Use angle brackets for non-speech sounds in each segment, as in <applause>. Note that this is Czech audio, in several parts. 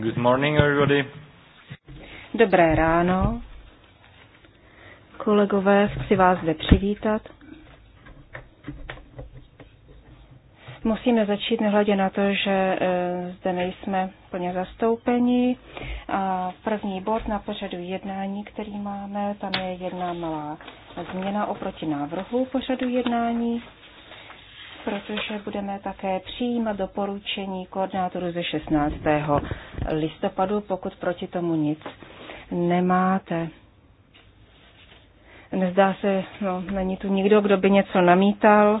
Good morning, everybody. Dobré ráno. Kolegové, chci vás zde přivítat. Musíme začít nehledě na to, že eh, zde nejsme plně zastoupeni. A první bod na pořadu jednání, který máme, tam je jedna malá změna oproti návrhu pořadu jednání protože budeme také přijímat doporučení koordinátoru ze 16. listopadu, pokud proti tomu nic nemáte. Nezdá se, no, není tu nikdo, kdo by něco namítal.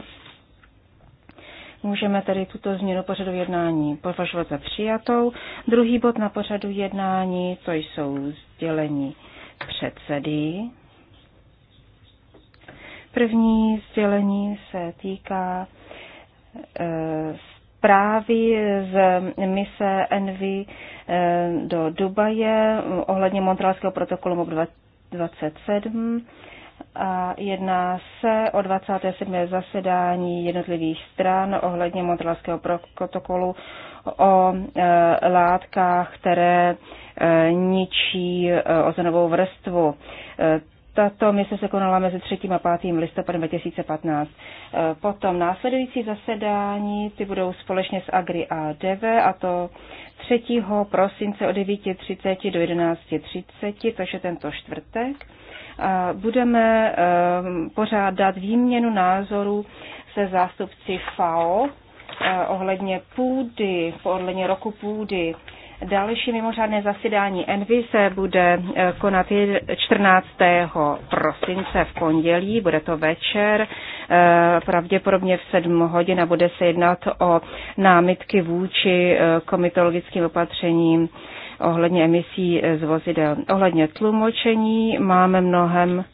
Můžeme tedy tuto změnu pořadu jednání považovat za přijatou. Druhý bod na pořadu jednání, to jsou sdělení předsedy. První sdělení se týká zprávy z mise Envy do Dubaje ohledně Montrealského protokolu MOB 27 a jedná se o 27. zasedání jednotlivých stran ohledně Montrealského protokolu o e, látkách, které e, ničí e, ozonovou vrstvu. E, tato mise se konala mezi 3. a 5. listopadem 2015. Eh, potom následující zasedání, ty budou společně s Agri a DV, a to 3. prosince od 9.30 do 11.30, to je tento čtvrtek. A budeme eh, pořádat výměnu názorů se zástupci FAO eh, ohledně půdy, ohledně roku půdy Další mimořádné zasedání Envy se bude eh, konat 14. prosince v pondělí, bude to večer, eh, pravděpodobně v 7 hodin a bude se jednat o námitky vůči eh, komitologickým opatřením ohledně emisí z vozidel. Ohledně tlumočení máme mnohem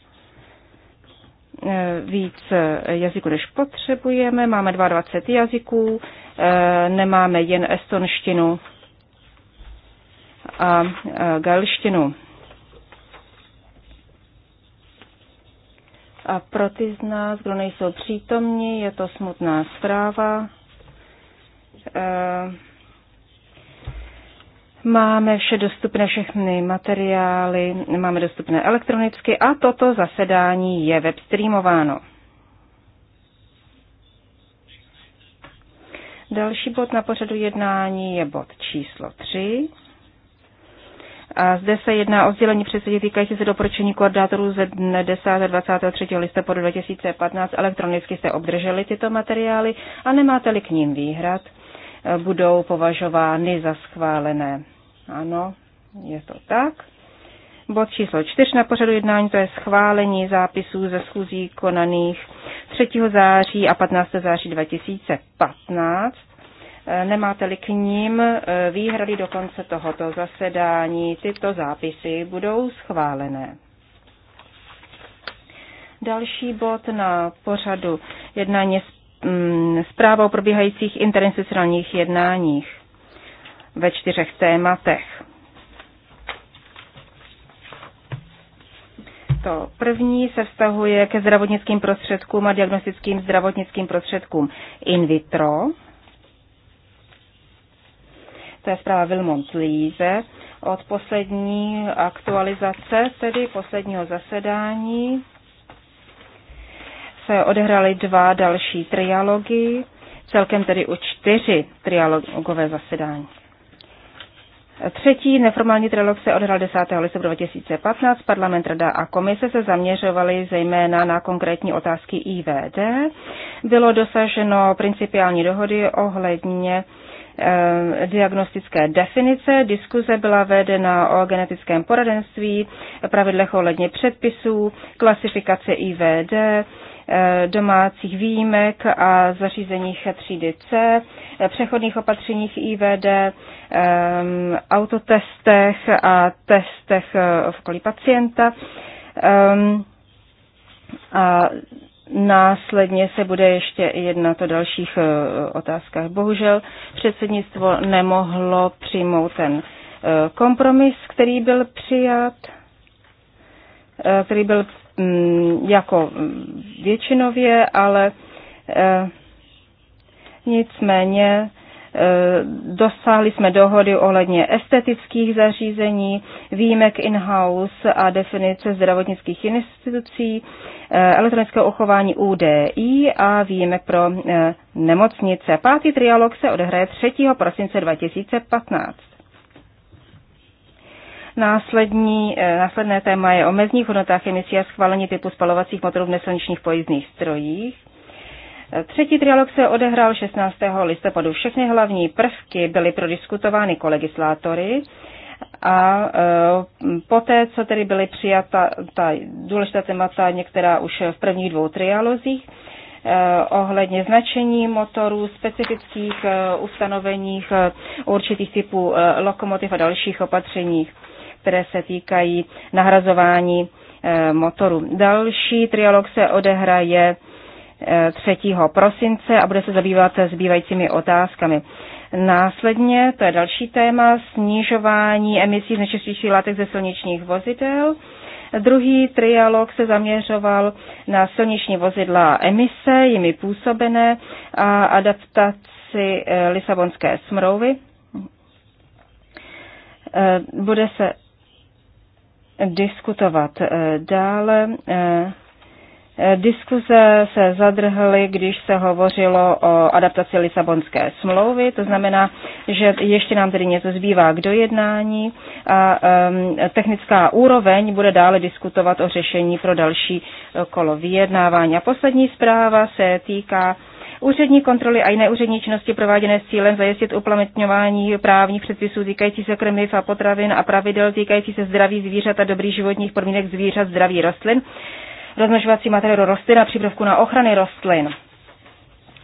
víc jazyků, než potřebujeme. Máme 22 jazyků, nemáme jen estonštinu, a galštinu. A pro ty z nás, kdo nejsou přítomní, je to smutná zpráva. Máme vše dostupné, všechny materiály, máme dostupné elektronicky a toto zasedání je webstreamováno. Další bod na pořadu jednání je bod číslo 3. A zde se jedná o sdělení předsedy týkající se doporučení koordinátorů ze dne 10. a 23. listopadu 2015. Elektronicky jste obdrželi tyto materiály a nemáte-li k ním výhrad, eh, budou považovány za schválené. Ano, je to tak. Bod číslo 4 na pořadu jednání to je schválení zápisů ze schůzí konaných 3. září a 15. září 2015. Nemáte-li k ním e, výhrady do konce tohoto zasedání, tyto zápisy budou schválené. Další bod na pořadu jednání mm, zpráva o probíhajících interinstitucionálních jednáních ve čtyřech tématech. To první se vztahuje ke zdravotnickým prostředkům a diagnostickým zdravotnickým prostředkům in vitro to je zpráva Vilmont Líze od poslední aktualizace, tedy posledního zasedání, se odehrály dva další trialogy, celkem tedy u čtyři trialogové zasedání. Třetí neformální trilog se odehrál 10. listopadu 2015. Parlament, Rada a komise se zaměřovaly zejména na konkrétní otázky IVD. Bylo dosaženo principiální dohody ohledně Eh, diagnostické definice. Diskuze byla vedena o genetickém poradenství, pravidlech ohledně předpisů, klasifikace IVD, eh, domácích výjimek a zařízeních třídy C, eh, přechodných opatřeních IVD, autotestech a testech v okolí pacienta. A Následně se bude ještě jednat o dalších eh, otázkách. Bohužel předsednictvo nemohlo přijmout ten eh, kompromis, který byl přijat, eh, který byl mm, jako mm, většinově, ale nicméně Eh, dosáhli jsme dohody ohledně estetických zařízení, výjimek in-house a definice zdravotnických institucí, eh, elektronického uchování UDI a výjimek pro eh, nemocnice. Pátý trialog se odehraje 3. prosince 2015. Následní, následné téma je o mezních hodnotách emisí a schválení typu spalovacích motorů v nesilničních pojízdných strojích. Třetí trialog se odehrál 16. listopadu. Všechny hlavní prvky byly prodiskutovány kolegislátory a e, poté, co tedy byly přijata ta důležitá témata, některá už v prvních dvou trialozích, e, ohledně značení motorů, specifických e, ustanoveních určitých typů lokomotiv a dalších opatřeních, které se týkají nahrazování motoru. Další trialog se odehraje 3. prosince a bude se zabývat zbývajícími otázkami. Následně, to je další téma, snižování emisí znečistujících látek ze silničních vozidel. Druhý trialog se zaměřoval na silniční vozidla emise, jimi působené a adaptaci eh, Lisabonské smlouvy. Eh, bude se diskutovat eh, dále Eh, Diskuze se zadrhly, když se hovořilo o adaptaci Lisabonské smlouvy, to znamená, že ještě nám tedy něco zbývá k dojednání a um, technická úroveň bude dále diskutovat o řešení pro další eh, kolo vyjednávání. A poslední zpráva se týká Úřední kontroly a jiné úřední činnosti prováděné s cílem zajistit uplamitňování právních předpisů týkající se krmiv a potravin a pravidel týkající se zdraví zvířat a dobrých životních podmínek zvířat, zdraví rostlin rozmnožovací materiál rostlin a přípravku na ochrany rostlin.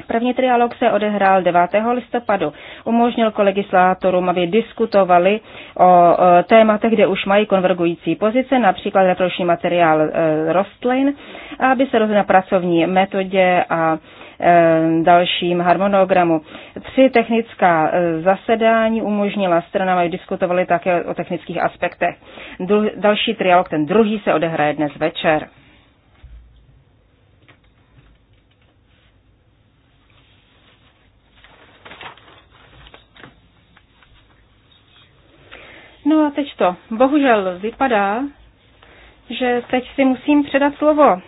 První trialog se odehrál 9. listopadu. Umožnil kolegislátorům, aby diskutovali o tématech, kde už mají konvergující pozice, například reprodukční materiál e, rostlin, aby se rozhodl na pracovní metodě a e, dalším harmonogramu. Tři technická e, zasedání umožnila stranám, aby diskutovali také o technických aspektech. Další trialog, ten druhý, se odehraje dnes večer. No a teď to bohužel vypadá, že teď si musím předat slovo,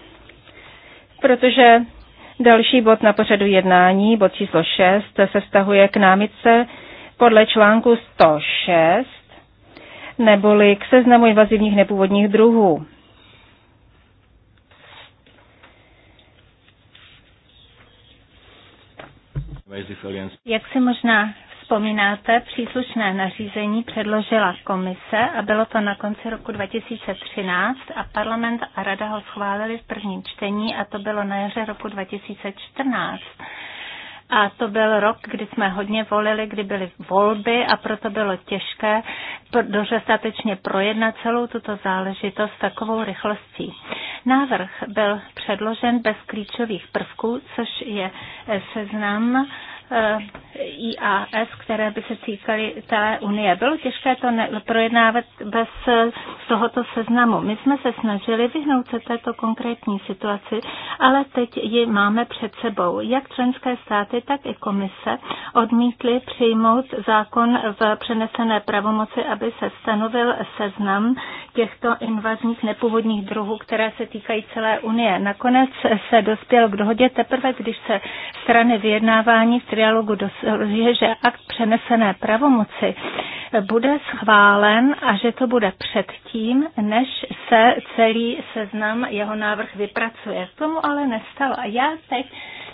protože další bod na pořadu jednání, bod číslo 6, se vztahuje k námitce podle článku 106, neboli k seznamu invazivních nepůvodních druhů. Jak se možná vzpomínáte, příslušné nařízení předložila komise a bylo to na konci roku 2013 a parlament a rada ho schválili v prvním čtení a to bylo na jaře roku 2014. A to byl rok, kdy jsme hodně volili, kdy byly volby a proto bylo těžké dostatečně projednat celou tuto záležitost takovou rychlostí. Návrh byl předložen bez klíčových prvků, což je eh, seznam Eh, IAS, které by se týkaly celé Unie. Bylo těžké to projednávat bez tohoto seznamu. My jsme se snažili vyhnout se této konkrétní situaci, ale teď ji máme před sebou. Jak členské státy, tak i komise odmítly přijmout zákon v přenesené pravomoci, aby se stanovil seznam těchto invazních nepůvodních druhů, které se týkají celé Unie. Nakonec se dospěl k dohodě teprve, když se strany vyjednávání v trialogu dosažuje, že akt přenesené pravomoci bude schválen a že to bude předtím, než se celý seznam jeho návrh vypracuje. K tomu ale nestalo. A já teď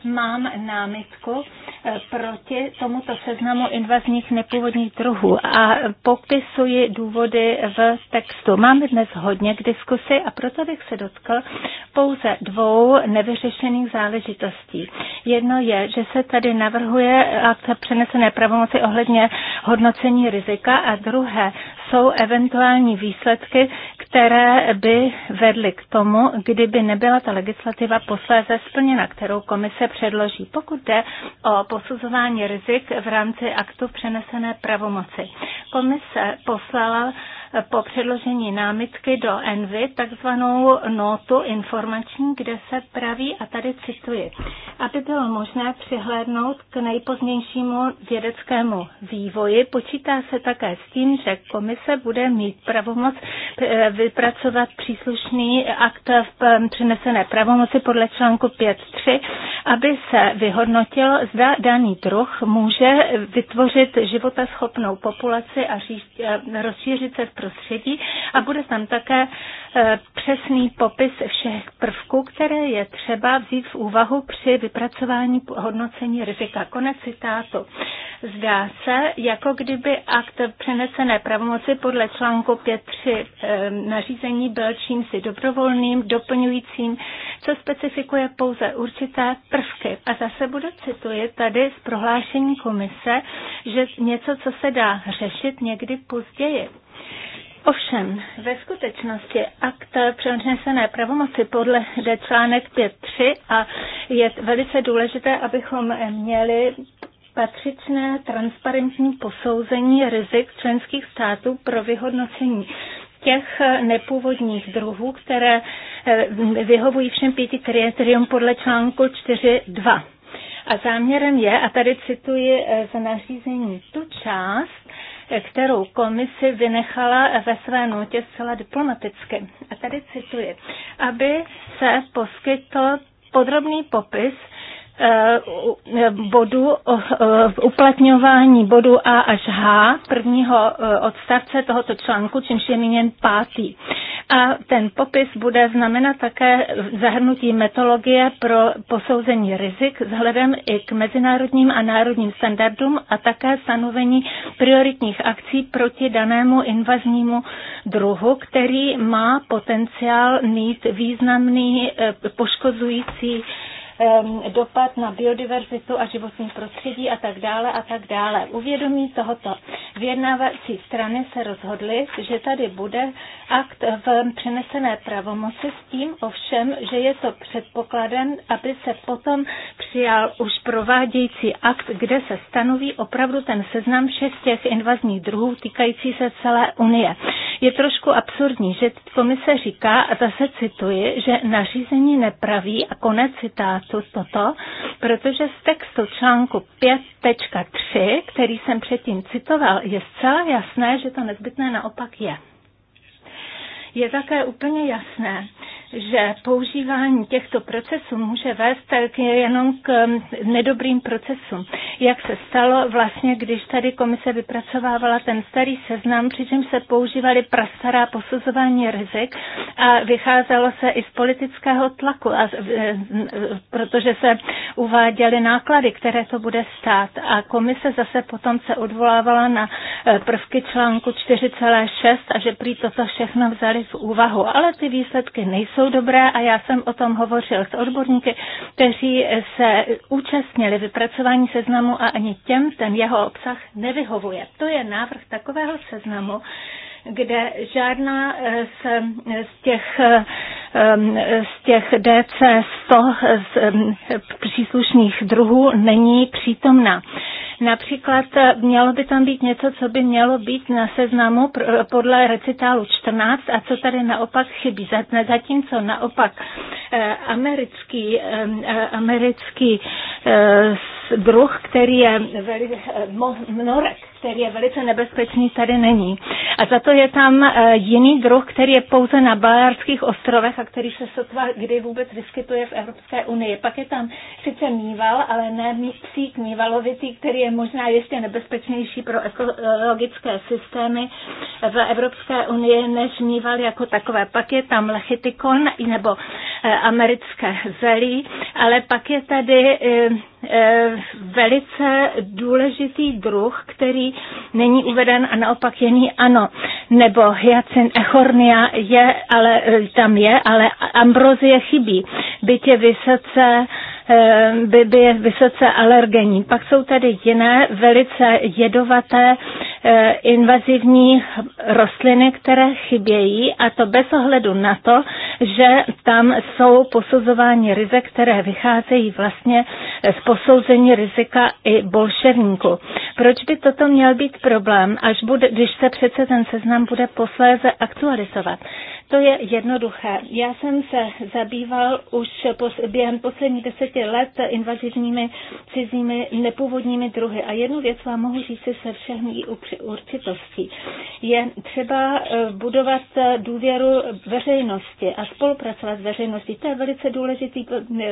mám námitku eh, proti tomuto seznamu invazních nepůvodních druhů a popisuji důvody v textu. Máme dnes hodně k diskusi a proto bych se dotkl pouze dvou nevyřešených záležitostí. Jedno je, že se tady navrhuje akce přenesené pravomoci ohledně hodnocení rizika a druhé jsou eventuální výsledky, které by vedly k tomu, kdyby nebyla ta legislativa posléze splněna, kterou komise předloží, pokud jde o posuzování rizik v rámci aktu přenesené pravomoci. Komise poslala po předložení námitky do ENVY takzvanou notu informační, kde se praví, a tady cituji, aby bylo možné přihlédnout k nejpozdějšímu vědeckému vývoji, počítá se také s tím, že komise bude mít pravomoc eh, vypracovat příslušný akt v eh, přinesené pravomoci podle článku 5.3, aby se vyhodnotilo, zda daný druh může vytvořit životaschopnou populaci a eh, rozšířit se v prostředí a bude tam také e, přesný popis všech prvků, které je třeba vzít v úvahu při vypracování hodnocení rizika. Konec citátu. Zdá se, jako kdyby akt přenesené pravomoci podle článku 5.3 e, nařízení byl čímsi dobrovolným, doplňujícím, co specifikuje pouze určité prvky. A zase budu cituji tady z prohlášení komise, že něco, co se dá řešit někdy později. Ovšem, ve skutečnosti akt přenesené pravomoci podle článek 5.3 a je velice důležité, abychom měli patřičné transparentní posouzení rizik členských států pro vyhodnocení těch nepůvodních druhů, které eh, vyhovují všem pěti kritériům podle článku 4.2. A záměrem je, a tady cituji eh, z nařízení tu část, kterou komisi vynechala ve své notě zcela diplomaticky. A tady cituji, aby se poskytl podrobný popis Eh, bodu, eh, uplatňování bodu A až H prvního eh, odstavce tohoto článku, čímž je míněn pátý. A ten popis bude znamenat také zahrnutí metodologie pro posouzení rizik vzhledem i k mezinárodním a národním standardům a také stanovení prioritních akcí proti danému invaznímu druhu, který má potenciál mít významný poškozující Um, dopad na biodiverzitu a životní prostředí a tak dále a tak dále. Uvědomí tohoto vyjednávací strany se rozhodly, že tady bude akt v přenesené pravomoci s tím ovšem, že je to předpokladem, aby se potom přijal už provádějící akt, kde se stanoví opravdu ten seznam všech těch invazních druhů týkající se celé Unie. Je trošku absurdní, že komise říká, a zase cituji, že nařízení nepraví a konec citátu textu toto, protože z textu článku 5.3, který jsem předtím citoval, je zcela jasné, že to nezbytné naopak je. Je také úplně jasné, že používání těchto procesů může vést tak jenom k nedobrým procesům. Jak se stalo vlastně, když tady komise vypracovávala ten starý seznam, přičem se používaly prastará posuzování rizik a vycházelo se i z politického tlaku, a, e, e, protože se uváděly náklady, které to bude stát. A komise zase potom se odvolávala na e, prvky článku 4,6 a že prý toto všechno vzali v úvahu. Ale ty výsledky nejsou jsou dobré a já jsem o tom hovořil s odborníky, kteří se účastnili vypracování seznamu a ani těm ten jeho obsah nevyhovuje. To je návrh takového seznamu, kde žádná z, z těch Ehm, z těch DC100 z ehm, příslušných druhů není přítomna. Například eh, mělo by tam být něco, co by mělo být na seznamu podle recitálu 14 a co tady naopak chybí. Zatímco naopak eh, americký, ehm, eh, americký druh, který je norek, který je velice nebezpečný, tady není. A za to je tam jiný druh, který je pouze na Balearských ostrovech a který se sotva kdy vůbec vyskytuje v Evropské unii. Pak je tam sice mýval, ale ne psík mývalovitý, který je možná ještě nebezpečnější pro ekologické systémy v Evropské unii než mýval jako takové. Pak je tam lechitikon nebo eh, americké zelí, ale pak je tady eh, eh, velice důležitý druh, který není uveden a naopak jený ano nebo hyacin echornia je, ale e, tam je, ale ambrozie chybí. Byt je vysoce e, by, by je vysoce alergenní. Pak jsou tady jiné velice jedovaté e, invazivní rostliny, které chybějí a to bez ohledu na to, že tam jsou posuzování rizik, které vycházejí vlastně z posouzení rizika i bolševníku. Proč by toto měl být problém, až bude, když se přece ten seznam bude posléze aktualizovat? To je jednoduché. Já jsem se zabýval už pos, během posledních deseti let invazivními cizími nepůvodními druhy a jednu věc vám mohu říct se všechny určitostí. Je třeba eh, budovat eh, důvěru veřejnosti a spolupracovat s veřejností. To je velice důležitý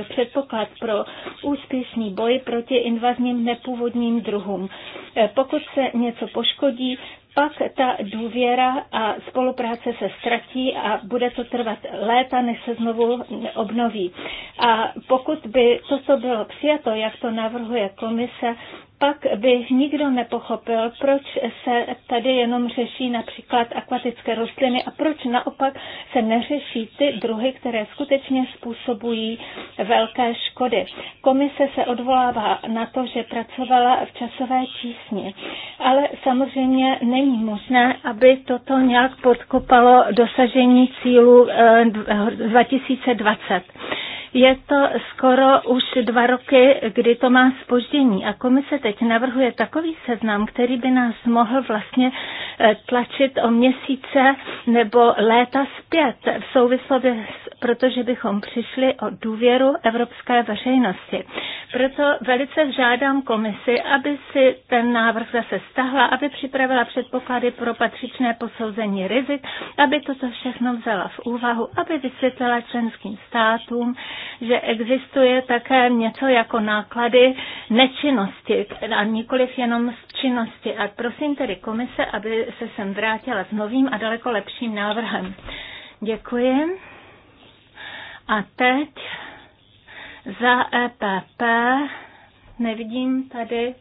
předpoklad pro úspěšný boj proti invazním nepůvodním druhům. Eh, pokud se něco poškodí, pak ta důvěra a spolupráce se ztratí a bude to trvat léta, než se znovu obnoví. A pokud by toto bylo přijato, jak to navrhuje komise, pak by nikdo nepochopil, proč se tady jenom řeší například akvatické rostliny a proč naopak se neřeší ty druhy, které skutečně způsobují velké škody. Komise se odvolává na to, že pracovala v časové tísni, ale samozřejmě není možné, aby toto nějak podkopalo dosažení cílu eh, eh, 2020. Je to skoro už dva roky, kdy to má spoždění a komise teď navrhuje takový seznam, který by nás mohl vlastně eh, tlačit o měsíce nebo léta zpět v souvislosti, protože bychom přišli o důvěru evropské veřejnosti. Proto velice žádám komisi, aby si ten návrh zase stahla, aby připravila předpoklady pro patřičné posouzení rizik, aby toto všechno vzala v úvahu, aby vysvětlila členským státům, že existuje také něco jako náklady nečinnosti a nikoliv jenom z činnosti. A prosím tedy komise, aby se sem vrátila s novým a daleko lepším návrhem. Děkuji. A teď za EPP nevidím tady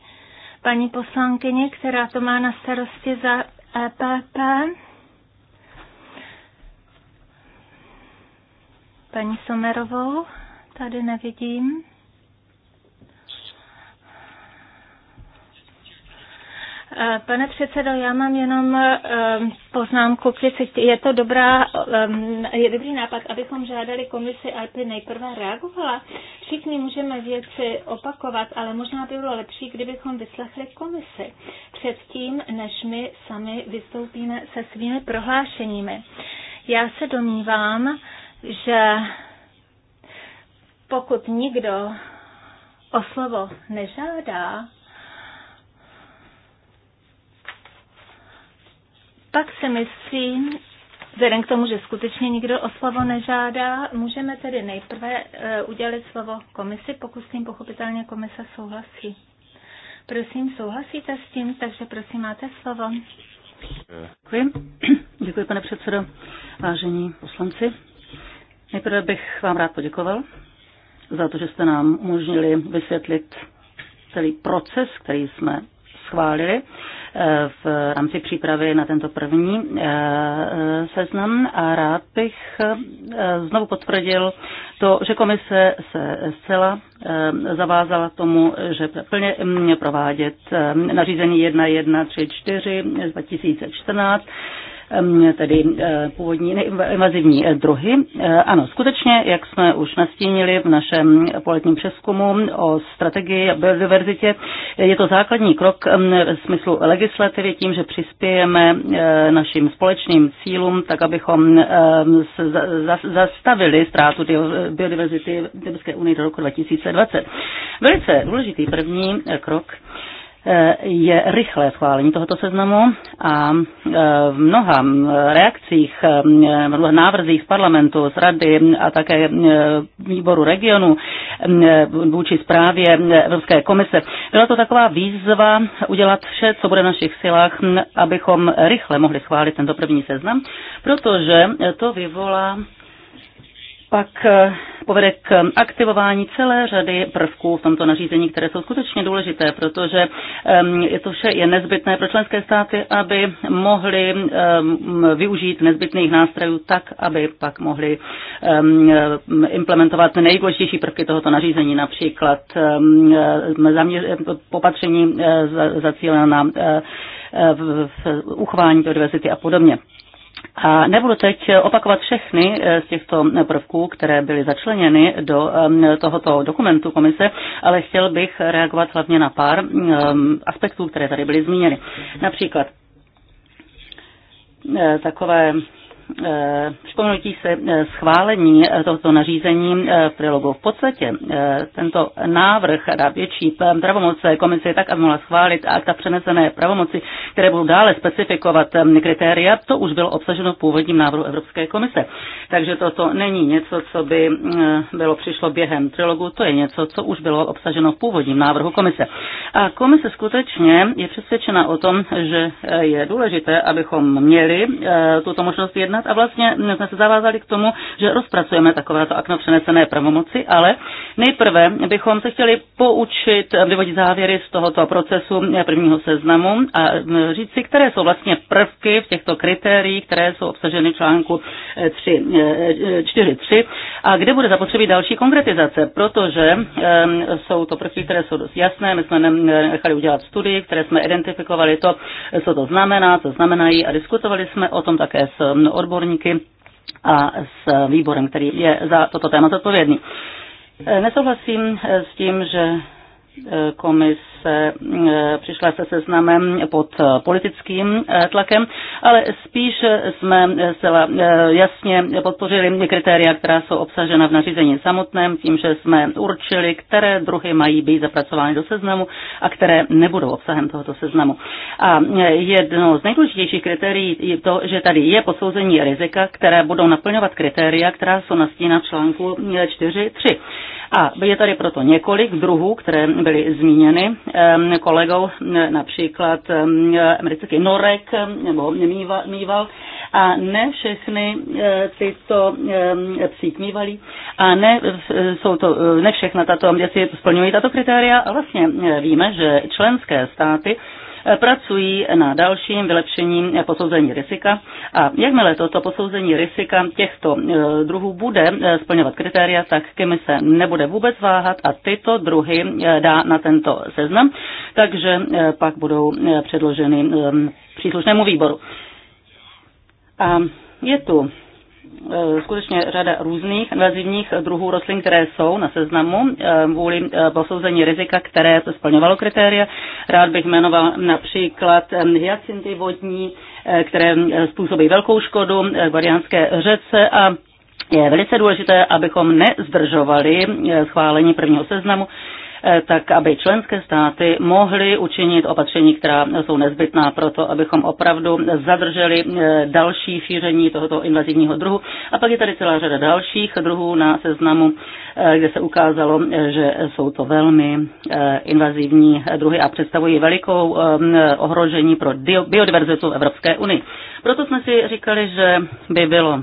paní poslankyně, která to má na starosti za EPP. paní Somerovou. Tady nevidím. Eh, pane předsedo, já mám jenom eh, poznámku. Je to dobrá, eh, je dobrý nápad, abychom žádali komisi, aby nejprve reagovala. Všichni můžeme věci opakovat, ale možná by bylo lepší, kdybychom vyslechli komisi předtím, než my sami vystoupíme se svými prohlášeními. Já se domnívám, že pokud nikdo o slovo nežádá, pak si myslím, vzhledem k tomu, že skutečně nikdo o slovo nežádá, můžeme tedy nejprve eh, udělit slovo komisi, pokud s tím pochopitelně komise souhlasí. Prosím, souhlasíte s tím, takže prosím, máte slovo. Děkuji. Děkuji, pane předsedo. Vážení poslanci, Nejprve bych vám rád poděkoval za to, že jste nám umožnili vysvětlit celý proces, který jsme schválili eh, v rámci přípravy na tento první eh, eh, seznam a rád bych znovu potvrdil to, že komise se zcela zavázala tomu, že plně mm, provádět nařízení 1134 z 2014 tedy eh, původní invazivní eh, druhy. Eh, ano, skutečně, jak jsme už nastínili v našem poletním přeskumu o strategii a biodiverzitě, je to základní krok v smyslu legislativy tím, že přispějeme našim společným cílům, tak abychom zastavili ztrátu biodiverzity v Evropské unii do roku 2020. Velice důležitý první krok je rychlé schválení tohoto seznamu a e, v mnoha reakcích, e, návrzích v parlamentu, z rady a také e, výboru regionu vůči zprávě Evropské komise. Byla to taková výzva udělat vše, co bude v našich silách, abychom rychle mohli schválit tento první seznam, protože to vyvolá pak eh, povede k aktivování celé řady prvků v tomto nařízení, které jsou skutečně důležité, protože je to vše je nezbytné pro členské státy, aby mohly využít nezbytných nástrojů tak, aby pak mohly implementovat nejdůležitější prvky tohoto nařízení, například popatření eh, zacílená na eh, uchování biodiverzity a podobně. A nebudu teď opakovat všechny eh, z těchto eh, prvků, které byly začleněny do eh, tohoto dokumentu komise, ale chtěl bych reagovat hlavně na pár ehm, aspektů, které tady byly zmíněny. Například takové Eh, připomenutí se eh, schválení eh, tohoto nařízení v prilogu. V podstatě tento návrh dá větší pravomoce komise tak, aby mohla schválit ta přenesené pravomoci, které budou dále specifikovat kritéria. To už bylo obsaženo v původním návrhu Evropské komise. Takže toto není něco, co by bylo přišlo během trilogu, to je něco, co už bylo obsaženo v původním návrhu komise. A komise skutečně je přesvědčena o tom, že je důležité, abychom měli tuto možnost jednat jednat a vlastně jsme se zavázali k tomu, že rozpracujeme takovéto akno přenesené pravomoci, ale nejprve bychom se chtěli poučit, vyvodit závěry z tohoto procesu prvního seznamu a říct si, které jsou vlastně prvky v těchto kritériích, které jsou obsaženy v článku 4.3 eh, eh, a kde bude zapotřebí další konkretizace, protože jsou to prvky, které jsou dost jasné, my jsme nechali udělat studii, které jsme identifikovali to, co to znamená, co znamenají a diskutovali jsme o tom také s no, odborníky odborníky a s výborem, který je za toto téma zodpovědný. E, nesouhlasím s tím, že e, komis se eh, přišla se seznamem pod politickým eh, tlakem, ale spíš jsme zcela eh, jasně podpořili kritéria, která jsou obsažena v nařízení samotném, tím, že jsme určili, které druhy mají být zapracovány do seznamu a které nebudou obsahem tohoto seznamu. A jedno z nejdůležitějších kritérií je to, že tady je posouzení rizika, které budou naplňovat kritéria, která jsou na v článku 4.3. A je tady proto několik druhů, které byly zmíněny kolegou, například americký Norek nebo Mýval, mýval a ne všechny tyto psík kmývalí a ne, jsou to, ne všechna tato věci splňují tato kritéria a vlastně víme, že členské státy pracují na dalším vylepšení posouzení rizika a jakmile toto posouzení rizika těchto e, druhů bude e, splňovat kritéria, tak se nebude vůbec váhat a tyto druhy e, dá na tento seznam, takže pak budou předloženy příslušnému výboru. A je tu Eh, skutečně řada různých invazivních druhů rostlin, které jsou na seznamu eh, vůli eh, posouzení rizika, které splňovalo kritéria. Rád bych jmenoval například hyacinty vodní, které způsobí velkou škodu variánské řece a je velice důležité, abychom nezdržovali schválení prvního seznamu Eh, tak aby členské státy mohly učinit opatření, která jsou nezbytná pro to, abychom opravdu zadrželi eh, další šíření tohoto invazivního druhu. A pak je tady celá řada dalších druhů na seznamu, eh, kde se ukázalo, že jsou to velmi invazivní druhy a představují velikou ohrožení pro biodiverzitu v Evropské unii. Proto jsme si říkali, že by bylo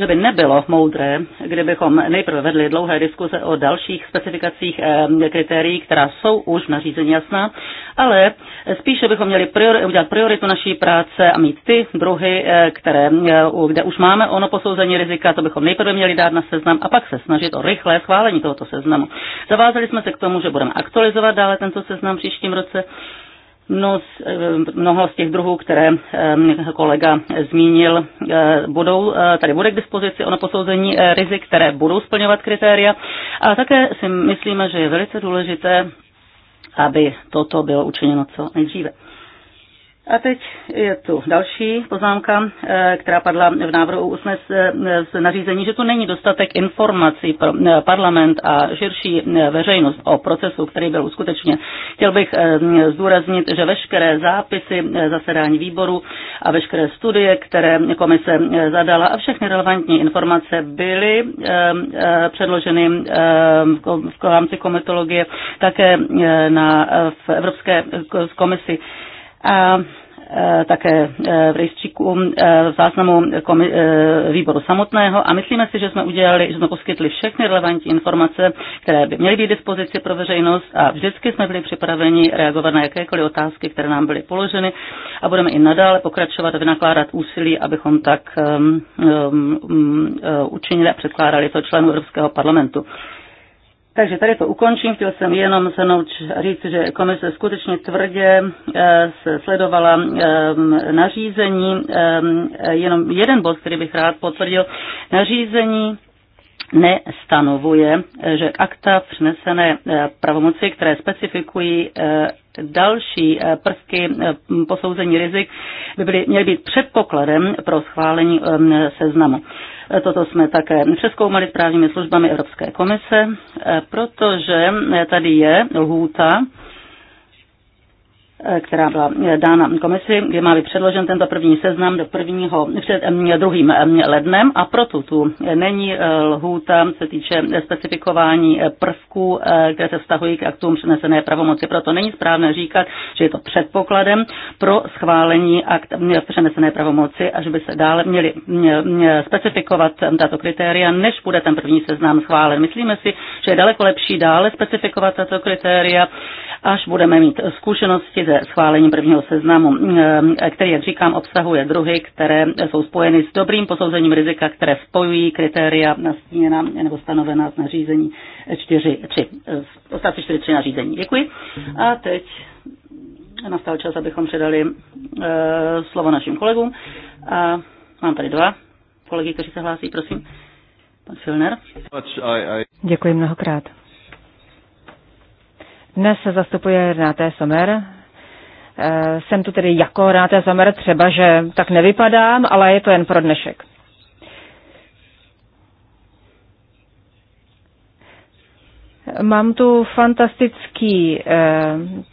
že by nebylo moudré, kdybychom nejprve vedli dlouhé diskuze o dalších specifikacích eh, kritérií, která jsou už nařízení jasná, ale spíše bychom měli priori, udělat prioritu naší práce a mít ty druhy, eh, které, eh, kde už máme ono posouzení rizika, to bychom nejprve měli dát na seznam a pak se snažit o rychlé schválení tohoto seznamu. Zavázali jsme se k tomu, že budeme aktualizovat dále tento seznam příštím roce mnoho z těch druhů, které eh, kolega zmínil, eh, budou, eh, tady bude k dispozici ono posouzení rizik, které budou splňovat kritéria. A také si myslíme, že je velice důležité, aby toto bylo učiněno co nejdříve. A teď je tu další poznámka, eh, která padla v návrhu usnes eh, nařízení, že tu není dostatek informací pro eh, parlament a širší veřejnost o procesu, který byl uskutečněn. Chtěl bych zdůraznit, že veškeré zápisy zasedání výboru a veškeré studie, které komise zadala a všechny relevantní informace byly předloženy v rámci komitologie také na, v Evropské komisi. A Eh, také eh, v rejstříku eh, v záznamu výboru samotného a myslíme si, že jsme udělali, že jsme poskytli všechny relevantní informace, které by měly být dispozici pro veřejnost a vždycky jsme byli připraveni reagovat na jakékoliv otázky, které nám byly položeny a budeme i nadále pokračovat a vynakládat úsilí, abychom tak um, um, um, učinili a předkládali to členů Evropského parlamentu. Takže tady to ukončím. Chtěl jsem jenom zhrnout říct, že komise skutečně tvrdě eh, se sledovala ehm, nařízení. Ehm, jenom jeden bod, který bych rád potvrdil. Nařízení nestanovuje, že akta přinesené eh, pravomoci, které specifikují eh, další eh, prvky posouzení rizik, by byly, měly být předpokladem pro schválení ehm, seznamu. Toto jsme také přeskoumali právními službami Evropské komise, protože tady je lhůta Eh, která byla eh, dána komisi, kde má být předložen tento první seznam do prvního, před eh, druhým lednem a proto tu není lhůta, se týče specifikování prvků, které se vztahují k aktům přenesené pravomoci. Proto není správné říkat, že je to předpokladem pro schválení akt přenesené pravomoci a že by se dále měli specifikovat tato kritéria, než bude ten první seznam schválen. Myslíme si, že je daleko lepší dále specifikovat tato kritéria až budeme mít zkušenosti ze schválením prvního seznamu, eh, který, jak říkám, obsahuje druhy, které jsou spojeny s dobrým posouzením rizika, které spojují kritéria nastíněna nebo stanovená z nařízení 4.3. ostatní 4.3 nařízení. Děkuji. A teď nastal čas, abychom předali eh, slovo našim kolegům. A mám tady dva kolegy, kteří se hlásí, prosím. Pan Filner. Děkuji mnohokrát. Dnes se zastupuje Renáté Somer. Eh, jsem tu tedy jako Renáté Somer, třeba, že tak nevypadám, ale je to jen pro dnešek. Mám tu fantastický eh,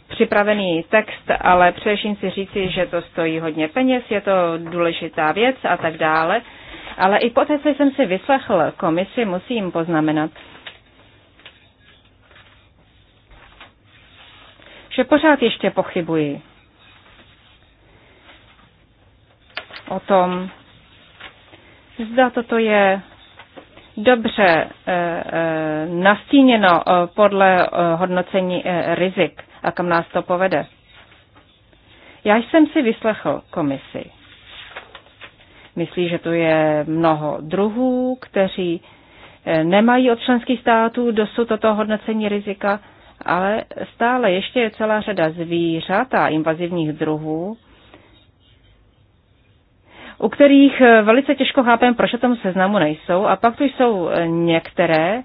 připravený text, ale především si říci, že to stojí hodně peněz, je to důležitá věc a tak dále. Ale i poté, co jsem si vyslechl komisi, musím poznamenat, že pořád ještě pochybuji o tom, zda toto je dobře eh, eh, nastíněno eh, podle hodnocení rizik a kam nás to povede. Já jsem si vyslechl komisi. Myslí, že tu je mnoho druhů, kteří nemají od členských států dosud toto hodnocení rizika ale stále ještě je celá řada zvířat a invazivních druhů, u kterých eh, velice těžko chápem, proč o tom seznamu nejsou. A pak tu jsou eh, některé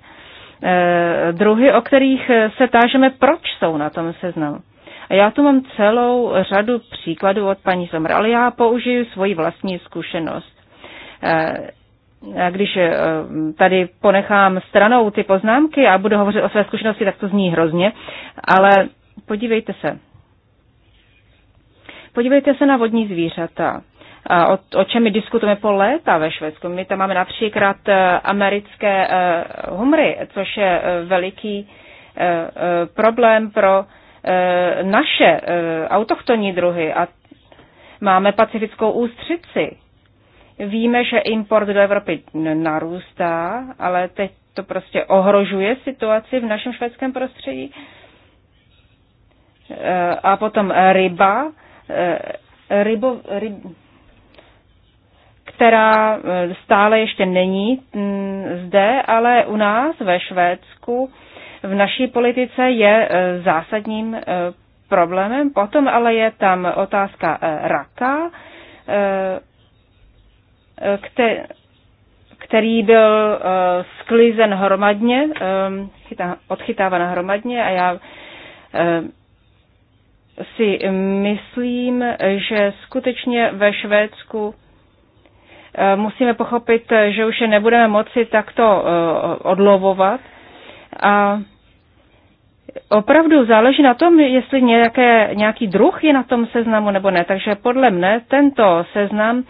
eh, druhy, o kterých se tážeme, proč jsou na tom seznamu. A já tu mám celou řadu příkladů od paní Somr, ale já použiju svoji vlastní zkušenost když eh, tady ponechám stranou ty poznámky a budu hovořit o své zkušenosti, tak to zní hrozně, ale podívejte se. Podívejte se na vodní zvířata. A o, o čem my diskutujeme po léta ve Švédsku. My tam máme například eh, americké eh, humry, což je veliký problém pro naše autochtonní druhy. A máme pacifickou ústřici, Víme, že import do Evropy narůstá, ale teď to prostě ohrožuje situaci v našem švédském prostředí. Eh, a potom ryba, eh, rybo, ryb, která eh, stále ještě není mm, zde, ale u nás ve Švédsku v naší politice je zásadním problémem. Potom ale je tam otázka raka, který byl eh, sklizen hromadně, ehm, odchytávan hromadně a já eh, si myslím, že skutečně ve Švédsku eh, musíme pochopit, že už je nebudeme moci takto odlovovat a opravdu záleží na tom, jestli nějaké, nějaký druh je na tom seznamu nebo ne. Takže podle mne tento seznam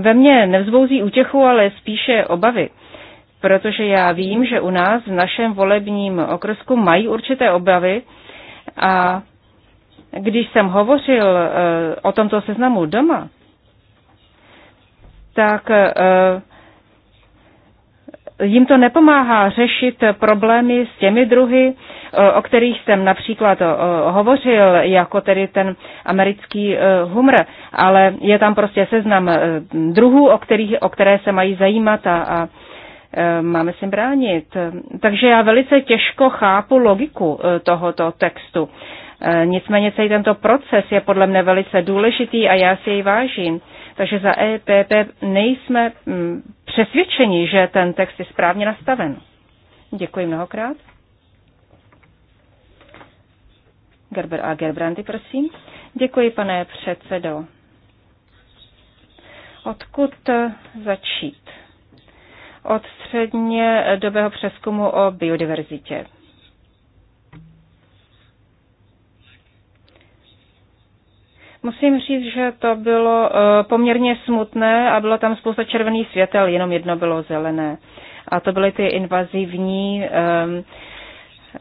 ve mně nevzbouzí útěchu, ale spíše obavy. Protože já vím, že u nás v našem volebním okresku mají určité obavy a když jsem hovořil eh, o tomto seznamu doma, tak uh, jim to nepomáhá řešit problémy s těmi druhy, eh, o kterých jsem například eh, hovořil, jako tedy ten americký eh, humr, ale je tam prostě seznam druhů, o, kterých, o které se mají zajímat a, a máme si bránit. Takže já velice těžko chápu logiku tohoto textu. Nicméně celý tento proces je podle mne velice důležitý a já si jej vážím. Takže za EPP nejsme mm, Přesvědčení, že ten text je správně nastaven. Děkuji mnohokrát. Gerber a Gerbrandy, prosím. Děkuji, pane předsedo. Odkud začít? Od středně dobého přeskumu o biodiverzitě. Musím říct, že to bylo eh, poměrně smutné a bylo tam spousta červených světel, jenom jedno bylo zelené. A to byly ty invazivní ehm,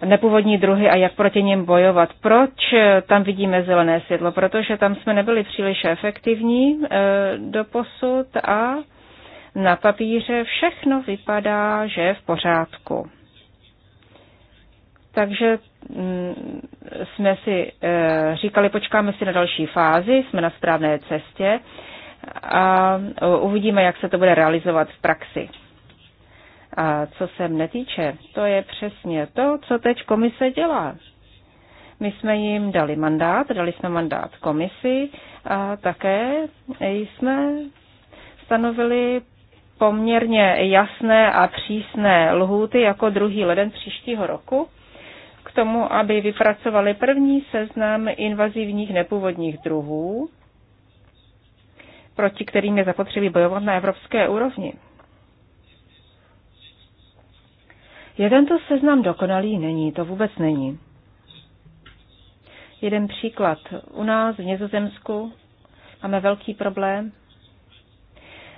nepůvodní druhy a jak proti něm bojovat. Proč eh, tam vidíme zelené světlo? Protože tam jsme nebyli příliš efektivní eh, do posud a na papíře všechno vypadá, že je v pořádku. Takže Mm, jsme si eh, říkali, počkáme si na další fázi, jsme na správné cestě a uvidíme, jak se to bude realizovat v praxi. A co se mne týče, to je přesně to, co teď komise dělá. My jsme jim dali mandát, dali jsme mandát komisi a také jsme stanovili poměrně jasné a přísné lhůty jako druhý leden příštího roku tomu, aby vypracovali první seznam invazivních nepůvodních druhů, proti kterým je zapotřebí bojovat na evropské úrovni. Je tento seznam dokonalý? Není, to vůbec není. Jeden příklad. U nás v Nězozemsku máme velký problém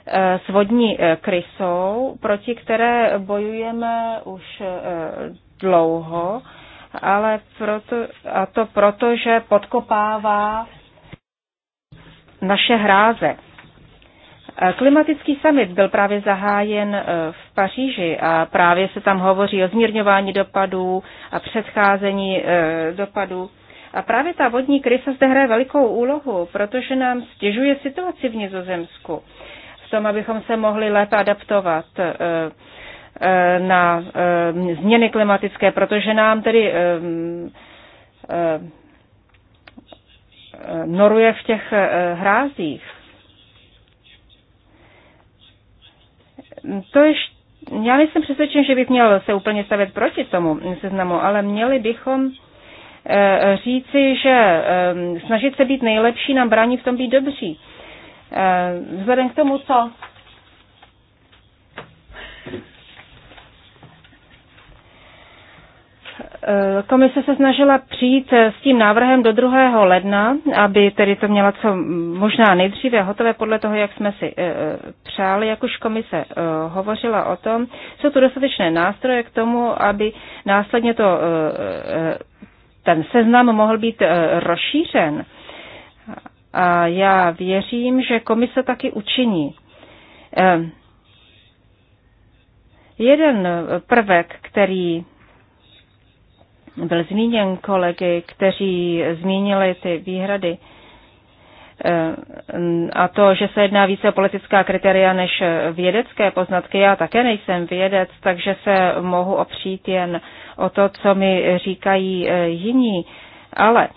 eh, s vodní eh, krysou, proti které bojujeme už eh, dlouho ale proto, a to proto, že podkopává naše hráze. Klimatický summit byl právě zahájen eh, v Paříži a právě se tam hovoří o zmírňování dopadů a předcházení eh, dopadů. A právě ta vodní krize zde hraje velikou úlohu, protože nám stěžuje situaci v Nizozemsku v tom, abychom se mohli lépe adaptovat eh, Eh, na eh, změny klimatické, protože nám tedy eh, noruje v těch hrázích. To ještě já nejsem přesvědčen, že bych měl se úplně stavět proti tomu seznamu, ale měli bychom říci, že snažit se být nejlepší nám brání v tom být dobří. Vzhledem k tomu, co Eh, komise se snažila přijít eh, s tím návrhem do 2. ledna, aby tedy to měla co možná nejdříve hotové podle toho, jak jsme si eh, přáli, jak už komise hovořila o tom. Jsou tu dostatečné nástroje k tomu, aby následně to, ten seznam mohl být rozšířen. A já věřím, že komise taky učiní. Jeden prvek, který byl zmíněn kolegy, kteří zmínili ty výhrady eh, a to, že se jedná více o politická kritéria než vědecké poznatky, já také nejsem vědec, takže se mohu opřít jen o to, co mi říkají eh, jiní. Ale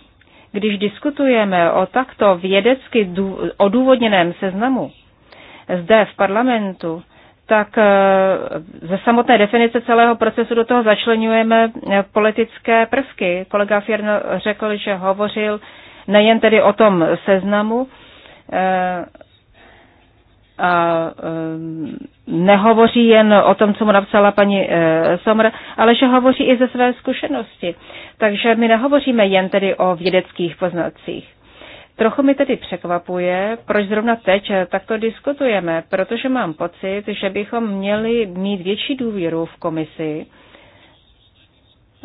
když diskutujeme o takto vědecky odůvodněném seznamu zde v parlamentu, tak eh, ze samotné definice celého procesu do toho začlenujeme eh, politické prvky. Kolega Fierno řekl, že hovořil nejen tedy o tom seznamu, eh, a nehovoří jen o tom, co mu napsala paní Somr, ale že hovoří i ze své zkušenosti. Takže my nehovoříme jen tedy o vědeckých poznacích. Trochu mi tedy překvapuje, proč zrovna teď takto diskutujeme, protože mám pocit, že bychom měli mít větší důvěru v komisi.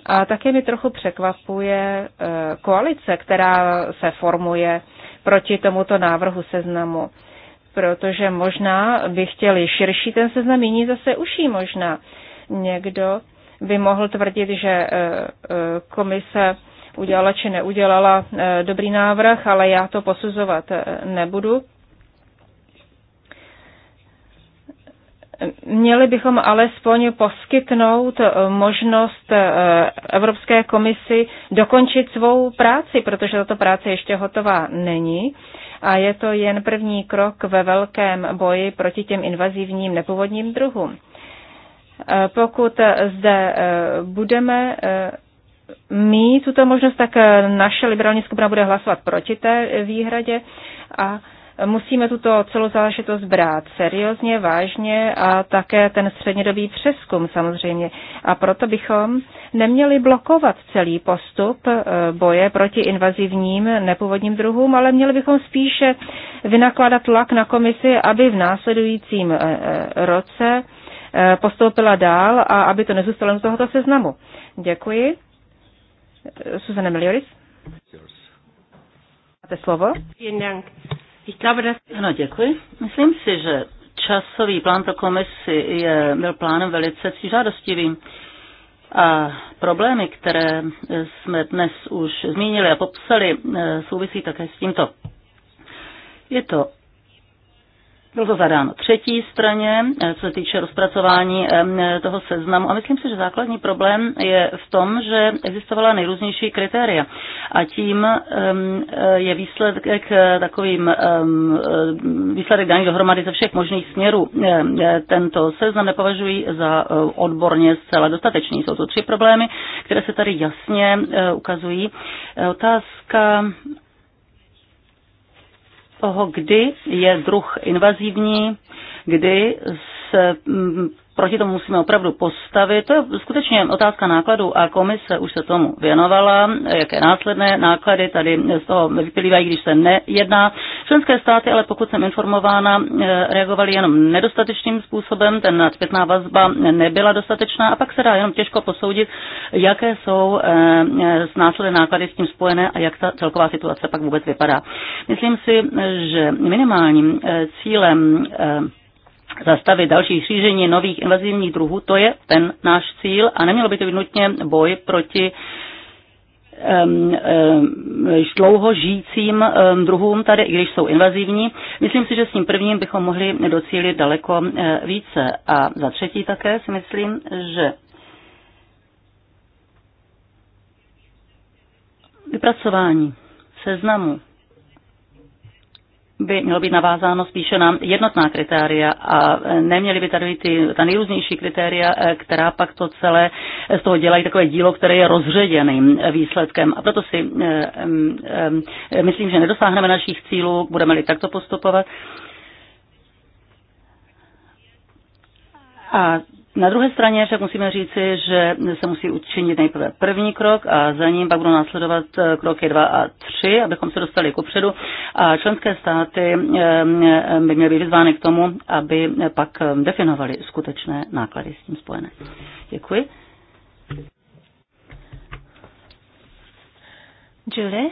A také mi trochu překvapuje eh, koalice, která se formuje proti tomuto návrhu seznamu, protože možná by chtěli širší ten seznam, jiní zase uší možná. Někdo by mohl tvrdit, že eh, eh, komise udělala či neudělala eh, dobrý návrh, ale já to posuzovat eh, nebudu. Měli bychom alespoň poskytnout eh, možnost Evropské komisi dokončit svou práci, protože tato práce ještě hotová není a je to jen první krok ve velkém boji proti těm invazivním nepůvodním druhům. Pokud zde budeme my tuto možnost, tak naše liberální skupina bude hlasovat proti té výhradě a musíme tuto celou záležitost brát seriózně, vážně a také ten střednědobý přeskum samozřejmě. A proto bychom neměli blokovat celý postup eh, boje proti invazivním nepůvodním druhům, ale měli bychom spíše vynakládat tlak na komisi, aby v následujícím eh, eh, roce postoupila dál a aby to nezůstalo z tohoto seznamu. Děkuji. Suzana Melioris. Máte slovo. Ano, děkuji. Myslím si, že časový plán pro komisi je, byl plánem velice žádostivým. A problémy, které jsme dnes už zmínili a popsali, eh, souvisí také s tímto. Je to bylo to zadáno třetí straně, eh, co se týče rozpracování eh, toho seznamu. A myslím si, že základní problém je v tom, že existovala nejrůznější kritéria. A tím eh, je výsledek takovým výsledek daný dohromady ze všech možných směrů. Tento seznam nepovažují za odborně zcela dostatečný. Jsou to tři problémy, které se tady jasně ukazují. Otázka toho, kdy je druh invazivní, kdy se mm, proti tomu musíme opravdu postavit. To je skutečně otázka nákladů a komise už se tomu věnovala, jaké následné náklady tady z toho vyplývají, když se nejedná. Členské státy, ale pokud jsem informována, eh, reagovaly jenom nedostatečným způsobem, ten zpětná vazba nebyla dostatečná a pak se dá jenom těžko posoudit, jaké jsou z eh, eh, následné náklady s tím spojené a jak ta celková situace pak vůbec vypadá. Myslím si, že minimálním cílem zastavit další šíření nových invazivních druhů, to je ten náš cíl a nemělo by to být nutně boj proti um, dlouho žijícím druhům tady, i když jsou invazivní. Myslím si, že s tím prvním bychom mohli docílit daleko eh, více. A za třetí také si myslím, že vypracování seznamu by mělo být navázáno spíše na jednotná kritéria a neměly by tady být ty, ta nejrůznější kritéria, eh, která pak to celé z toho dělají takové dílo, které je rozředěným výsledkem. A proto si eh, eh, myslím, že nedosáhneme našich cílů, budeme-li takto postupovat. A na druhé straně však musíme říci, že se musí učinit nejprve první krok a za ním pak budou následovat eh, kroky 2 a 3, abychom se dostali kupředu a členské státy ehm, ehm, by měly být vyzvány k tomu, aby pak ehm, definovali skutečné náklady s tím spojené. Děkuji. Julie?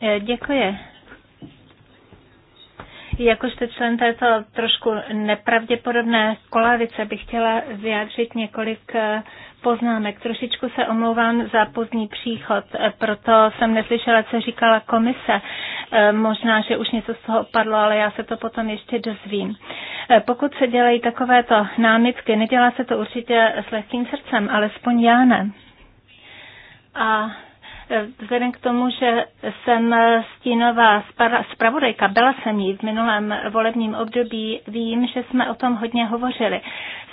Eh, děkuji. Jakožto člen této trošku nepravděpodobné kolavice bych chtěla vyjádřit několik eh, poznámek. Trošičku se omlouvám za pozdní příchod, eh, proto jsem neslyšela, co říkala komise. Eh, možná, že už něco z toho padlo, ale já se to potom ještě dozvím. Pokud se dělají takovéto námitky, nedělá se to určitě s lehkým srdcem, alespoň já ne. A Vzhledem k tomu, že jsem stínová zpravodajka, byla jsem jí v minulém volebním období, vím, že jsme o tom hodně hovořili.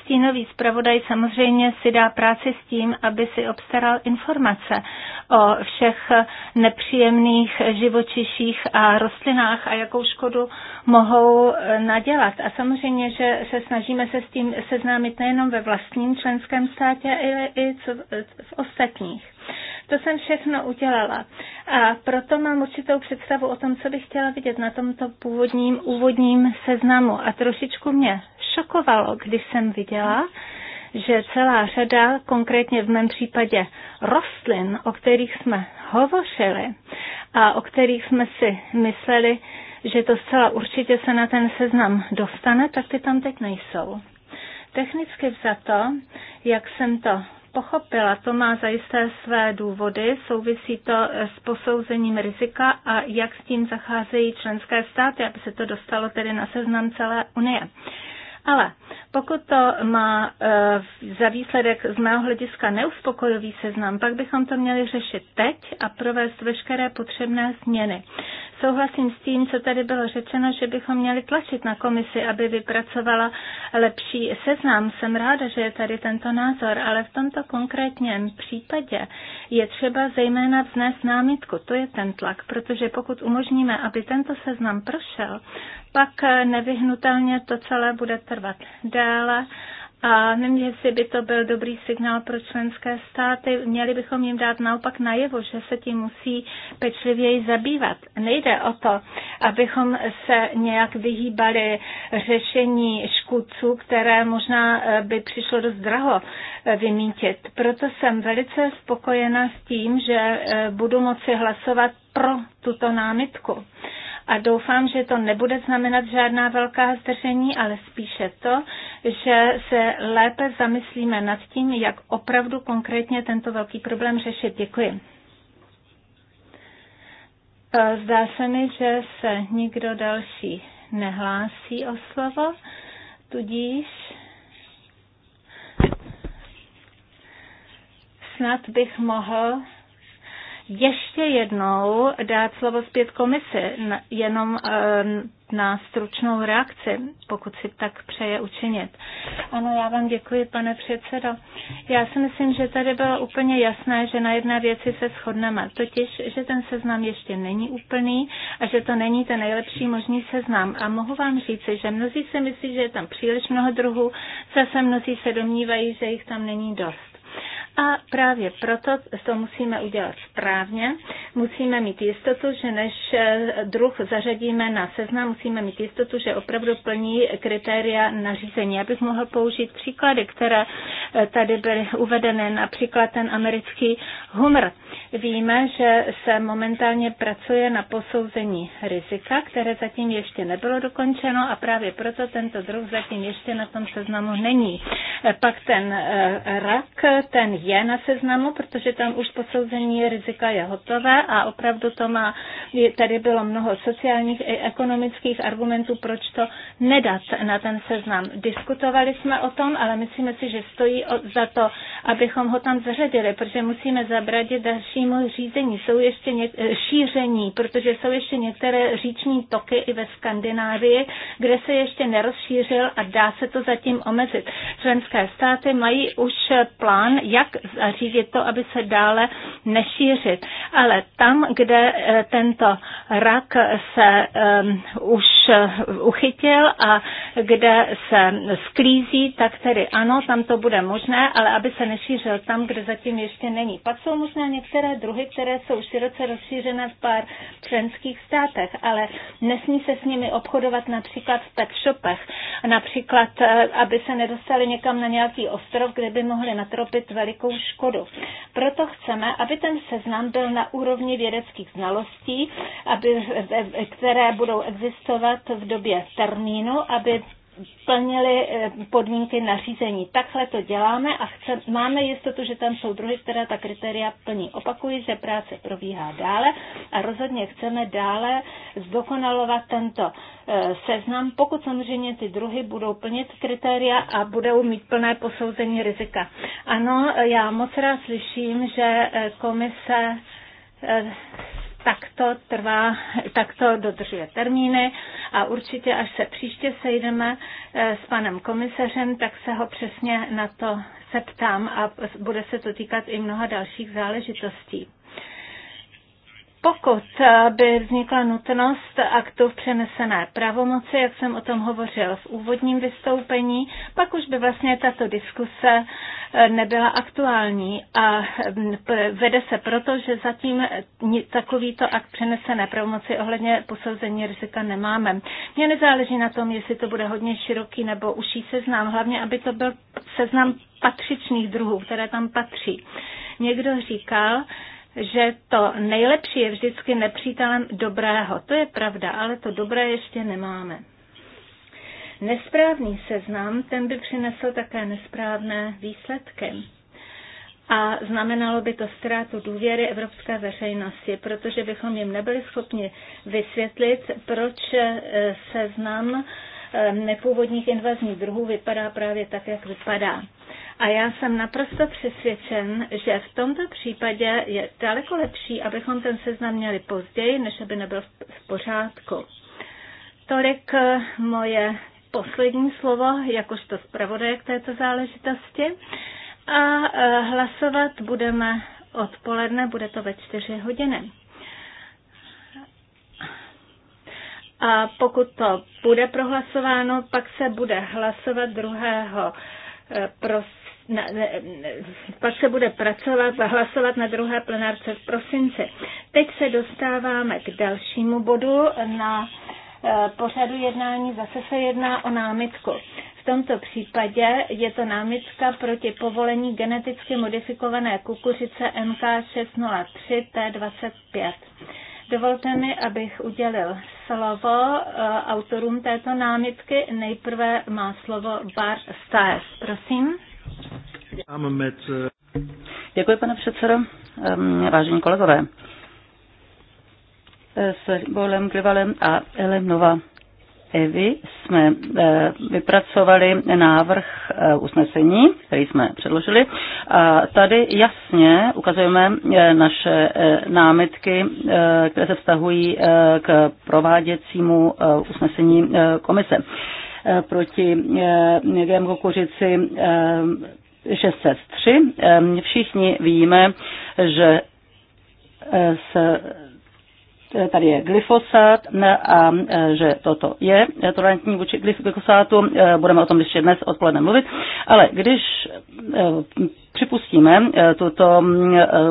Stínový zpravodaj samozřejmě si dá práci s tím, aby si obstaral informace o všech nepříjemných živočiších a rostlinách a jakou škodu mohou nadělat. A samozřejmě, že se snažíme se s tím seznámit nejenom ve vlastním členském státě, ale i v ostatních. To jsem všechno udělala. A proto mám určitou představu o tom, co bych chtěla vidět na tomto původním úvodním seznamu. A trošičku mě šokovalo, když jsem viděla, že celá řada, konkrétně v mém případě rostlin, o kterých jsme hovořili a o kterých jsme si mysleli, že to zcela určitě se na ten seznam dostane, tak ty tam teď nejsou. Technicky vzato, jak jsem to pochopila. To má zajisté své důvody, souvisí to s posouzením rizika a jak s tím zacházejí členské státy, aby se to dostalo tedy na seznam celé Unie. Ale pokud to má e, za výsledek z mého hlediska neuspokojivý seznam, pak bychom to měli řešit teď a provést veškeré potřebné změny souhlasím s tím, co tady bylo řečeno, že bychom měli tlačit na komisi, aby vypracovala lepší seznam. Jsem ráda, že je tady tento názor, ale v tomto konkrétním případě je třeba zejména vznést námitku. To je ten tlak, protože pokud umožníme, aby tento seznam prošel, pak nevyhnutelně to celé bude trvat déle a nevím, jestli by to byl dobrý signál pro členské státy. Měli bychom jim dát naopak najevo, že se tím musí pečlivěji zabývat. Nejde o to, abychom se nějak vyhýbali řešení škůdců, které možná eh, by přišlo dost draho eh, vymítit. Proto jsem velice spokojena s tím, že eh, budu moci hlasovat pro tuto námitku a doufám, že to nebude znamenat žádná velká zdržení, ale spíše to, že se lépe zamyslíme nad tím, jak opravdu konkrétně tento velký problém řešit. Děkuji. E, zdá se mi, že se nikdo další nehlásí o slovo, tudíž snad bych mohl ještě jednou dát slovo zpět komisi, jenom eh, na stručnou reakci, pokud si tak přeje učinit. Ano, já vám děkuji, pane předsedo. Já si myslím, že tady bylo úplně jasné, že na jedné věci se shodneme, totiž, že ten seznam ještě není úplný a že to není ten nejlepší možný seznam. A mohu vám říci, že mnozí si myslí, že je tam příliš mnoho druhů, zase mnozí se domnívají, že jich tam není dost. A právě proto to musíme udělat správně. Musíme mít jistotu, že než eh, druh zařadíme na seznam, musíme mít jistotu, že opravdu plní kritéria nařízení. Abych mohl použít příklady, které eh, tady byly uvedené, například ten americký humor. Víme, že se momentálně pracuje na posouzení rizika, které zatím ještě nebylo dokončeno a právě proto tento druh zatím ještě na tom seznamu není. Eh, pak ten rak, ten je na seznamu, protože tam už posouzení rizika je hotové a opravdu to má, tady bylo mnoho sociálních i ekonomických argumentů, proč to nedat na ten seznam. Diskutovali jsme o tom, ale myslíme si, že stojí za to, abychom ho tam zařadili, protože musíme zabradit dalšímu řízení, jsou ještě něk- eh, šíření, protože jsou ještě některé říční toky i ve Skandinávii, kde se ještě nerozšířil a dá se to zatím omezit. Členské státy mají už plán, jak zařídit to, aby se dále nešířit. Ale tam, kde eh, tento rak se už eh, uchytil a kde se sklízí, tak tedy ano, tam to bude možné, ale aby se nešířil tam, kde zatím ještě není. Pak jsou možná některé druhy, které jsou široce rozšířené v pár členských státech, ale nesmí se s nimi obchodovat například v pet shopech, například, eh, aby se nedostali někam na nějaký ostrov, kde by mohli natropit velikou nějakou škodu. Proto chceme, aby ten seznam byl na úrovni vědeckých znalostí, aby, které budou existovat v době termínu, aby plnili eh, podmínky nařízení. Takhle to děláme a chce, máme jistotu, že tam jsou druhy, které ta kritéria plní. Opakuji, že práce probíhá dále a rozhodně chceme dále zdokonalovat tento eh, seznam, pokud samozřejmě ty druhy budou plnit kritéria a budou mít plné posouzení rizika. Ano, já moc rád slyším, že eh, komise takto trvá, to dodržuje termíny a určitě, až se příště sejdeme eh, s panem komisařem, tak se ho přesně na to se a bude se to týkat i mnoha dalších záležitostí. Pokud by vznikla nutnost aktu v přenesené pravomoci, jak jsem o tom hovořil v úvodním vystoupení, pak už by vlastně tato diskuse eh, nebyla aktuální a hm, vede se proto, že zatím takovýto akt přenesené pravomoci ohledně posouzení rizika nemáme. Mně nezáleží na tom, jestli to bude hodně široký nebo uší seznam, hlavně aby to byl seznam patřičných druhů, které tam patří. Někdo říkal, že to nejlepší je vždycky nepřítelem dobrého. To je pravda, ale to dobré ještě nemáme. Nesprávný seznam, ten by přinesl také nesprávné výsledky. A znamenalo by to ztrátu důvěry evropské veřejnosti, protože bychom jim nebyli schopni vysvětlit, proč e, seznam e, nepůvodních invazních druhů vypadá právě tak, jak vypadá. A já jsem naprosto přesvědčen, že v tomto případě je daleko lepší, abychom ten seznam měli později, než aby nebyl v pořádku. Tolik eh, moje poslední slovo, jakožto zpravodaj k této záležitosti. A eh, hlasovat budeme odpoledne, bude to ve čtyři hodiny. A pokud to bude prohlasováno, pak se bude hlasovat 2. Eh, prosince na, pak se prostě bude pracovat, hlasovat na druhé plenárce v prosinci. Teď se dostáváme k dalšímu bodu na eh, pořadu jednání zase se jedná o námitku. V tomto případě je to námitka proti povolení geneticky modifikované kukuřice MK603 T25. Dovolte mi, abych udělil slovo eh, autorům této námitky. Nejprve má slovo Bar Stiles. Prosím. Eh, Děkuji, pane předsedo. Ehm, vážení kolegové, eh, s Bolem Grivalem a Elem Nova Evy jsme eh, vypracovali návrh usnesení, který jsme předložili. A tady jasně ukazujeme naše námitky, které se vztahují k prováděcímu usnesení komise. Eh, proti eh, GM kukuřici 603. Eh, všichni víme, že se tady je glyfosát a že toto je tolerantní vůči glyfosátu. Budeme o tom ještě dnes odpoledne mluvit. Ale když připustíme tuto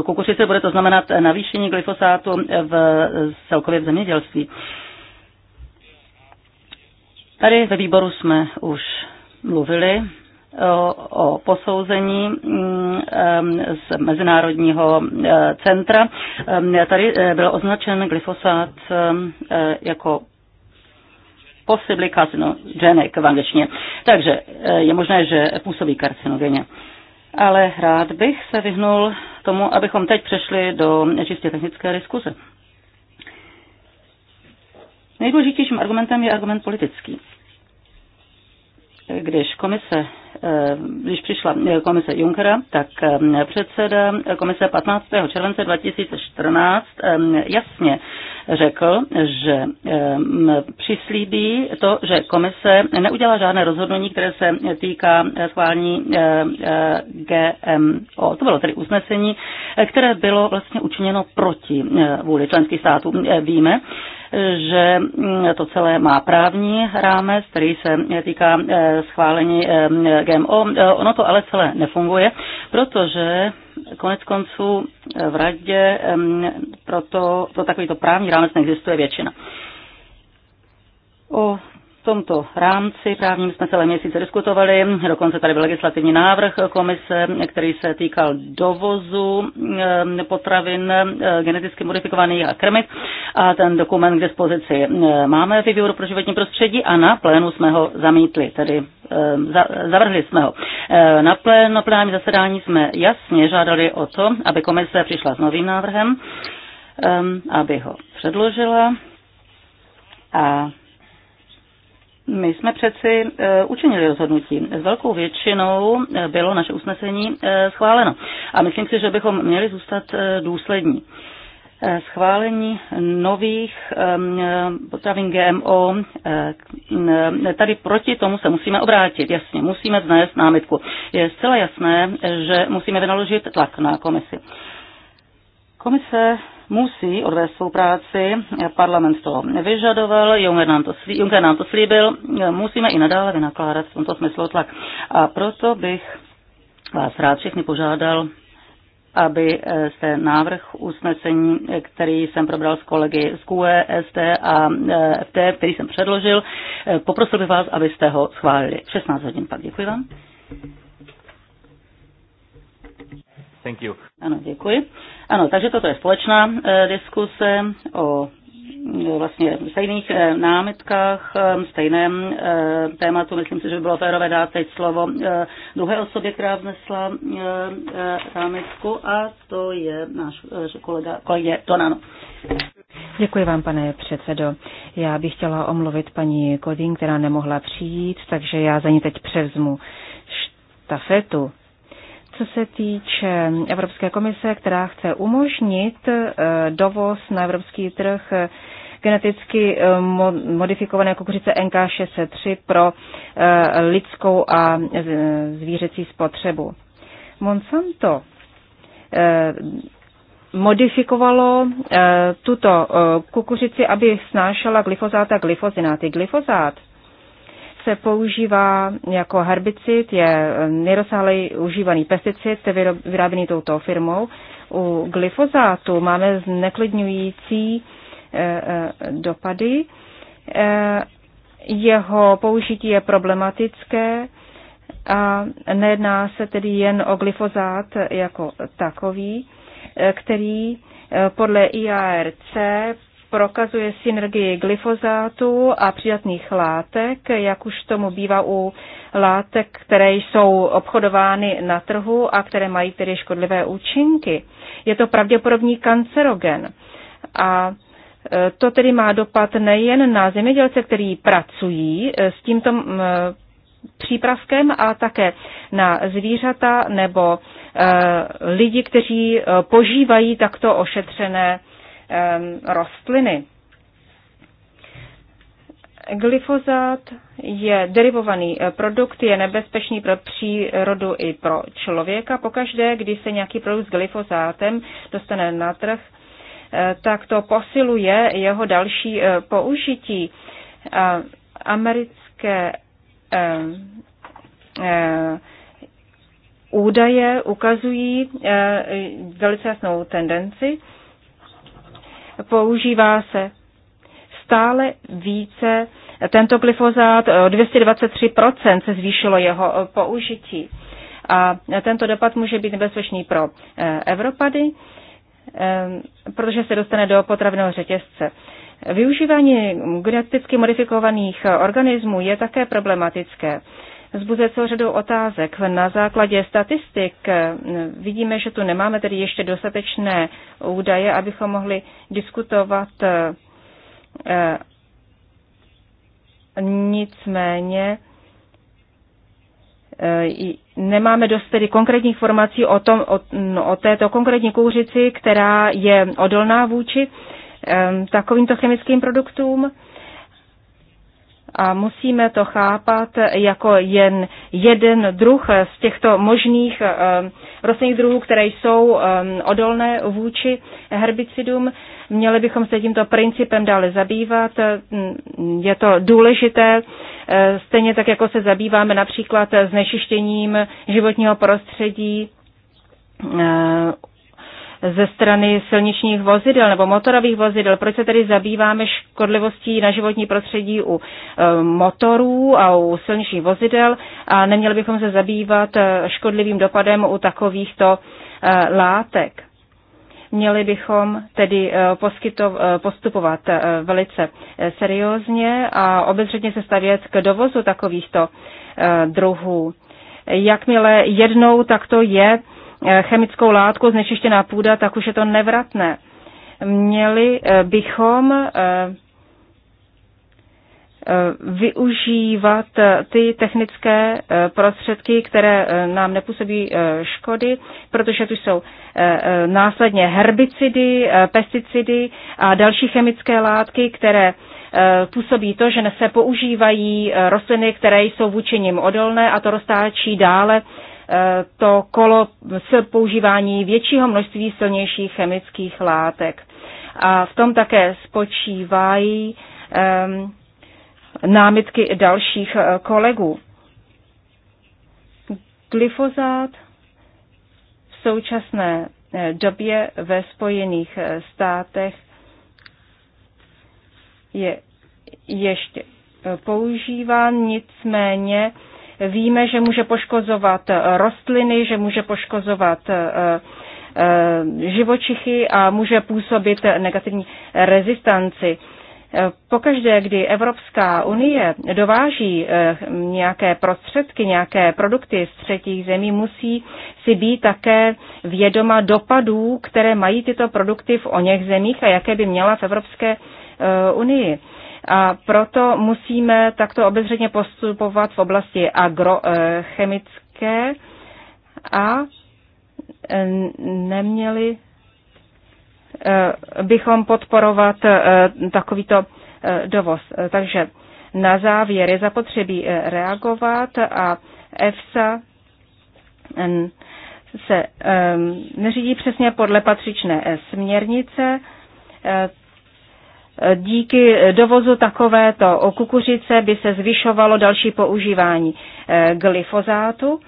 kukuřici, bude to znamenat navýšení glyfosátu v celkově v zemědělství. Tady ve výboru jsme už mluvili o posouzení mm, z Mezinárodního eh, centra. Tady eh, byl označen glyfosát eh, jako possibly carcinogenic v angličtině. Takže je možné, že působí karcinogeně. Ale rád bych se vyhnul tomu, abychom teď přešli do čistě technické diskuze. Nejdůležitějším argumentem je argument politický. Když komise, eh, když přišla eh, komise Junckera, tak eh, předseda komise 15. července 2014 jasně řekl, že přislíbí to, že komise neudělá žádné rozhodnutí, které se týká schválení GMO. To bylo tedy usnesení, které bylo vlastně učiněno proti vůli členských států. Víme, že mm, to celé má právní rámec, který se týká eh, schválení eh, GMO. Eh, ono to ale celé nefunguje, protože konec konců v radě mm, pro, to, pro takovýto právní rámec neexistuje většina. O v tomto rámci právním jsme celé měsíce diskutovali, dokonce tady byl legislativní návrh komise, který se týkal dovozu eh, potravin eh, geneticky modifikovaných a krmit. a ten dokument k dispozici eh, máme v výboru pro životní prostředí a na plénu jsme ho zamítli, tedy zavrhli jsme ho. Na, plénu, na zasedání jsme jasně žádali o to, aby komise přišla s novým návrhem, aby ho předložila a my jsme přeci eh, učinili rozhodnutí. S velkou většinou eh, bylo naše usnesení eh, schváleno. A myslím si, že bychom měli zůstat důslední schválení nových ehm, potravin GMO. Tady proti tomu se musíme obrátit, jasně, musíme vznést námitku. Je zcela jasné, že musíme vynaložit tlak na komisi. Komise musí odvést svou práci, parlament to vyžadoval, Juncker nám to, slí, Juncker nám to slíbil, musíme i nadále vynakládat v tomto smyslu tlak. A proto bych vás rád všechny požádal, aby eh, se návrh usnesení, který jsem probral s kolegy z QE, ST a eh, FT, který jsem předložil, eh, poprosil bych vás, abyste ho schválili. 16 hodin pak. Děkuji vám. Thank you. Ano, děkuji. Ano, takže toto je společná e, diskuse o e, vlastně stejných e, námitkách, stejném tématu. Myslím si, že by bylo férové dát teď slovo druhé osobě, která vznesla námitku a to je náš kolega, kolega Donano. Děkuji vám, pane předsedo. Já bych chtěla omluvit paní Kodin, která nemohla přijít, takže já za ní teď převzmu štafetu. Co se týče Evropské komise, která chce umožnit eh, dovoz na evropský trh eh, geneticky eh, modifikované kukuřice NK603 pro lidskou a zvířecí spotřebu. Monsanto modifikovalo tuto kukuřici, aby snášela glyfozát a glyfozináty. Glyfozát se používá jako herbicid, je nejrozsáhlej užívaný pesticid, je vyráběný touto firmou. U glyfozátu máme zneklidňující e, e, dopady. E, jeho použití je problematické a nejedná se tedy jen o glyfozát jako takový, který podle IARC prokazuje synergii glyfozátu a přidatných látek, jak už tomu bývá u látek, které jsou obchodovány na trhu a které mají tedy škodlivé účinky. Je to pravděpodobný kancerogen. A e, to tedy má dopad nejen na zemědělce, kteří pracují e, s tímto e, přípravkem a také na zvířata nebo lidi, kteří požívají takto ošetřené Ehm, rostliny. Glyfozát je derivovaný eh, produkt, je nebezpečný pro přírodu i pro člověka. Pokaždé, když se nějaký produkt s glyfozátem dostane na trh, eh, tak to posiluje jeho další eh, použití. Americké ehm, ehm, údaje ukazují velice jasnou tendenci, používá se stále více tento glyfozát, o 223% se zvýšilo jeho eh, použití. A tento dopad může být nebezpečný pro eh, Evropady, eh, protože se dostane do potravného řetězce. Využívání geneticky modifikovaných organismů je také problematické vzbuzuje celou řadu otázek. Na základě statistik eh, vidíme, že tu nemáme tedy ještě dostatečné údaje, abychom mohli diskutovat. Eh, eh, nicméně nemáme dost tedy konkrétních informací o, tom, o, no, o této konkrétní kouřici, která je odolná vůči takovýmto chemickým produktům a musíme to chápat jako jen jeden druh z těchto možných eh, rostlinných druhů, které jsou eh, odolné vůči herbicidům. Měli bychom se tímto principem dále zabývat. Mm, je to důležité, eh, stejně tak jako se zabýváme například znečištěním životního prostředí ze strany silničních vozidel nebo motorových vozidel. Proč se tedy zabýváme škodlivostí na životní prostředí u eh, motorů a u silničních vozidel a neměli bychom se zabývat eh, škodlivým dopadem u takovýchto eh, látek. Měli bychom tedy postupovat velice seriózně a obezřetně se stavět k dovozu takovýchto druhů. Jakmile jednou takto je Eh, chemickou látku znečištěná půda, tak už je to nevratné. Měli eh, bychom eh, využívat ty technické prostředky, které nám nepůsobí škody, protože tu jsou následně herbicidy, pesticidy a další chemické látky, které působí to, že se používají rostliny, které jsou vůči nim odolné a to roztáčí dále Eh, to kolo s používání většího množství silnějších chemických látek. A v tom také spočívají ehm, námitky dalších eh, kolegů. Glyfozát v současné eh, době ve Spojených státech je ještě používán, nicméně Víme, že může poškozovat eh, rostliny, že může poškozovat eh, eh, živočichy a může působit negativní rezistanci. Pokaždé, kdy Evropská unie dováží nějaké prostředky, nějaké produkty z třetích zemí, musí si být také vědoma dopadů, které mají tyto produkty v oněch zemích a jaké by měla v Evropské unii a proto musíme takto obezřetně postupovat v oblasti agrochemické a e, neměli e, bychom podporovat e, takovýto dovoz. Takže na závěr je zapotřebí reagovat a EFSA se neřídí přesně podle patřičné směrnice díky dovozu takovéto o kukuřice by se zvyšovalo další používání eh, glyfozátu.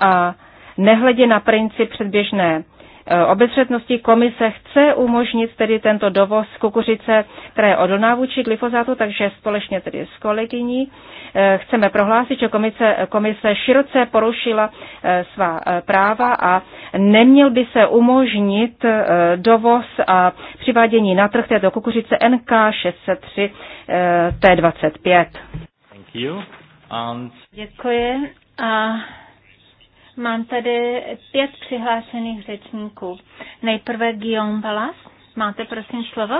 A nehledě na princip předběžné Eh, obezřetnosti komise chce umožnit tedy tento dovoz kukuřice, která je odolná vůči glyfozátu, takže společně tedy s kolegyní eh, chceme prohlásit, že komise, komise široce porušila eh, svá práva a neměl by se umožnit dovoz a přivádění na trh této kukuřice NK 603 T25. Děkuji. A Mám tady pět přihlášených řečníků. Nejprve Guillaume Balas. Máte prosím slovo?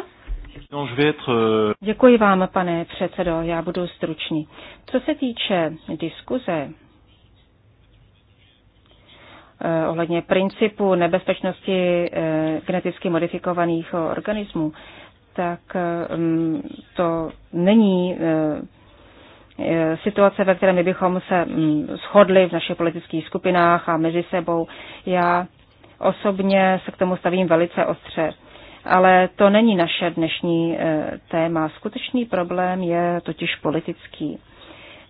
Děkuji vám, pane předsedo, já budu stručný. Co se týče diskuze eh, ohledně principu nebezpečnosti eh, geneticky modifikovaných organismů, tak mm, to není eh, E, situace, ve které my bychom se mm, shodli v našich politických skupinách a mezi sebou. Já osobně se k tomu stavím velice ostře. Ale to není naše dnešní e, téma. Skutečný problém je totiž politický.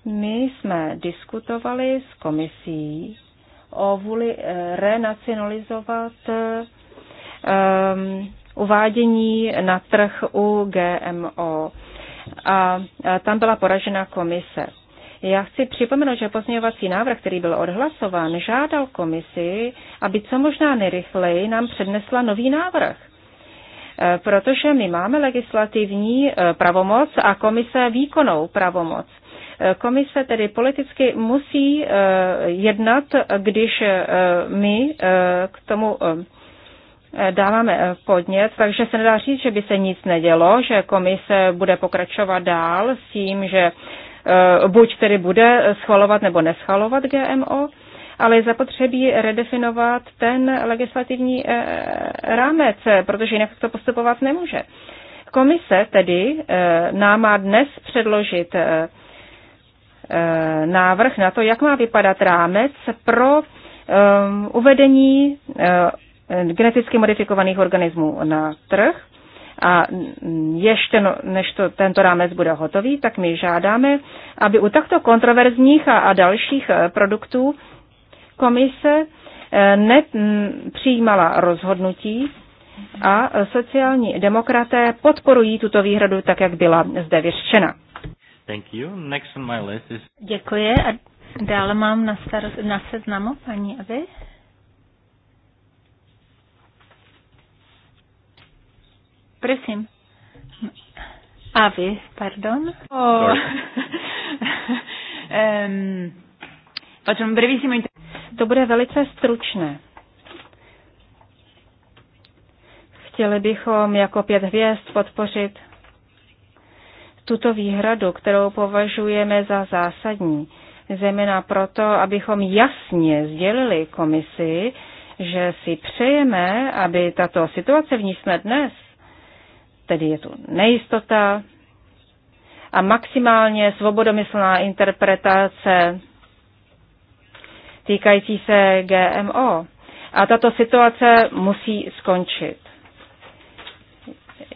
My jsme diskutovali s komisí o vůli e, renacionalizovat um, uvádění na trh u GMO a tam byla poražena komise. Já chci připomenout, že pozměňovací návrh, který byl odhlasován, žádal komisi, aby co možná nejrychleji nám přednesla nový návrh. E, protože my máme legislativní e, pravomoc a komise výkonnou pravomoc. E, komise tedy politicky musí jednat, když my k tomu Eh, dáváme eh, podnět, takže se nedá říct, že by se nic nedělo, že komise bude pokračovat dál s tím, že eh, buď tedy bude schvalovat nebo neschvalovat GMO, ale je zapotřebí redefinovat ten legislativní rámec, protože jinak to postupovat nemůže. Komise tedy nám má dnes předložit návrh na to, jak má vypadat rámec pro uvedení geneticky modifikovaných organismů na trh. A ještě no, než to, tento rámec bude hotový, tak my žádáme, aby u takto kontroverzních a, a dalších eh, produktů komise eh, nepřijímala rozhodnutí a sociální demokraté podporují tuto výhradu tak, jak byla zde vyřčena. Děkuji. A dále mám na, na seznamu paní Aby. Prosím. A vy, pardon. Oh. <laughs> um, to bude velice stručné. Chtěli bychom jako pět hvězd podpořit tuto výhradu, kterou považujeme za zásadní, zejména proto, abychom jasně sdělili komisi, že si přejeme, aby tato situace, v ní jsme dnes, tedy je tu nejistota a maximálně svobodomyslná interpretace týkající se GMO. A tato situace musí skončit.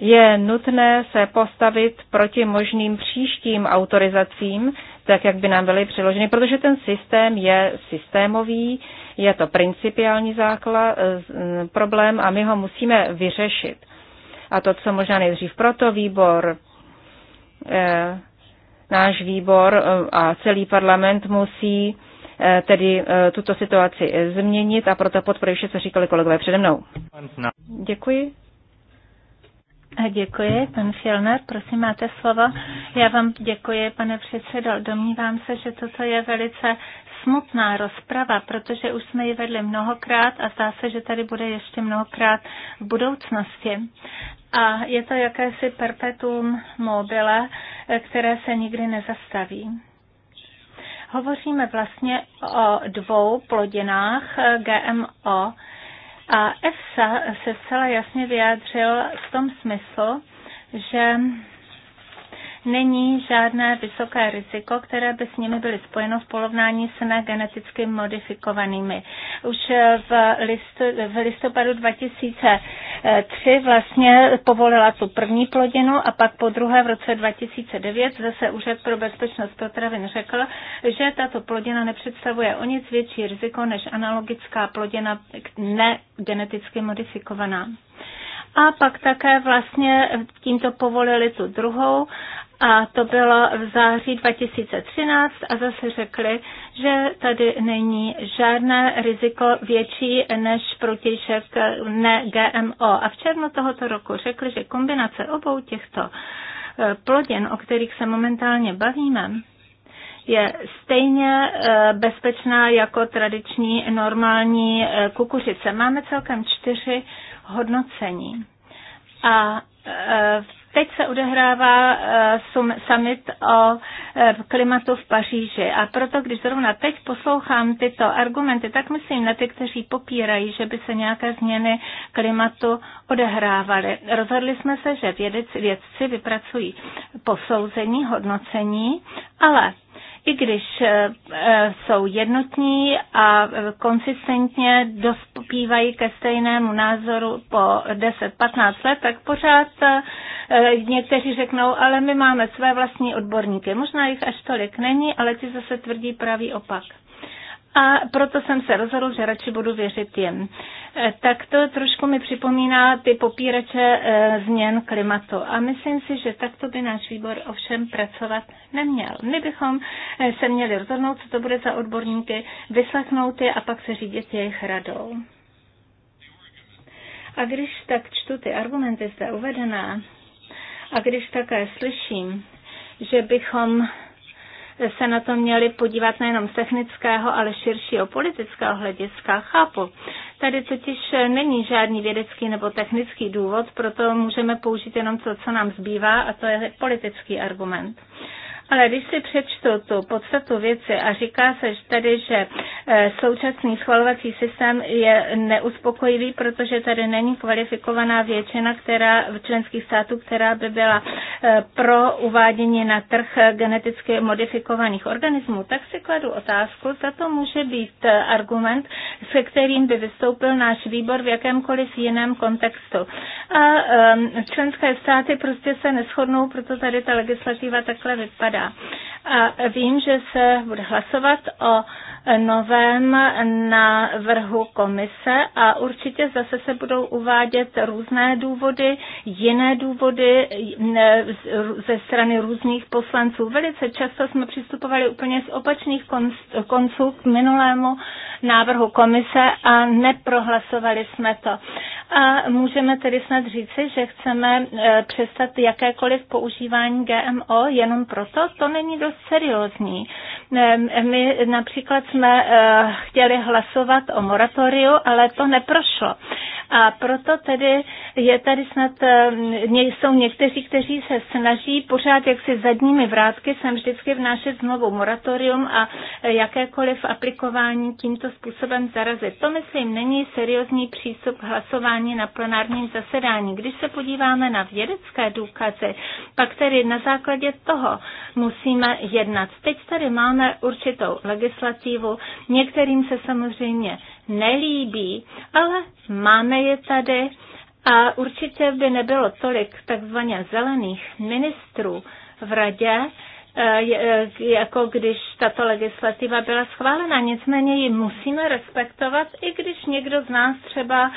Je nutné se postavit proti možným příštím autorizacím, tak jak by nám byly přiloženy, protože ten systém je systémový, je to principiální základ, eh, mm, problém a my ho musíme vyřešit a to, co možná nejdřív proto výbor, eh, náš výbor eh, a celý parlament musí eh, tedy tuto situaci změnit a proto podporuji vše, co říkali kolegové přede mnou. Děkuji. děkuji, pan Filner, prosím, máte slovo. Já vám děkuji, pane předsedo. Domnívám se, že toto je velice smutná rozprava, protože už jsme ji vedli mnohokrát a zdá se, že tady bude ještě mnohokrát v budoucnosti. A je to jakési perpetuum mobile, které se nikdy nezastaví. Hovoříme vlastně o dvou plodinách GMO a EFSA se zcela jasně vyjádřil v tom smyslu, že není žádné vysoké riziko, které by s nimi byly spojeno v porovnání s geneticky modifikovanými. Už v, listu, v listopadu 2003 vlastně povolila tu první plodinu a pak po druhé v roce 2009 zase Úřad pro bezpečnost potravin řekl, že tato plodina nepředstavuje o nic větší riziko než analogická plodina ne geneticky modifikovaná a pak také vlastně tímto povolili tu druhou a to bylo v září 2013 a zase řekli, že tady není žádné riziko větší než protějšek ne GMO. A v červnu tohoto roku řekli, že kombinace obou těchto e, plodin, o kterých se momentálně bavíme, je stejně e, bezpečná jako tradiční normální e, kukuřice. Máme celkem čtyři hodnocení. A e, teď se odehrává e, summit o e, klimatu v Paříži a proto, když zrovna teď poslouchám tyto argumenty, tak myslím na ty, kteří popírají, že by se nějaké změny klimatu odehrávaly. Rozhodli jsme se, že vědci, vědci vypracují posouzení, hodnocení, ale i když eh, eh, jsou jednotní a eh, konsistentně dospívají ke stejnému názoru po 10-15 let, tak pořád někteří řeknou, ale my máme své vlastní odborníky. Možná jich až tolik není, ale ti zase tvrdí pravý opak a proto jsem se rozhodl, že radši budu věřit jim. E, tak to trošku mi připomíná ty popírače e, změn klimatu. A myslím si, že takto by náš výbor ovšem pracovat neměl. My bychom e, se měli rozhodnout, co to bude za odborníky, vyslechnout je a pak se řídit jejich radou. A když tak čtu ty argumenty zde uvedená, a když také slyším, že bychom se na to měli podívat nejenom z technického, ale širšího politického hlediska. Chápu. Tady totiž není žádný vědecký nebo technický důvod, proto můžeme použít jenom to, co nám zbývá, a to je politický argument. Ale když si přečtu tu podstatu věci a říká se tady, že eh, současný schvalovací systém je neuspokojivý, protože tady není kvalifikovaná většina která, členských států, která by byla eh, pro uvádění na trh eh, geneticky modifikovaných organismů, tak si kladu otázku, za to může být argument, se kterým by vystoupil náš výbor v jakémkoliv jiném kontextu. A ehm, členské státy prostě se neschodnou, proto tady ta legislativa takhle vypadá vypadá. A vím, že se bude hlasovat o novém návrhu komise a určitě zase se budou uvádět různé důvody, jiné důvody ze strany různých poslanců. Velice často jsme přistupovali úplně z opačných konců k minulému návrhu komise a neprohlasovali jsme to a můžeme tedy snad říci, že chceme e, přestat jakékoliv používání GMO jenom proto, to není dost seriózní. E, my například jsme e, chtěli hlasovat o moratoriu, ale to neprošlo. A proto tedy je tady snad, jsou někteří, kteří se snaží pořád jaksi zadními vrátky sem vždycky vnášet znovu moratorium a jakékoliv aplikování tímto způsobem zarazit. To, myslím, není seriózní přístup hlasování hlasování na plenárním zasedání. Když se podíváme na vědecké důkazy, pak tedy na základě toho musíme jednat. Teď tady máme určitou legislativu, některým se samozřejmě nelíbí, ale máme je tady a určitě by nebylo tolik takzvaně zelených ministrů v radě, Eh, eh, jako když tato legislativa byla schválena. Nicméně ji musíme respektovat, i když někdo z nás třeba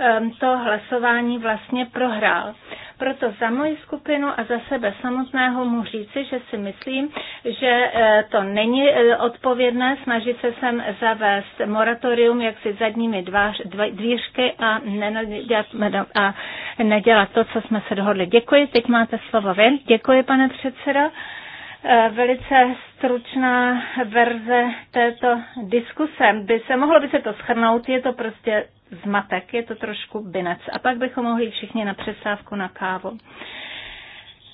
eh, to hlasování vlastně prohrál. Proto za moji skupinu a za sebe samotného mu říci, že si myslím, že to není odpovědné snažit se sem zavést moratorium jak si zadními dvířky a nedělat, a nedělat to, co jsme se dohodli. Děkuji, teď máte slovo vy. Děkuji, pane předsedo. Eh, velice stručná verze této diskuse. By se, mohlo by se to schrnout, je to prostě zmatek, je to trošku binec. A pak bychom mohli všichni na přesávku na kávu.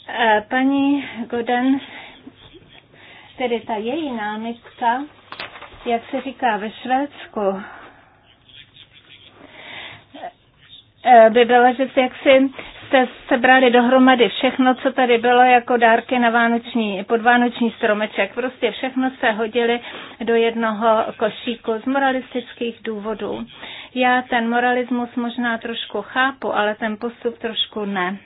Eh, paní Goden, tedy ta její námitka, jak se říká ve Švédsku, eh, by byla, že si jaksi jste sebrali dohromady všechno, co tady bylo jako dárky na vánoční, podvánoční stromeček. Prostě všechno se hodili do jednoho košíku z moralistických důvodů. Já ten moralismus možná trošku chápu, ale ten postup trošku ne.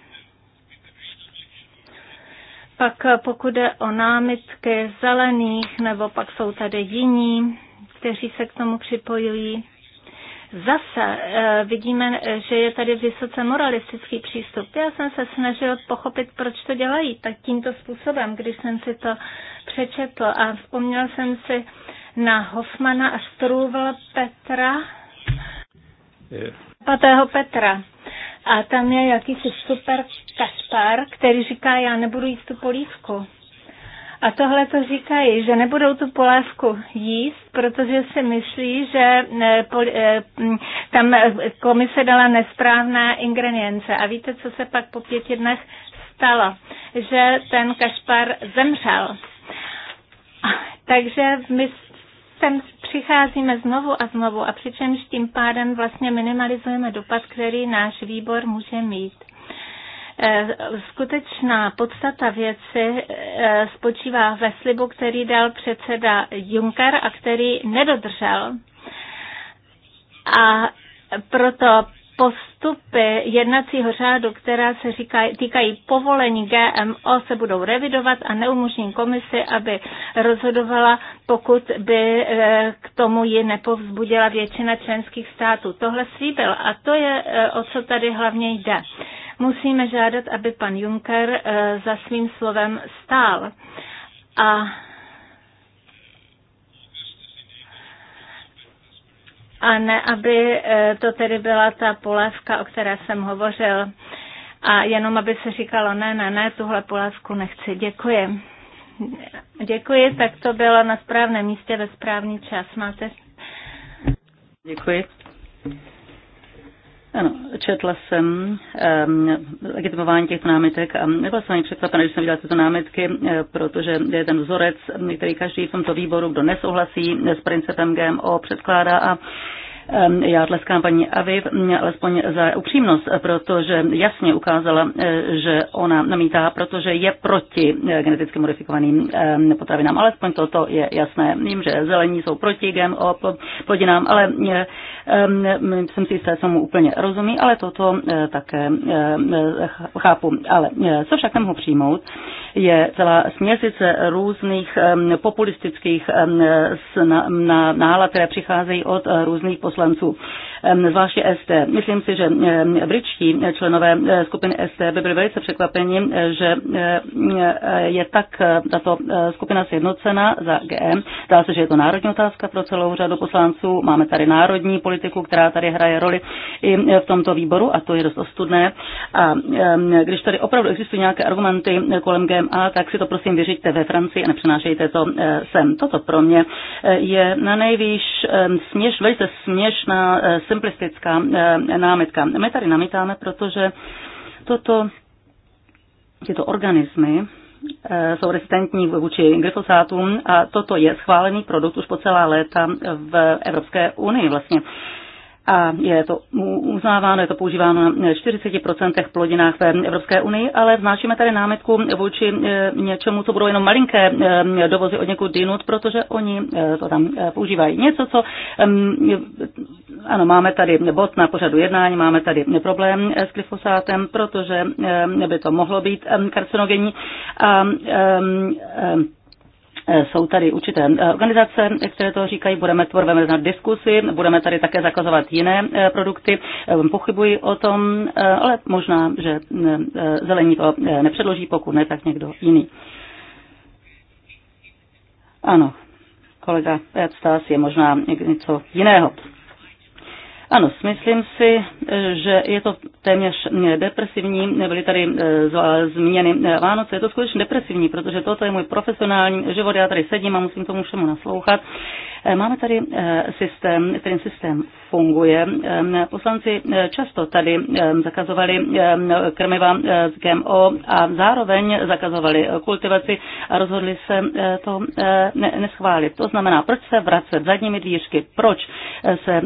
Pak pokud jde o námitky zelených, nebo pak jsou tady jiní, kteří se k tomu připojují. Zase eh, vidíme, že je tady vysoce moralistický přístup. Já jsem se snažil pochopit, proč to dělají tak tímto způsobem, když jsem si to přečetl a vzpomněl jsem si na Hoffmana a Struvel Petra, yeah. patého Petra. A tam je jakýsi super Kašpar, který říká, já nebudu jíst tu polívku. A tohle to říkají, že nebudou tu polévku jíst, protože si myslí, že eh, eh, mm, tam komise dala nesprávná ingredience. A víte, co se pak po pěti dnech stalo? Že ten kašpar zemřel. Takže my sem přicházíme znovu a znovu a přičemž tím pádem vlastně minimalizujeme dopad, který náš výbor může mít. Eh, skutečná podstata věci eh, spočívá ve slibu, který dal předseda Juncker a který nedodržel. A proto postupy jednacího řádu, která se říkají, týkají povolení GMO, se budou revidovat a neumožní komisi, aby rozhodovala, pokud by eh, k tomu ji nepovzbudila většina členských států. Tohle slíbil a to je, o co tady hlavně jde musíme žádat, aby pan Juncker eh, za svým slovem stál. A a ne, aby eh, to tedy byla ta polévka, o které jsem hovořil. A jenom, aby se říkalo, ne, ne, ne, tuhle polévku nechci. Děkuji. Děkuji, tak to bylo na správném místě ve správný čas. Máte? Děkuji. Ano, četla jsem um, legitimování těchto námitek a nebyla jsem ani překvapena, že jsem viděla tyto námitky, eh, protože je ten vzorec, který každý v tomto výboru, kdo nesouhlasí s principem GMO, předkládá a já tleskám paní Aviv mm, alespoň za upřímnost, protože jasně ukázala, eh, že ona namítá, protože je proti eh, geneticky modifikovaným potravinám. Alespoň toto je jasné. Vím, že zelení jsou proti GMO plodinám, ale jsem eh, si jistá, co mu úplně rozumí, ale toto také chápu. Ale co však nemohu přijmout, je celá směsice různých populistických nálad, které přicházejí od eh, různých poslanců, zvláště ST. Myslím si, že britští členové eh, skupiny ST by byli velice překvapeni, eh, že je tak tato skupina sjednocena za GM. Zdá se, že je to národní otázka pro celou řadu poslanců. Máme tady národní politiku, která tady hraje roli i v tomto výboru a to je dost ostudné. A když tady opravdu existují nějaké argumenty kolem GM, a tak si to prosím vyřiďte ve Francii a nepřenášejte to eh, sem. Toto pro mě eh, je na nejvýš eh, směš, velice směšná, simplistická námitka. My tady namítáme, protože toto, tyto organismy, jsou rezistentní vůči glyfosátům a toto je schválený produkt už po celá léta v Evropské unii vlastně a je to uznáváno, je to používáno na 40% plodinách ve Evropské unii, ale vznášíme tady námitku vůči e, něčemu, co budou jenom malinké e, dovozy od někud jinut, protože oni e, to tam používají. Něco, co, ano, máme tady bod na pořadu jednání, máme tady problém s glyfosátem, protože by to mohlo být karcinogenní. A, Eh, jsou tady určité eh, organizace, které to říkají, budeme tvorbeme na diskusy, budeme tady také zakazovat jiné eh, produkty. Pochybuji o tom, ale možná, že zelení to nepředloží, pokud ne, tak někdo jiný. Ano, kolega Stas je možná něco jiného. Ano, myslím si, že je to téměř depresivní. nebyly tady eh, zmíněny eh, Vánoce. Je to skutečně depresivní, protože toto je můj profesionální život. Já tady sedím a musím tomu všemu naslouchat. Eh, máme tady eh, systém, ten systém funguje. Ehm, poslanci eh, často tady ehm, zakazovali ehm, krmiva z GMO a zároveň zakazovali kultivaci a rozhodli se to neschválit. To znamená, proč se vracet zadními dvířky, proč se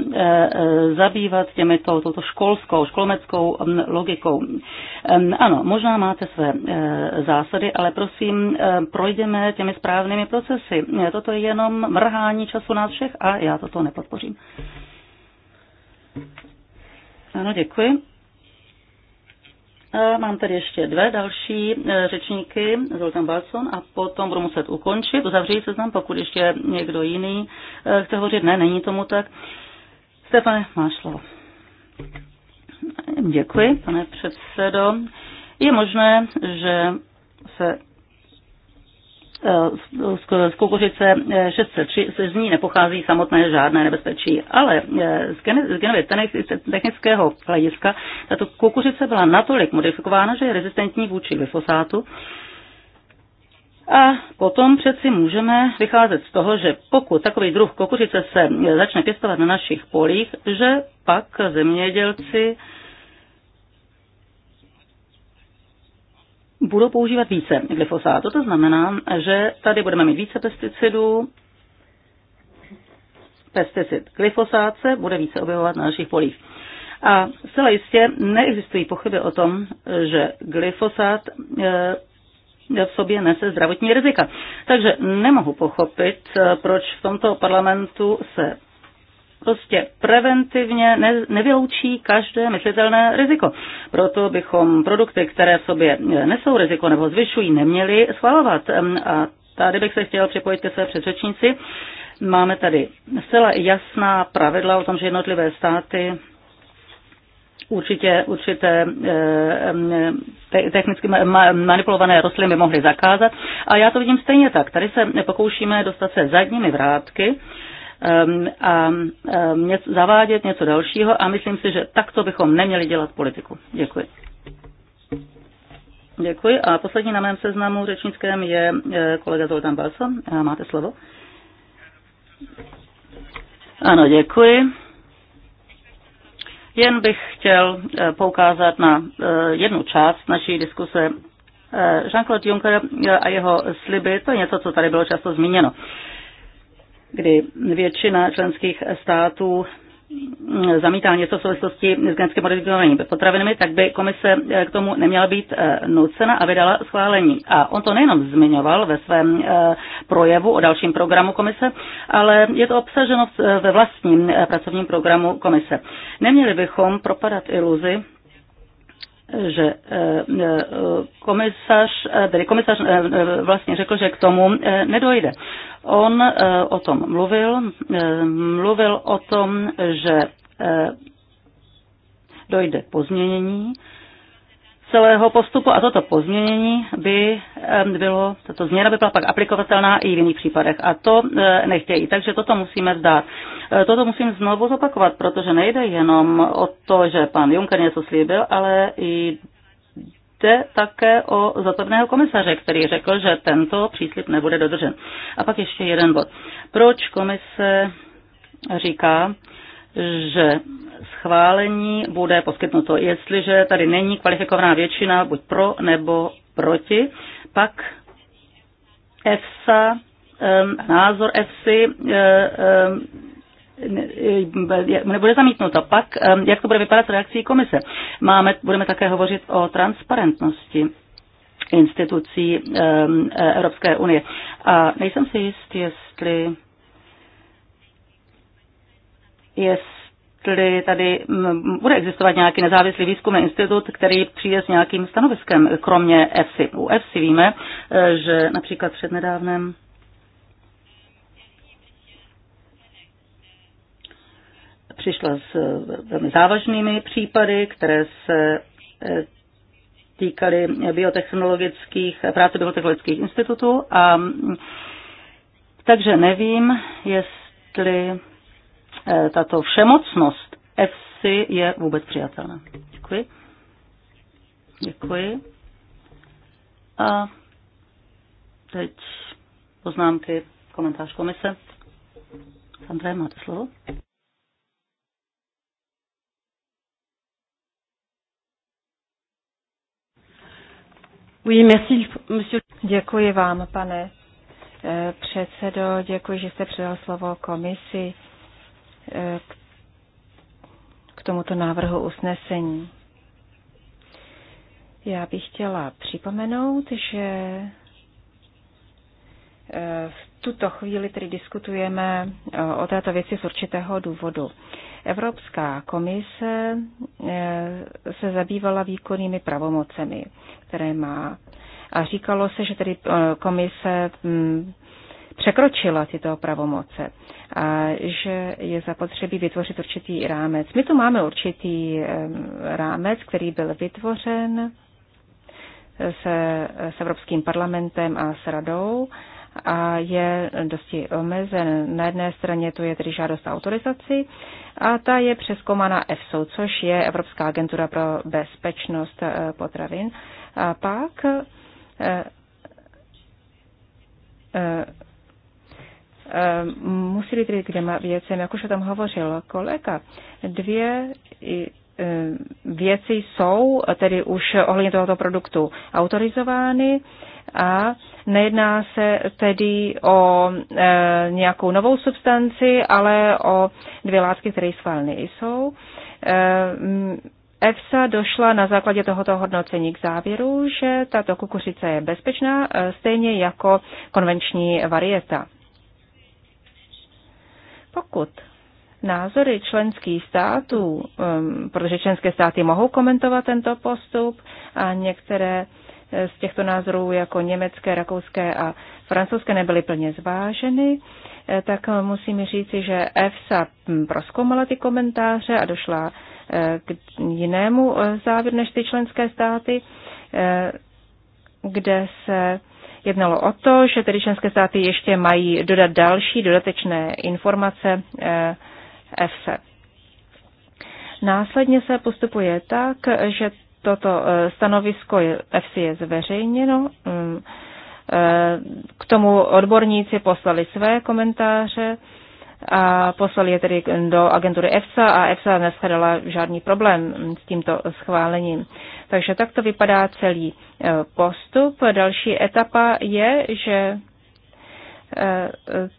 zabývat těmito, touto školskou, školmeckou logikou. Ano, možná máte své zásady, ale prosím, projdeme těmi správnými procesy. Toto je jenom mrhání času po nás všech a já toto nepodpořím. Ano, děkuji. E, mám tady ještě dvě další e, řečníky, Zoltán Balson, a potom budu muset ukončit, uzavřít seznam, pokud ještě někdo jiný e, chce hovořit. Ne, není tomu tak. Stefane, máš slovo. Děkuji, pane předsedo. Je možné, že se Eh, z kukuřice 603 eh, se z ní nepochází samotné žádné nebezpečí, ale eh, z genově technického hlediska tato kukuřice byla natolik modifikována, že je rezistentní vůči glyfosátu. A potom přeci můžeme vycházet z toho, že pokud takový druh kukuřice se začne pěstovat na našich polích, že pak zemědělci budou používat více glyfosátu. To znamená, že tady budeme mít více pesticidů, pesticid glyfosát se bude více objevovat na našich polích. A zcela jistě neexistují pochyby o tom, že glyfosát eh, v sobě nese zdravotní rizika. Takže nemohu pochopit, eh, proč v tomto parlamentu se prostě preventivně ne, nevyloučí každé myslitelné riziko. Proto bychom produkty, které v sobě e, nesou riziko nebo zvyšují, neměli schvalovat. A tady bych se chtěl připojit ke své předřečníci. Máme tady zcela jasná pravidla o tom, že jednotlivé státy určitě určité e, technicky manipulované rostliny mohly zakázat. A já to vidím stejně tak. Tady se pokoušíme dostat se zadními vrátky Ehm, a ehm, něco, zavádět něco dalšího a myslím si, že takto bychom neměli dělat politiku. Děkuji. Děkuji. A poslední na mém seznamu řečnickém je eh, kolega Zoltán Balso. Eh, máte slovo. Ano, děkuji. Jen bych chtěl eh, poukázat na jednu část naší diskuse. Jean-Claude Juncker a jeho sliby, to je něco, co tady bylo často zmíněno kdy většina členských států mm, zamítá něco v souvislosti s genetickým modifikovanými potravinami, tak by komise eh, k tomu neměla být eh, nucena a vydala schválení. A on to nejenom zmiňoval ve svém eh, projevu o dalším programu komise, ale je to obsaženo ve vlastním pracovním programu komise. Neměli bychom propadat iluzi, že eh, eh, komisař, eh, tedy komisař vlastně řekl, že k tomu nedojde. On o tom mluvil, mluvil o tom, že dojde pozměnění celého postupu a toto pozměnění by bylo, tato změna by byla pak aplikovatelná i v jiných případech a to e, nechtějí, takže toto musíme vzdát. E, toto musím znovu zopakovat, protože nejde jenom o to, že pan Juncker něco slíbil, ale i jde také o zodpovědného komisaře, který řekl, že tento příslip nebude dodržen. A pak ještě jeden bod. Proč komise říká, že schválení bude poskytnuto, jestliže tady není kvalifikovaná většina, buď pro nebo proti, pak EFSA, názor EFSI nebude zamítnuto, Pak, jak to bude vypadat s reakcí komise? Máme, budeme také hovořit o transparentnosti institucí Evropské unie. A nejsem si jist, jestli jestli jestli tady mm, bude existovat nějaký nezávislý výzkumný institut, který přijde s nějakým stanoviskem, kromě EFSI. U EFSI víme, eh, že například před nedávnem přišla s eh, velmi závažnými případy, které se eh, týkaly biotechnologických, práce biotechnologických institutů. A, mm, takže nevím, jestli Eh, tato všemocnost EFSI je vůbec přijatelná. Děkuji. Děkuji. A teď poznámky, komentář komise. Andrej, máte slovo. Oui, merci, monsieur. Děkuji vám, pane eh, předsedo. Děkuji, že jste předal slovo komisi. Eh, k tomuto návrhu usnesení. Já bych chtěla připomenout, že eh, v tuto chvíli tedy diskutujeme eh, o této věci z určitého důvodu. Evropská komise se zabývala výkonnými pravomocemi, které má. A říkalo se, že tedy komise hm, překročila tyto pravomoce a že je zapotřebí vytvořit určitý rámec. My tu máme určitý rámec, který byl vytvořen se, s Evropským parlamentem a s radou a je dosti omezen. Na jedné straně to je tedy žádost autorizaci a ta je přeskoumána EFSO, což je Evropská agentura pro bezpečnost eh, potravin. A pak eh, eh, Eh, musí být k dvěma věcem, jak už o tom hovořil kolega. Dvě eh, věci jsou tedy už ohledně tohoto produktu autorizovány a nejedná se tedy o e, nějakou novou substanci, ale o dvě látky, které schváleny jsou. E, EFSA došla na základě tohoto hodnocení k závěru, že tato kukuřice je bezpečná, stejně jako konvenční varieta. Pokud názory členských států, um, protože členské státy mohou komentovat tento postup a některé eh, z těchto názorů jako německé, rakouské a francouzské nebyly plně zváženy, eh, tak musím říci, že EFSA hm, proskoumala ty komentáře a došla eh, k jinému závěru než ty členské státy, kde se jednalo o to, že tedy členské státy ještě mají dodat další dodatečné informace EFSE. Eh, Následně se postupuje tak, že toto eh, stanovisko EFSI je zveřejněno. Mm, eh, k tomu odborníci poslali své komentáře a poslali je tedy do agentury EFSA a EFSA neschledala žádný problém s tímto schválením. Takže tak to vypadá celý e, postup. Další etapa je, že e,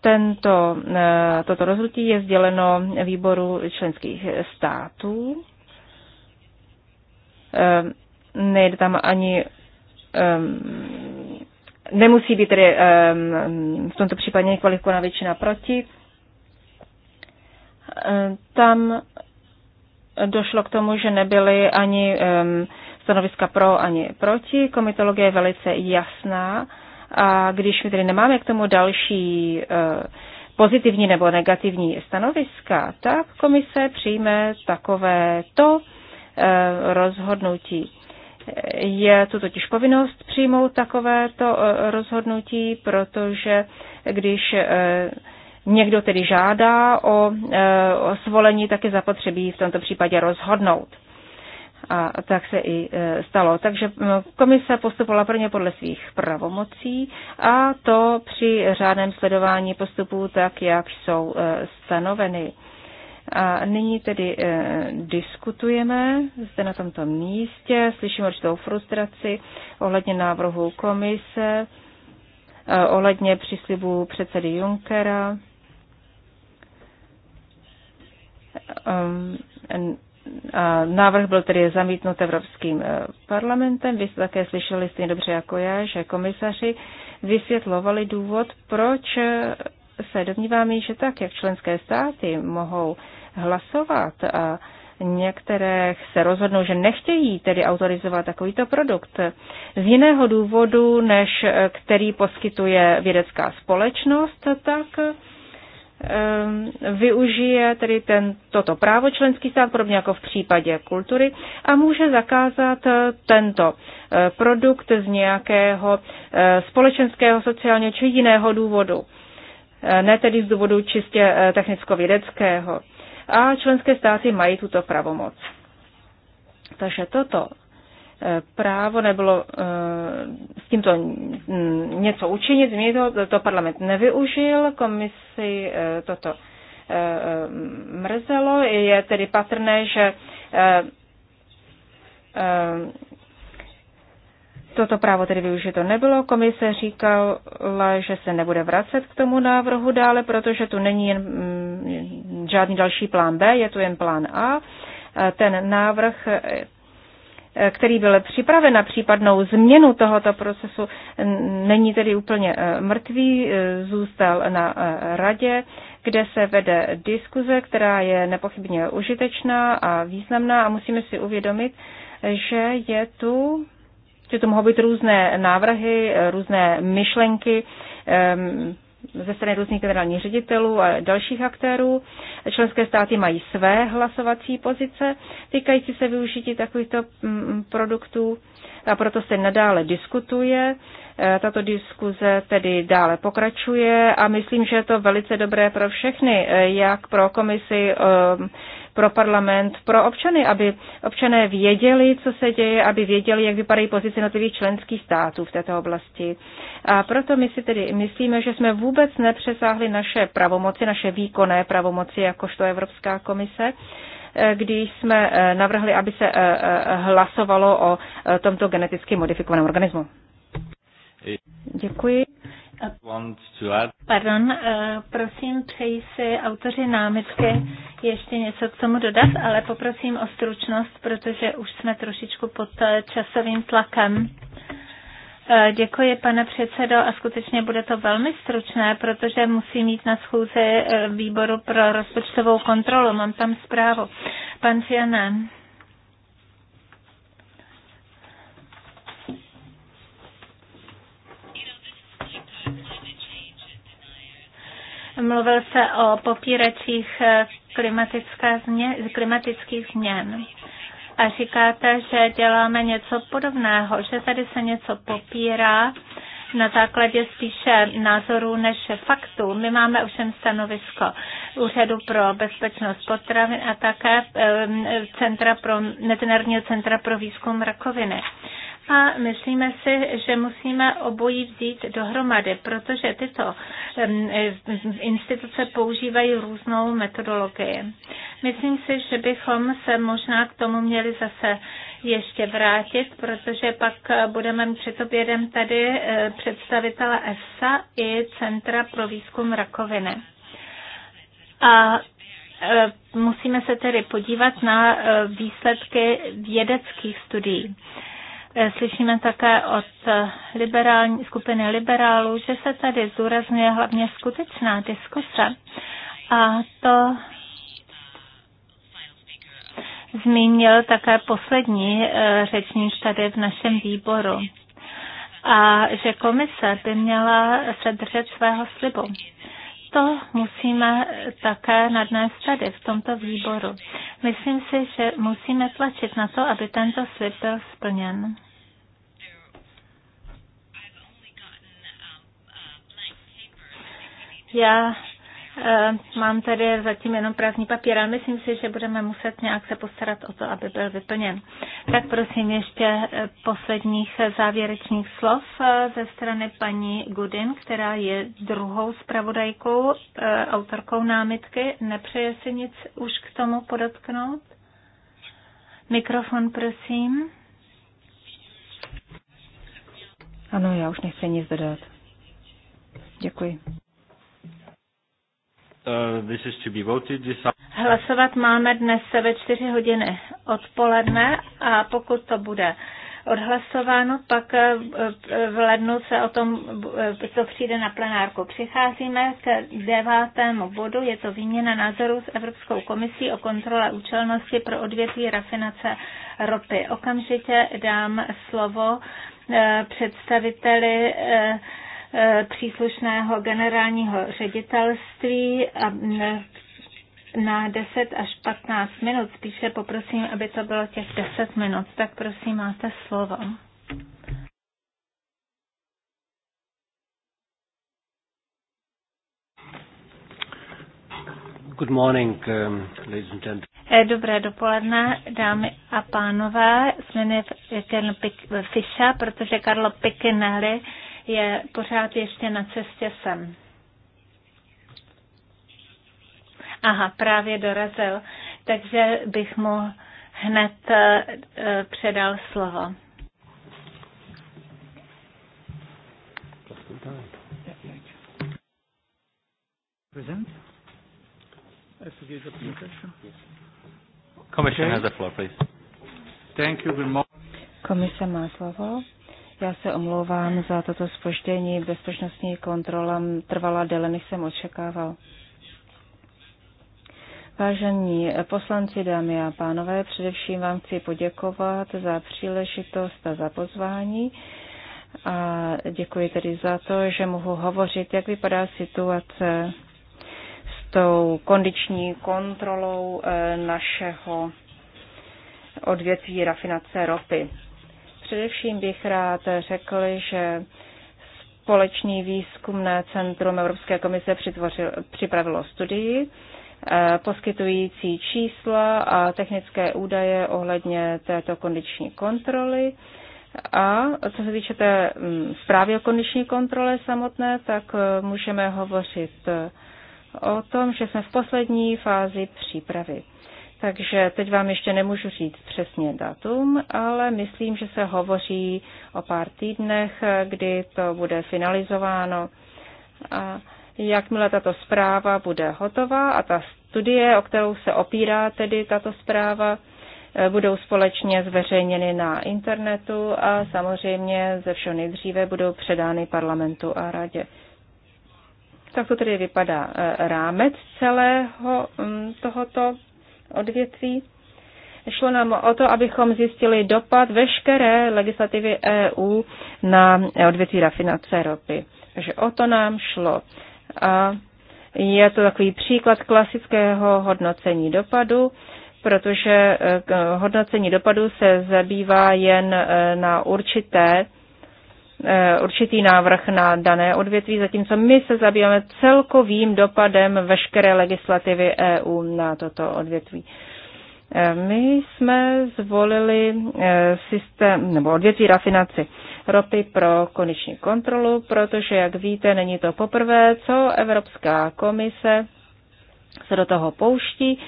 tento, e, toto rozhodnutí je sděleno výboru členských států. Nejde tam ani nemusí být tedy v tomto případě kvalifikovaná většina proti Eh, tam došlo k tomu, že nebyly ani stanoviska pro, ani proti. Komitologie je velice jasná a když my tedy nemáme k tomu další eh, pozitivní nebo negativní stanoviska, tak komise přijme takové to eh, rozhodnutí. Je tu totiž povinnost přijmout takovéto rozhodnutí, protože když někdo tedy žádá o, e, o svolení, tak je zapotřebí v tomto případě rozhodnout. A tak se i e, stalo. Takže komise postupovala prvně podle svých pravomocí a to při řádném sledování postupů tak, jak jsou e, stanoveny. A nyní tedy e, diskutujeme zde na tomto místě, slyším určitou frustraci ohledně návrhu komise, e, ohledně příslibu předsedy Junckera Ehm, a návrh byl tedy zamítnut Evropským e, parlamentem. Vy jste také slyšeli stejně dobře jako já, že komisaři vysvětlovali důvod, proč se domníváme, že tak, jak členské státy mohou hlasovat a některé se rozhodnou, že nechtějí tedy autorizovat takovýto produkt z jiného důvodu, než e, který poskytuje vědecká společnost, tak Ehm, využije tedy ten, toto právo členský stát, podobně jako v případě kultury, a může zakázat eh, tento eh, produkt z nějakého eh, společenského, sociálního či jiného důvodu. Ne tedy z důvodu čistě technicko-vědeckého. A členské státy mají tuto pravomoc. Takže toto právo nebylo eh, s tímto něco učinit, změnit to, to parlament nevyužil, komisi eh, toto eh, mrzelo. Je tedy patrné, že toto právo tedy využito nebylo. Komise říkala, že se nebude vracet k tomu návrhu dále, protože tu není jen mm, žádný další plán B, je tu jen plán A. Ten návrh Eh, který byl připraven na případnou změnu tohoto procesu, není tedy úplně eh, mrtvý, eh, zůstal na radě, kde se vede diskuze, která je nepochybně užitečná a významná a musíme si uvědomit, že je tu že tu mohou být různé návrhy, různé myšlenky, ehm, ze strany různých generálních ředitelů a dalších aktérů. Členské státy mají své hlasovací pozice týkající se využití takovýchto mm, mm, produktů a proto se nadále diskutuje E, tato diskuze tedy dále pokračuje a myslím, že je to velice dobré pro všechny, e, jak pro komisi, e, pro parlament, pro občany, aby občané věděli, co se děje, aby věděli, jak vypadají pozice jednotlivých členských států v této oblasti. A proto my si tedy myslíme, že jsme vůbec nepřesáhli naše pravomoci, naše výkonné pravomoci, jakožto Evropská komise, když jsme navrhli, aby se hlasovalo o tomto geneticky modifikovaném organismu. Děkuji. Pardon, eh, prosím, přeji si autoři námitky ještě něco k tomu dodat, ale poprosím o stručnost, protože už jsme trošičku pod eh, časovým tlakem. Eh, děkuji, pane předsedo, a skutečně bude to velmi stručné, protože musím mít na schůzi výboru pro rozpočtovou kontrolu. Mám tam zprávu. Pan Fianan. Mluvil se o popíracích eh, změn, klimatických změn. A říkáte, že děláme něco podobného, že tady se něco popírá na základě spíše názorů než faktů. My máme ovšem stanovisko Úřadu pro bezpečnost potravin a také eh, Centra pro, Mezinárodního centra pro výzkum rakoviny a myslíme si, že musíme obojí vzít dohromady, protože tyto instituce používají různou metodologii. Myslím si, že bychom se možná k tomu měli zase ještě vrátit, protože pak budeme před obědem tady eh, představitele EFSA i Centra pro výzkum rakoviny. A eh, musíme se tedy podívat na eh, výsledky vědeckých studií. Eh, slyšíme také od eh, liberální, skupiny liberálů, že se tady zúrazňuje hlavně skutečná diskuse. A to zmínil také poslední eh, řečník tady v našem výboru. A že komise by měla se držet svého slibu to musíme také nadnést tady, v tomto výboru. Myslím si, že musíme tlačit na to, aby tento slib byl splněn. Já Eh, mám tady zatím jenom prázdný papír, ale myslím si, že budeme muset nějak se postarat o to, aby byl vyplněn. Tak prosím ještě eh, posledních závěrečných slov eh, ze strany paní Gudin, která je druhou zpravodajkou, autorkou námitky. Nepřeje si nic už k tomu podotknout? Mikrofon, prosím. Ano, já už nechci nic dodat. Děkuji. Uh, Hlasovat máme dnes ve čtyři hodiny odpoledne a pokud to bude odhlasováno, pak eh, v lednu se o tom, eh, co přijde na plenárku. Přicházíme k devátému bodu, je to výměna názorů s Evropskou komisí o kontrole účelnosti pro odvětví rafinace ropy. Okamžitě dám slovo eh, představiteli Eh, příslušného generálního ředitelství a na 10 až 15 minut. Spíše poprosím, aby to bylo těch 10 minut. Tak prosím, máte slovo. Good morning, um, ladies and gentlemen. Eh, dobré dopoledne, dámy a pánové. Jmenuji Fisha, protože Karlo Pikinelli je pořád ještě na cestě sem. Aha, právě dorazil, takže bych mu hned eh, předal slovo. please. Thank you. Komise má slovo. Já se omlouvám za toto spoždění. Bezpečnostní kontrola trvala déle, než jsem očekával. Vážení poslanci, dámy a pánové, především vám chci poděkovat za příležitost a za pozvání. A děkuji tedy za to, že mohu hovořit, jak vypadá situace s tou kondiční kontrolou eh, našeho odvětví rafinace ropy. Především bych rád řekl, že společný výzkumné centrum Evropské komise připravilo studii eh, poskytující čísla a technické údaje ohledně této kondiční kontroly. A co se týče té mm, zprávy o kondiční kontrole samotné, tak eh, můžeme hovořit eh, o tom, že jsme v poslední fázi přípravy. Takže teď vám ještě nemůžu říct přesně datum, ale myslím, že se hovoří o pár týdnech, kdy to bude finalizováno. A jakmile tato zpráva bude hotová a ta studie, o kterou se opírá tedy tato zpráva, eh, budou společně zveřejněny na internetu a samozřejmě ze všeho nejdříve budou předány parlamentu a radě. Tak to tedy vypadá eh, rámec celého mm, tohoto odvětví. Šlo nám o to, abychom zjistili dopad veškeré legislativy EU na odvětví rafinace ropy. Takže o to nám šlo. A je to takový příklad klasického hodnocení dopadu, protože eh, hodnocení dopadu se zabývá jen eh, na určité Eh, určitý návrh na dané odvětví, zatímco my se zabýváme celkovým dopadem veškeré legislativy EU na toto odvětví. Eh, my jsme zvolili eh, systém nebo odvětví rafinaci ropy pro koneční kontrolu, protože, jak víte, není to poprvé, co Evropská komise se do toho pouští.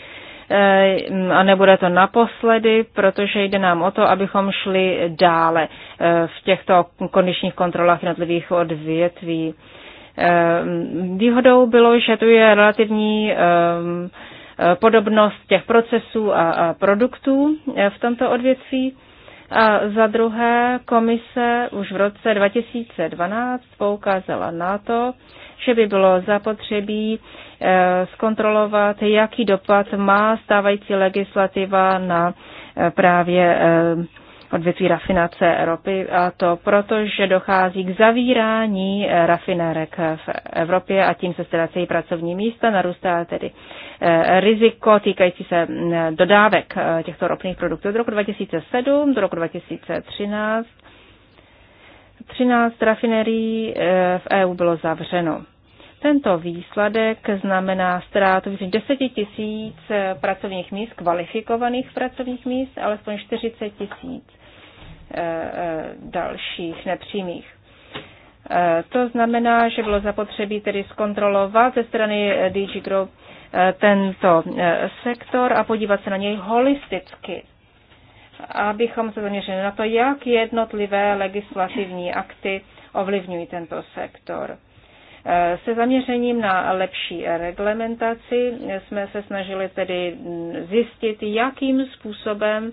Eh, a nebude to naposledy, protože jde nám o to, abychom šli dále eh, v těchto kondičních kontrolách jednotlivých odvětví. Eh, výhodou bylo, že tu je relativní podobnost těch procesů a produktů v tomto odvětví. A za druhé, komise už v roce 2012 poukázala na to, že by bylo zapotřebí eh, zkontrolovat, jaký dopad má stávající legislativa na eh, právě eh, odvětví rafinace ropy a to proto, že dochází k zavírání rafinérek v Evropě a tím se ztrácejí pracovní místa, narůstá tedy riziko týkající se dodávek těchto ropných produktů. Od roku 2007 do roku 2013 13 rafinerií v EU bylo zavřeno. Tento výsledek znamená ztrátu 10 tisíc eh, pracovních míst, kvalifikovaných pracovních míst, alespoň 40 tisíc eh, eh, dalších nepřímých. To znamená, že bylo zapotřebí tedy zkontrolovat ze strany DG Group tento sektor a podívat se na něj holisticky, abychom se zaměřili na to, jak jednotlivé legislativní akty ovlivňují tento sektor. Se zaměřením na lepší reglementaci jsme se snažili tedy zjistit, jakým způsobem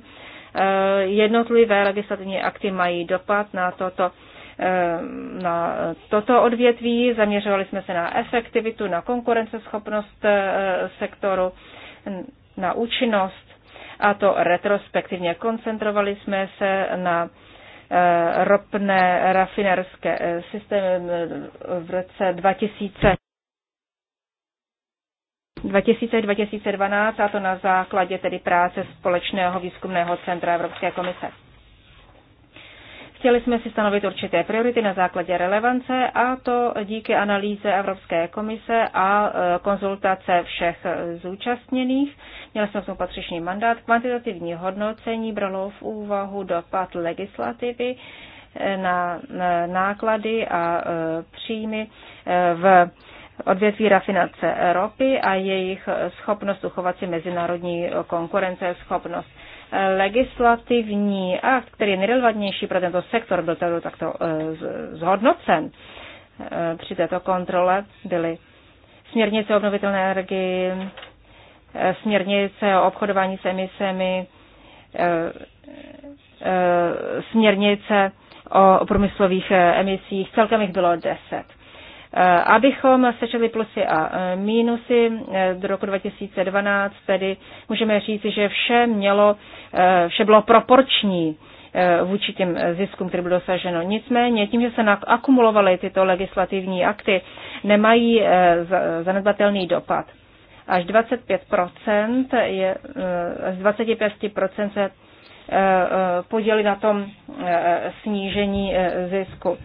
eh, jednotlivé legislativní akty mají dopad na toto, eh, na toto odvětví. Zaměřovali jsme se na efektivitu, na konkurenceschopnost eh, sektoru, na účinnost a to retrospektivně. Koncentrovali jsme se na Eh, ropné rafinerské eh, systémy eh, v roce 2000. 2012 a to na základě tedy práce Společného výzkumného centra Evropské komise. Chtěli jsme si stanovit určité priority na základě relevance a to díky analýze Evropské komise a e, konzultace všech e, zúčastněných. Měli jsme v tom patřičný mandát. Kvantitativní hodnocení bralo v úvahu dopad legislativy e, na náklady a příjmy v odvětví rafinace ropy a jejich schopnost uchovat si mezinárodní konkurenceschopnost legislativní akt, který je nejrelevantnější pro tento sektor, byl tedy takto eh, zhodnocen eh, při této kontrole, byly směrnice o obnovitelné energii, eh, směrnice o obchodování s emisemi, směrnice o průmyslových emisích, celkem jich bylo deset. Eh, abychom sečetli plusy a eh, mínusy eh, do roku 2012, tedy můžeme říci, že vše, mělo, vše bylo proporční vůči těm ziskům, které bylo dosaženo. Nicméně tím, že se akumulovaly tyto legislativní akty, nemají zanedbatelný dopad. Až 25% je, z 25% se podělí na tom snížení zisku.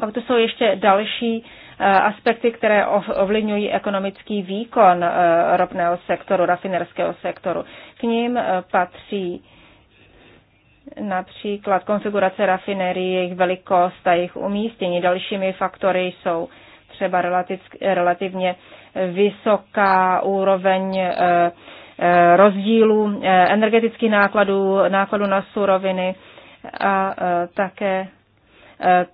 Pak tu jsou ještě další eh, aspekty, které ovlivňují ekonomický výkon eh, ropného sektoru, rafinerského sektoru. K ním eh, patří například konfigurace rafinerie, jejich velikost a jejich umístění. Dalšími faktory jsou třeba relativně vysoká úroveň rozdílu energetických nákladů, nákladů na suroviny a také Eh,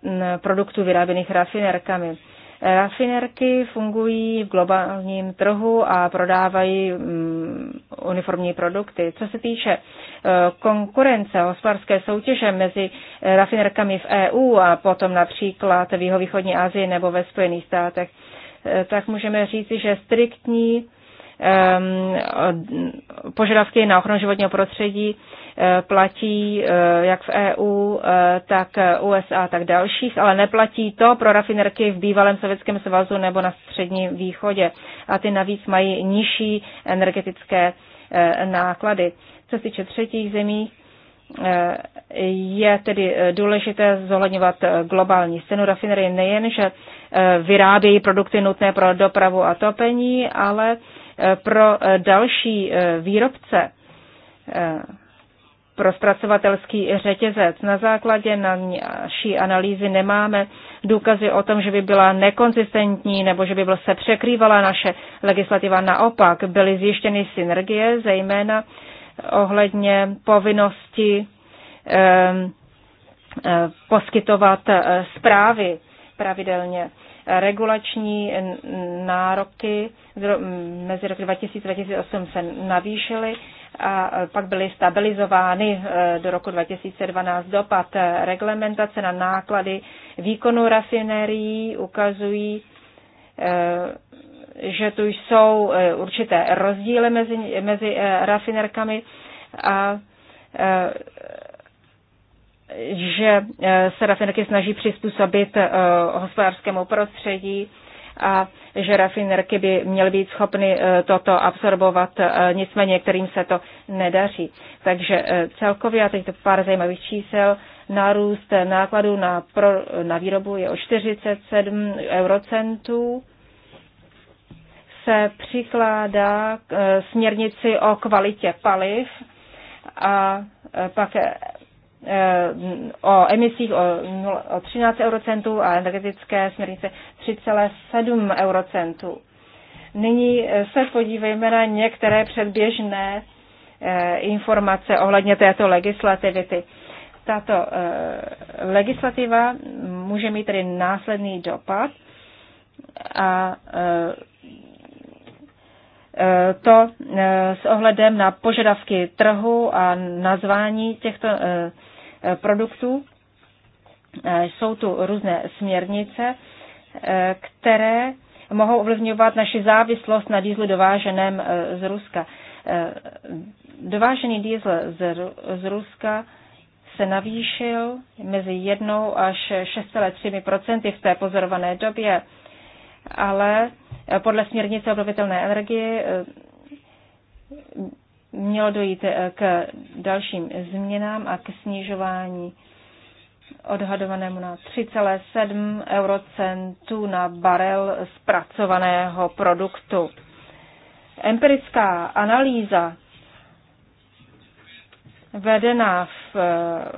produktů vyráběných rafinerkami. Rafinerky fungují v globálním trhu a prodávají mm, uniformní produkty. Co se týče eh, konkurence hospodářské soutěže mezi eh, rafinerkami v EU a potom například v jihovýchodní Asii nebo ve Spojených státech, tak můžeme říci, že striktní ehm, požadavky na ochranu životního prostředí platí eh, jak v EU, eh, tak USA, tak dalších, ale neplatí to pro rafinerky v bývalém Sovětském svazu nebo na Středním východě. A ty navíc mají nižší energetické eh, náklady. Co se týče třetích zemí, je tedy důležité zohledňovat globální scénu rafinerie nejen, že vyrábějí produkty nutné pro dopravu a topení, ale pro další výrobce pro zpracovatelský řetězec. Na základě naší analýzy nemáme důkazy o tom, že by byla nekonzistentní nebo že by byl se překrývala naše legislativa. Naopak byly zjištěny synergie, zejména ohledně povinnosti poskytovat eh, zprávy pravidelně. Regulační nároky mezi roky 2000 a 2008 se navýšily a pak byly stabilizovány e, do roku 2012. Dopad reglementace na náklady výkonu rafinerií ukazují, e, že tu jsou e, určité rozdíly mezi, mezi rafinerkami a že se rafinerky snaží přizpůsobit hospodářskému prostředí a že rafinerky by měly být schopny e, toto absorbovat, e, nicméně některým se to nedaří. Takže e, celkově, a teď to pár zajímavých čísel, nárůst nákladů na, pro, na výrobu je o 47 eurocentů se přikládá k směrnici o kvalitě paliv a pak o emisích o, o 13 eurocentů a energetické směrnice 3,7 eurocentů. Nyní se podívejme na některé předběžné eh, informace ohledně této legislativity. Tato eh, legislativa může mít tedy následný dopad a eh, to s ohledem na požadavky trhu a nazvání těchto Eh, produktů. Eh, jsou tu různé směrnice, eh, které mohou ovlivňovat naši závislost na dýzlu dováženém z Ruska. Dovážený dýzl z Ruska se navýšil mezi 1 až 6,3 v té pozorované době, ale podle směrnice obnovitelné energie mělo dojít eh, k dalším změnám a k snižování odhadovanému na 3,7 eurocentů na barel zpracovaného produktu. Empirická analýza vedená eh,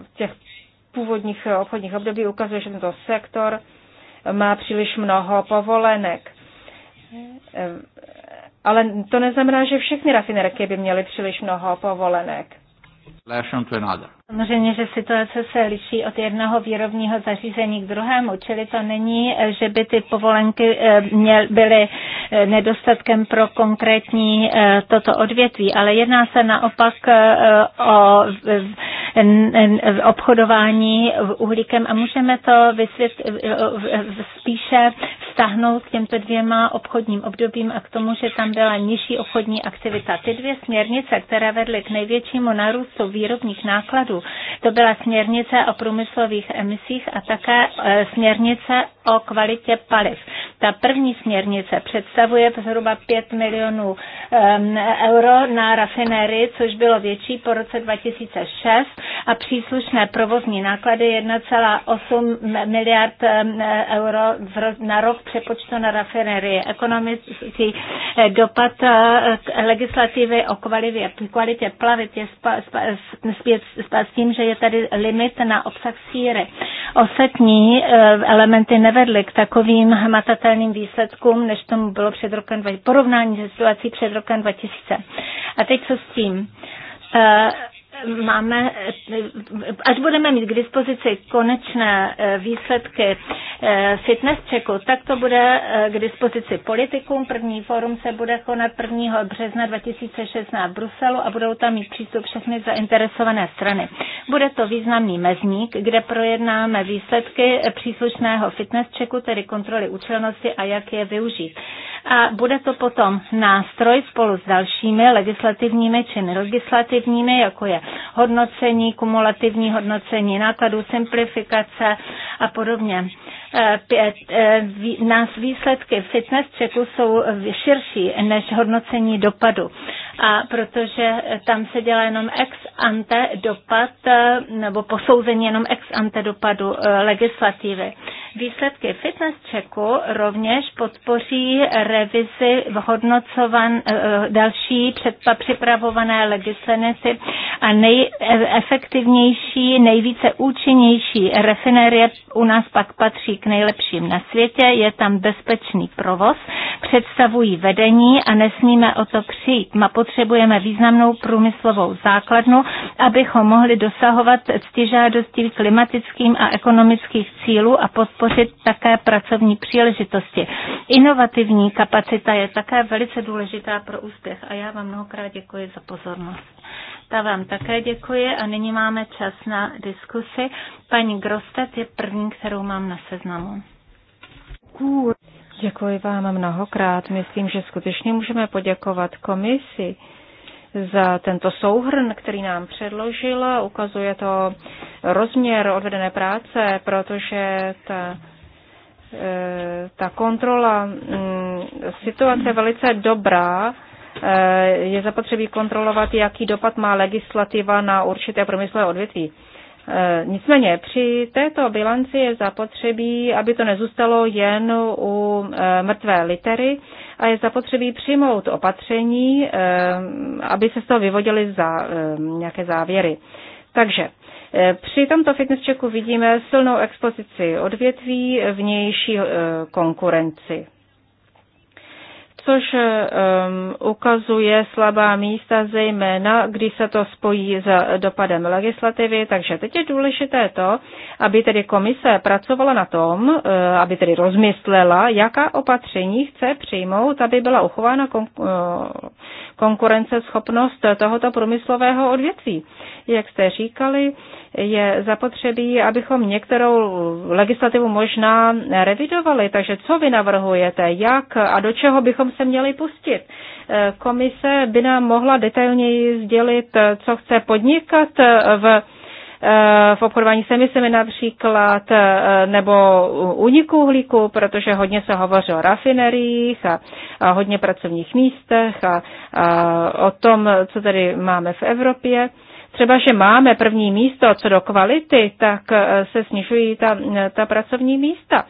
v těch původních obchodních období ukazuje, že tento sektor má příliš mnoho povolenek. Ale to neznamená, že všechny rafinerky by měly příliš mnoho povolenek. Samozřejmě, že situace se liší od jednoho výrobního zařízení k druhému, čili to není, že by ty povolenky eh, byly eh, nedostatkem pro konkrétní eh, toto odvětví, ale jedná se naopak o obchodování uhlíkem a můžeme to vysvět, spíše vztahnout k těmto dvěma obchodním obdobím a k tomu, že tam byla nižší obchodní aktivita. Ty dvě směrnice, které vedly k největšímu nárůstu výrobních nákladů, to byla směrnice o průmyslových emisích a také e, směrnice o kvalitě paliv. Ta první směrnice představuje zhruba 5 milionů euro na rafinérii, což bylo větší po roce 2006 a příslušné provozní náklady 1,8 miliard euro na rok přepočto na rafinérii. Ekonomický eh, dopad eh, legislativy o kvalitě, kvalitě plavit je s tím, že je tady limit na obsah síry. Ostatní eh, elementy nevedly k takovým hmatatelným srovnatelným výsledkům, než tomu bylo před rokem, porovnání se situací před rokem 2000. A teď co s tím? Eh, máme, až budeme mít k dispozici konečné eh, výsledky eh, fitness checku, tak to bude eh, k dispozici politikům. První fórum se bude konat 1. března 2016 v Bruselu a budou tam mít přístup všechny zainteresované strany. Bude to významný mezník, kde projednáme výsledky příslušného fitness checku, tedy kontroly účelnosti a jak je využít. A bude to potom nástroj spolu s dalšími legislativními či nelegislativními, jako je hodnocení, kumulativní hodnocení nákladů, simplifikace a podobně. Eh, pět, eh, nás výsledky fitness checku jsou širší než hodnocení dopadu. A protože tam se dělá jenom ex ante dopad, eh, nebo posouzení jenom ex ante dopadu legislativy. Výsledky fitness checku rovněž podpoří revizi vhodnocovan, další předpa připravované legislativy a nejefektivnější, nejvíce účinnější refinerie u nás pak patří k nejlepším na světě, je tam bezpečný provoz, představují vedení a nesmíme o to přijít. Ma potřebujeme významnou průmyslovou základnu, abychom mohli dosahovat ctižádostí klimatickým a ekonomických cílů a podpořit také pracovní příležitosti. Inovativní kapacita je také velice důležitá pro úspěch a já vám mnohokrát děkuji za pozornost. Ta vám také děkuji a nyní máme čas na diskusi. Paní Grostet je první, kterou mám na seznamu. Děkuji vám mnohokrát. Myslím, že skutečně můžeme poděkovat komisi za tento souhrn, který nám předložila. Ukazuje to rozměr odvedené práce, protože ta, eh, ta kontrola mm, situace je velice dobrá Eh, je zapotřebí kontrolovat, jaký dopad má legislativa na určité průmyslové odvětví. Eh, nicméně při této bilanci je zapotřebí, aby to nezůstalo jen u eh, mrtvé litery a je zapotřebí přijmout opatření, aby se z toho vyvodily za, nějaké závěry. Takže při tomto fitness checku vidíme silnou expozici odvětví vnější konkurenci. Protože eh, um, ukazuje slabá místa, zejména když se to spojí s dopadem legislativy. Takže teď je důležité to, aby tedy komise pracovala na tom, uh, aby tedy rozmyslela, jaká opatření chce přijmout, aby byla uchována eh, konkurenceschopnost tohoto průmyslového odvětví. Jak jste říkali, uh, je zapotřebí, abychom některou legislativu možná revidovali. Takže co vy navrhujete, jak a do čeho bychom se měli pustit? Eh, komise by nám mohla detailněji sdělit, eh, co chce podnikat eh, v v obchodování s emisemi například, nebo uniku uhlíku, protože hodně se hovoří o rafineriích a, a hodně pracovních místech a, a o tom, co tady máme v Evropě třeba, že máme první místo co do kvality, tak eh, se snižují ta, eh, ta pracovní místa.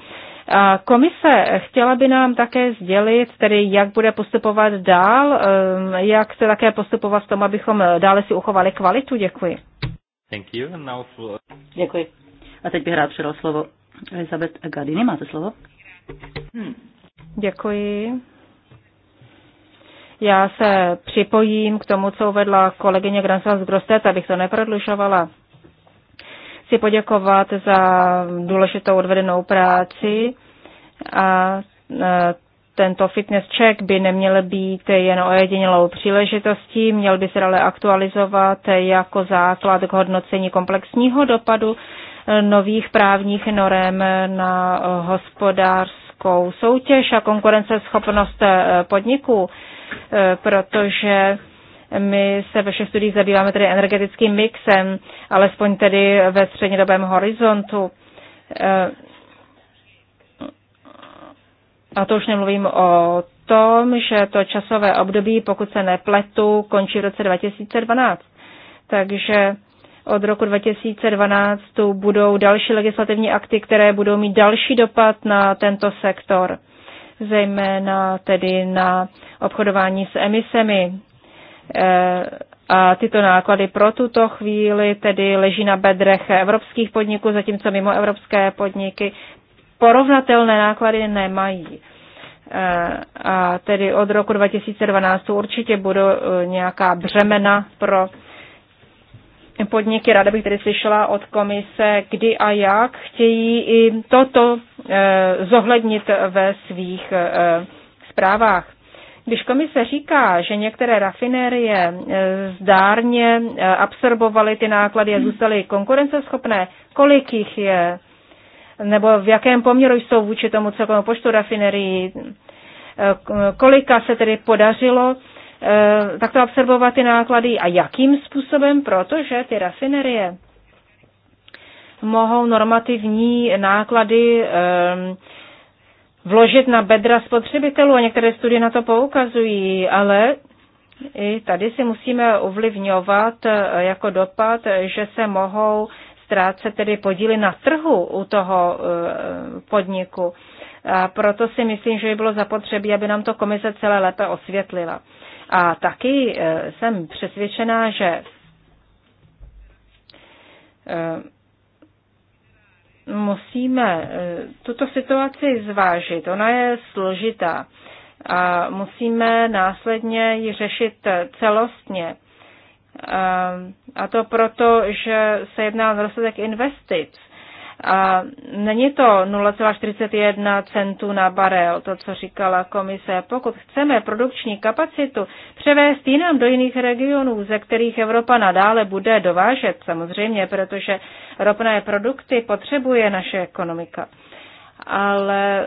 A komise chtěla by nám také sdělit, tedy jak bude postupovat dál, eh, jak se také postupovat s tom, abychom dále si uchovali kvalitu. Děkuji. Thank you. Now for... Děkuji. A teď bych rád předal slovo Elizabeth Gardini. Máte slovo? Hmm. Děkuji. Já se připojím k tomu, co uvedla kolegyně Gransas Grostet, abych to neprodlušovala. Chci poděkovat za důležitou odvedenou práci a e, tento fitness check by neměl být jen ojedinělou příležitostí, měl by se ale aktualizovat jako základ k hodnocení komplexního dopadu e, nových právních norem na hospodářskou soutěž a konkurenceschopnost e, podniků. Eh, protože my se ve všech studiích zabýváme tedy energetickým mixem, alespoň tedy ve střednědobém horizontu. Eh, a to už nemluvím o tom, že to časové období, pokud se nepletu, končí v roce 2012. Takže od roku 2012 tu budou další legislativní akty, které budou mít další dopad na tento sektor zejména tedy na obchodování s emisemi. E, a tyto náklady pro tuto chvíli tedy leží na bedrech evropských podniků, zatímco mimo evropské podniky porovnatelné náklady nemají. E, a tedy od roku 2012 určitě budou e, nějaká břemena pro podniky. Ráda bych tedy slyšela od komise, kdy a jak chtějí i toto eh, zohlednit ve svých eh, zprávách. Když komise říká, že některé rafinérie eh, zdárně absorbovaly ty náklady a zůstaly konkurenceschopné, kolik jich je? Nebo v jakém poměru jsou vůči tomu celkovému počtu rafinerií? Kolika se tedy podařilo Eh, takto absorbovat ty náklady a jakým způsobem, protože ty rafinerie mohou normativní náklady ehm, vložit na bedra spotřebitelů a některé studie na to poukazují, ale i tady si musíme ovlivňovat eh, jako dopad, že se mohou ztrácet tedy podíly na trhu u toho eh, podniku. A proto si myslím, že by bylo zapotřebí, aby nám to komise celé lépe osvětlila. A taky eh, jsem přesvědčená, že eh, musíme eh, tuto situaci zvážit. Ona je složitá a musíme následně ji řešit celostně. A to proto, že se jedná o dostatek investic a není to 0,41 centů na barel, to, co říkala komise. Pokud chceme produkční kapacitu převést jinam do jiných regionů, ze kterých Evropa nadále bude dovážet, samozřejmě, protože ropné produkty potřebuje naše ekonomika ale e,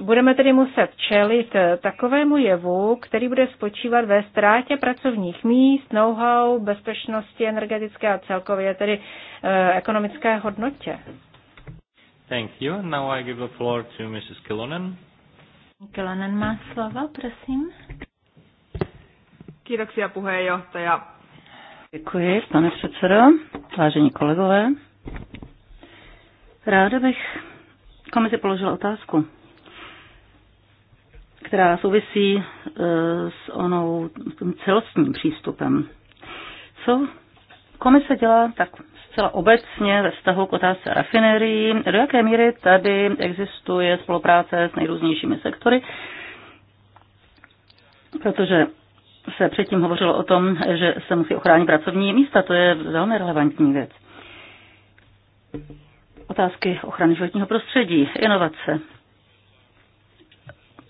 budeme tedy muset čelit e, takovému jevu, který bude spočívat ve ztrátě pracovních míst, know-how, bezpečnosti energetické a celkově tedy e, ekonomické hodnotě. Thank you. Now I give the floor to Mrs. Kilonen. Kilonen má slovo, prosím. Kiitoksia puheenjohtaja. Děkuji, pane předsedo, vážení kolegové. Ráda bych Komise položila otázku, která souvisí e, s onou tím celostním přístupem. Co komise dělá tak zcela obecně ve vztahu k otázce rafinerií, do jaké míry tady existuje spolupráce s nejrůznějšími sektory, protože se předtím hovořilo o tom, že se musí ochránit pracovní místa, to je velmi relevantní věc otázky ochrany životního prostředí, inovace,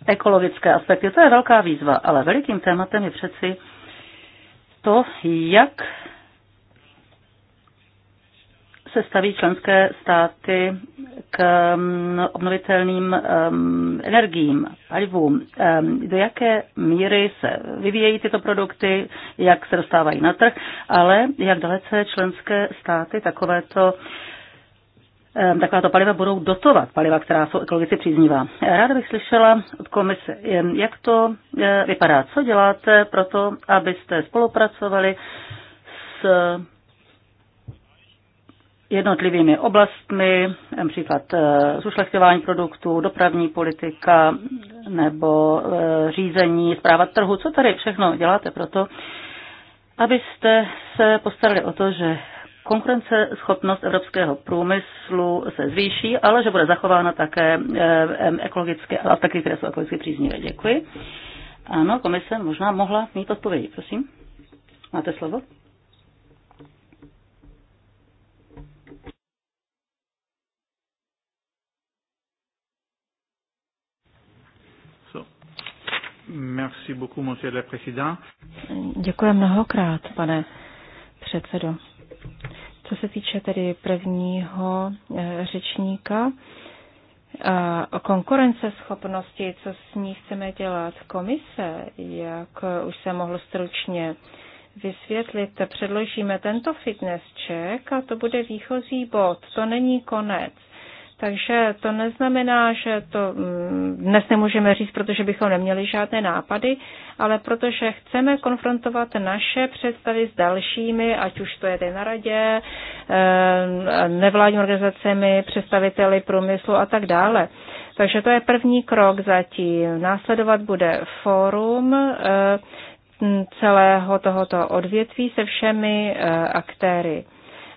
ekologické aspekty. To je velká výzva, ale velikým tématem je přeci to, jak se staví členské státy k mm, obnovitelným mm, energiím, palivům, ehm, do jaké míry se vyvíjejí tyto produkty, jak se dostávají na trh, ale jak dalece členské státy takovéto Ehm, takováto paliva budou dotovat, paliva, která jsou ekologicky příznivá. Ráda bych slyšela od komise, ehm, jak to eh, vypadá, co děláte pro to, abyste spolupracovali s jednotlivými oblastmi, například ehm, eh, zušlechtování produktů, dopravní politika nebo eh, řízení, zpráva trhu. Co tady všechno děláte pro to, abyste se postarali o to, že konkurenceschopnost evropského průmyslu se zvýší, ale že bude zachována také eh, ekologické, a také, které jsou ekologicky příznivé. Děkuji. Ano, komise možná mohla mít odpovědi, prosím. Máte slovo? Merci beaucoup, monsieur le président. Děkuji mnohokrát, pane předsedo. Co se týče tedy prvního eh, řečníka, eh, o konkurenceschopnosti, co s ní chceme dělat komise, jak eh, už se mohl stručně vysvětlit, předložíme tento fitness check a to bude výchozí bod, to není konec. Takže to neznamená, že to mm, dnes nemůžeme říct, protože bychom neměli žádné nápady, ale protože chceme konfrontovat naše představy s dalšími, ať už to je na radě, eh, nevládními organizacemi, představiteli průmyslu a tak dále. Takže to je první krok zatím. Následovat bude fórum eh, celého tohoto odvětví se všemi eh, aktéry.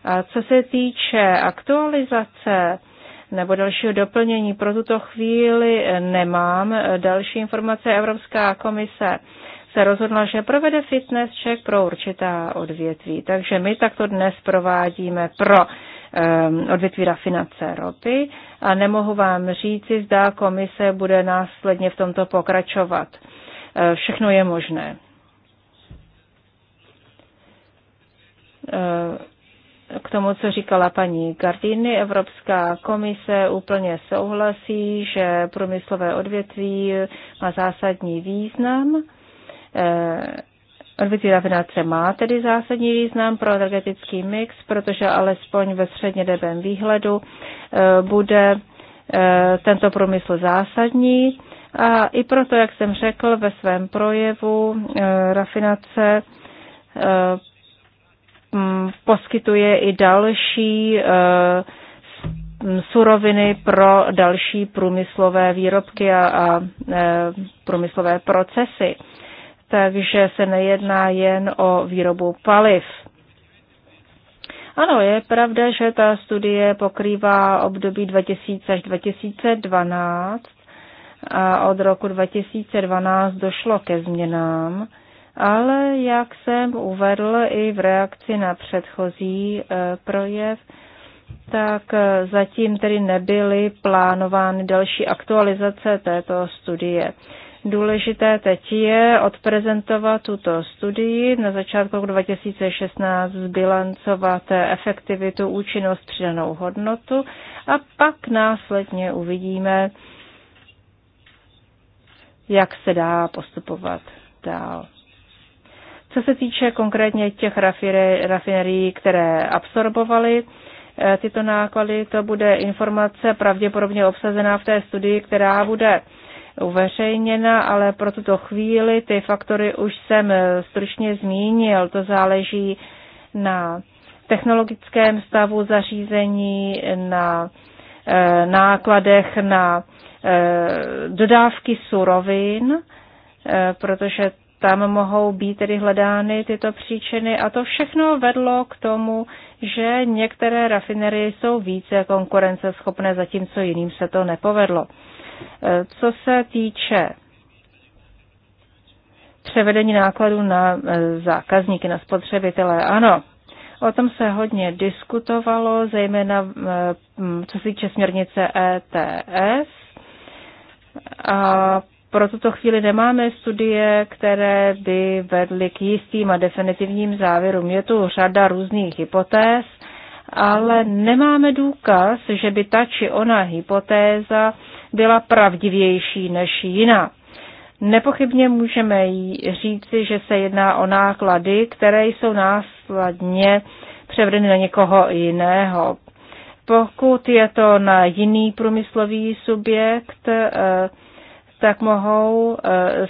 A co se týče aktualizace, nebo dalšího doplnění. Pro tuto chvíli eh, nemám eh, další informace. Evropská komise se rozhodla, že provede fitness check pro určitá odvětví. Takže my takto dnes provádíme pro um, odvětví rafinace ropy a nemohu vám říci, zda komise bude následně v tomto pokračovat. Eh, všechno je možné k tomu, co říkala paní Gardiny, Evropská komise úplně souhlasí, že průmyslové odvětví má zásadní význam. Eh, odvětví raffinace má tedy zásadní význam pro energetický mix, protože alespoň ve střednědebém výhledu eh, bude eh, tento průmysl zásadní. A i proto, jak jsem řekl ve svém projevu, rafinace Mm, poskytuje i další eh, suroviny pro další průmyslové výrobky a, a eh, průmyslové procesy. Takže se nejedná jen o výrobu paliv. Ano, je pravda, že ta studie pokrývá období 2000 až 2012 a od roku 2012 došlo ke změnám ale jak jsem uvedl i v reakci na předchozí eh, projev, tak eh, zatím tedy nebyly plánovány další aktualizace této studie. Důležité teď je odprezentovat tuto studii, na začátku roku 2016 zbilancovat eh, efektivitu, účinnost, přidanou hodnotu a pak následně uvidíme, jak se dá postupovat dál. Co se týče konkrétně těch rafinerií, které absorbovaly eh, tyto náklady, to bude informace pravděpodobně obsazená v té studii, která bude uveřejněna, ale pro tuto chvíli ty faktory už jsem eh, stručně zmínil. To záleží na technologickém stavu zařízení, na eh, nákladech na dodávky surovin, protože tam mohou být tedy hledány tyto příčiny a to všechno vedlo k tomu, že některé rafinerie jsou více konkurenceschopné, zatímco jiným se to nepovedlo. E, co se týče převedení nákladů na e, zákazníky, na spotřebitele, ano, o tom se hodně diskutovalo, zejména e, co se týče směrnice ETS. A pro tuto chvíli nemáme studie, které by vedly k jistým a definitivním závěrům. Je tu řada různých hypotéz, ale nemáme důkaz, že by ta či ona hypotéza byla pravdivější než jiná. Nepochybně můžeme říci, že se jedná o náklady, které jsou následně převedeny na někoho jiného. Pokud je to na jiný průmyslový subjekt, eh, tak mohou e,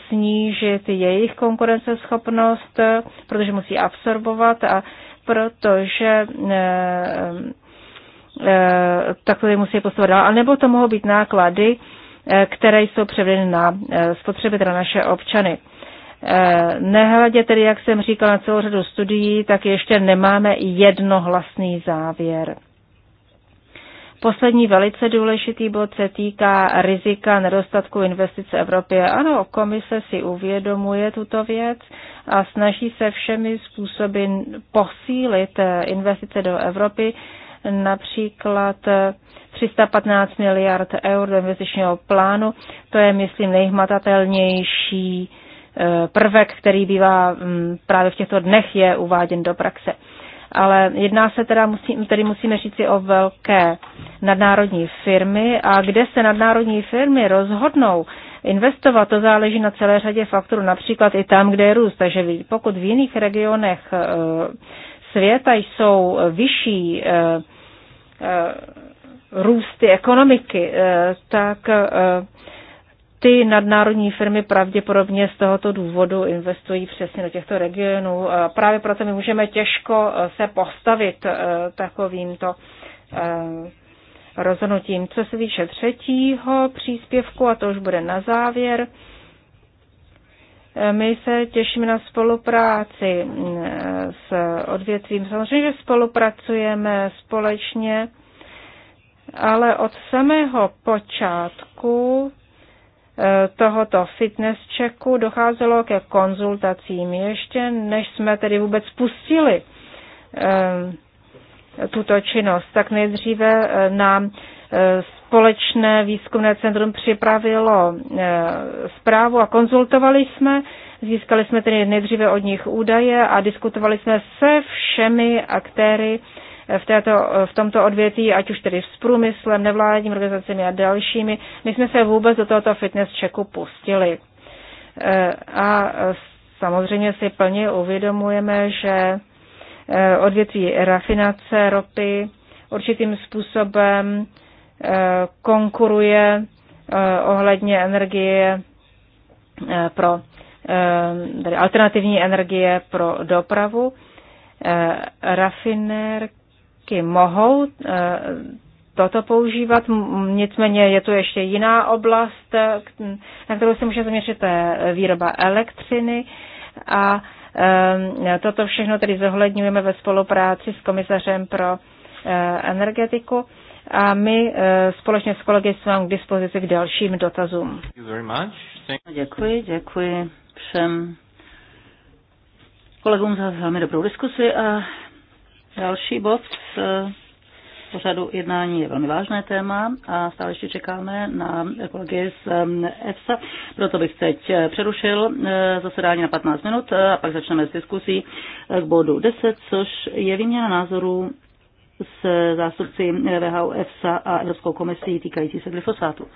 snížit jejich konkurenceschopnost, protože musí absorbovat a protože e, e, tak to musí postovat dál. A nebo to mohou být náklady, které jsou převedeny na spotřebitele, naše občany. Nehledě tedy, jak jsem říkal, na celou řadu studií, tak ještě nemáme jednohlasný závěr. Poslední velice důležitý bod se týká rizika nedostatku investic v Evropě. Ano, komise si uvědomuje tuto věc a snaží se všemi způsoby posílit eh, investice do Evropy, například 315 eh, miliard eur do investičního plánu. To je, myslím, nejhmatatelnější eh, prvek, který bývá mm, právě v těchto dnech je uváděn do praxe ale jedná se teda, musí, tedy musíme říci o velké nadnárodní firmy a kde se nadnárodní firmy rozhodnou investovat, to záleží na celé řadě faktorů, například i tam, kde je růst. Takže pokud v jiných regionech eh, světa jsou vyšší eh, eh, růsty ekonomiky, tak ty nadnárodní firmy pravděpodobně z tohoto důvodu investují přesně do těchto regionů. Právě proto my můžeme těžko eh, se postavit eh, takovýmto eh, rozhodnutím. Co se týče třetího příspěvku, a to už bude na závěr, my se těšíme na spolupráci s odvětvím. Samozřejmě, že spolupracujeme společně, ale od samého počátku Eh, tohoto fitness checku docházelo ke konzultacím ještě, než jsme tedy vůbec spustili eh, tuto činnost. Tak nejdříve eh, nám společné výzkumné centrum připravilo zprávu a konzultovali jsme. Získali jsme tedy nejdříve od nich údaje a diskutovali jsme se všemi aktéry v, této, v tomto odvětví, ať už tedy s průmyslem, nevládními organizacemi a dalšími. My jsme se vůbec do tohoto fitness checku pustili. Eh, a samozřejmě si plně uvědomujeme, že eh, odvětví rafinace ropy určitým způsobem eh, konkuruje ohledně energie pro tedy alternativní energie pro dopravu. Rafinérky banky mohou eh, toto používat, nicméně je tu ještě jiná oblast, eh, na kterou se může zaměřit, to je eh, výroba elektřiny a toto všechno tedy zohledňujeme ve spolupráci s komisařem pro energetiku a my společně s kolegy jsme vám k dispozici k dalším dotazům. Děkuji, děkuji všem kolegům za velmi dobrou diskusi a Další bod z eh, pořadu jednání je velmi vážné téma a stále ještě čekáme na kolegy z eh, EFSA. Proto bych teď eh, přerušil zasedání na 15 minut a pak začneme s diskusí k bodu 10, což je výměna názorů s zástupci VHU EFSA a Evropskou komisí týkající se glyfosátu.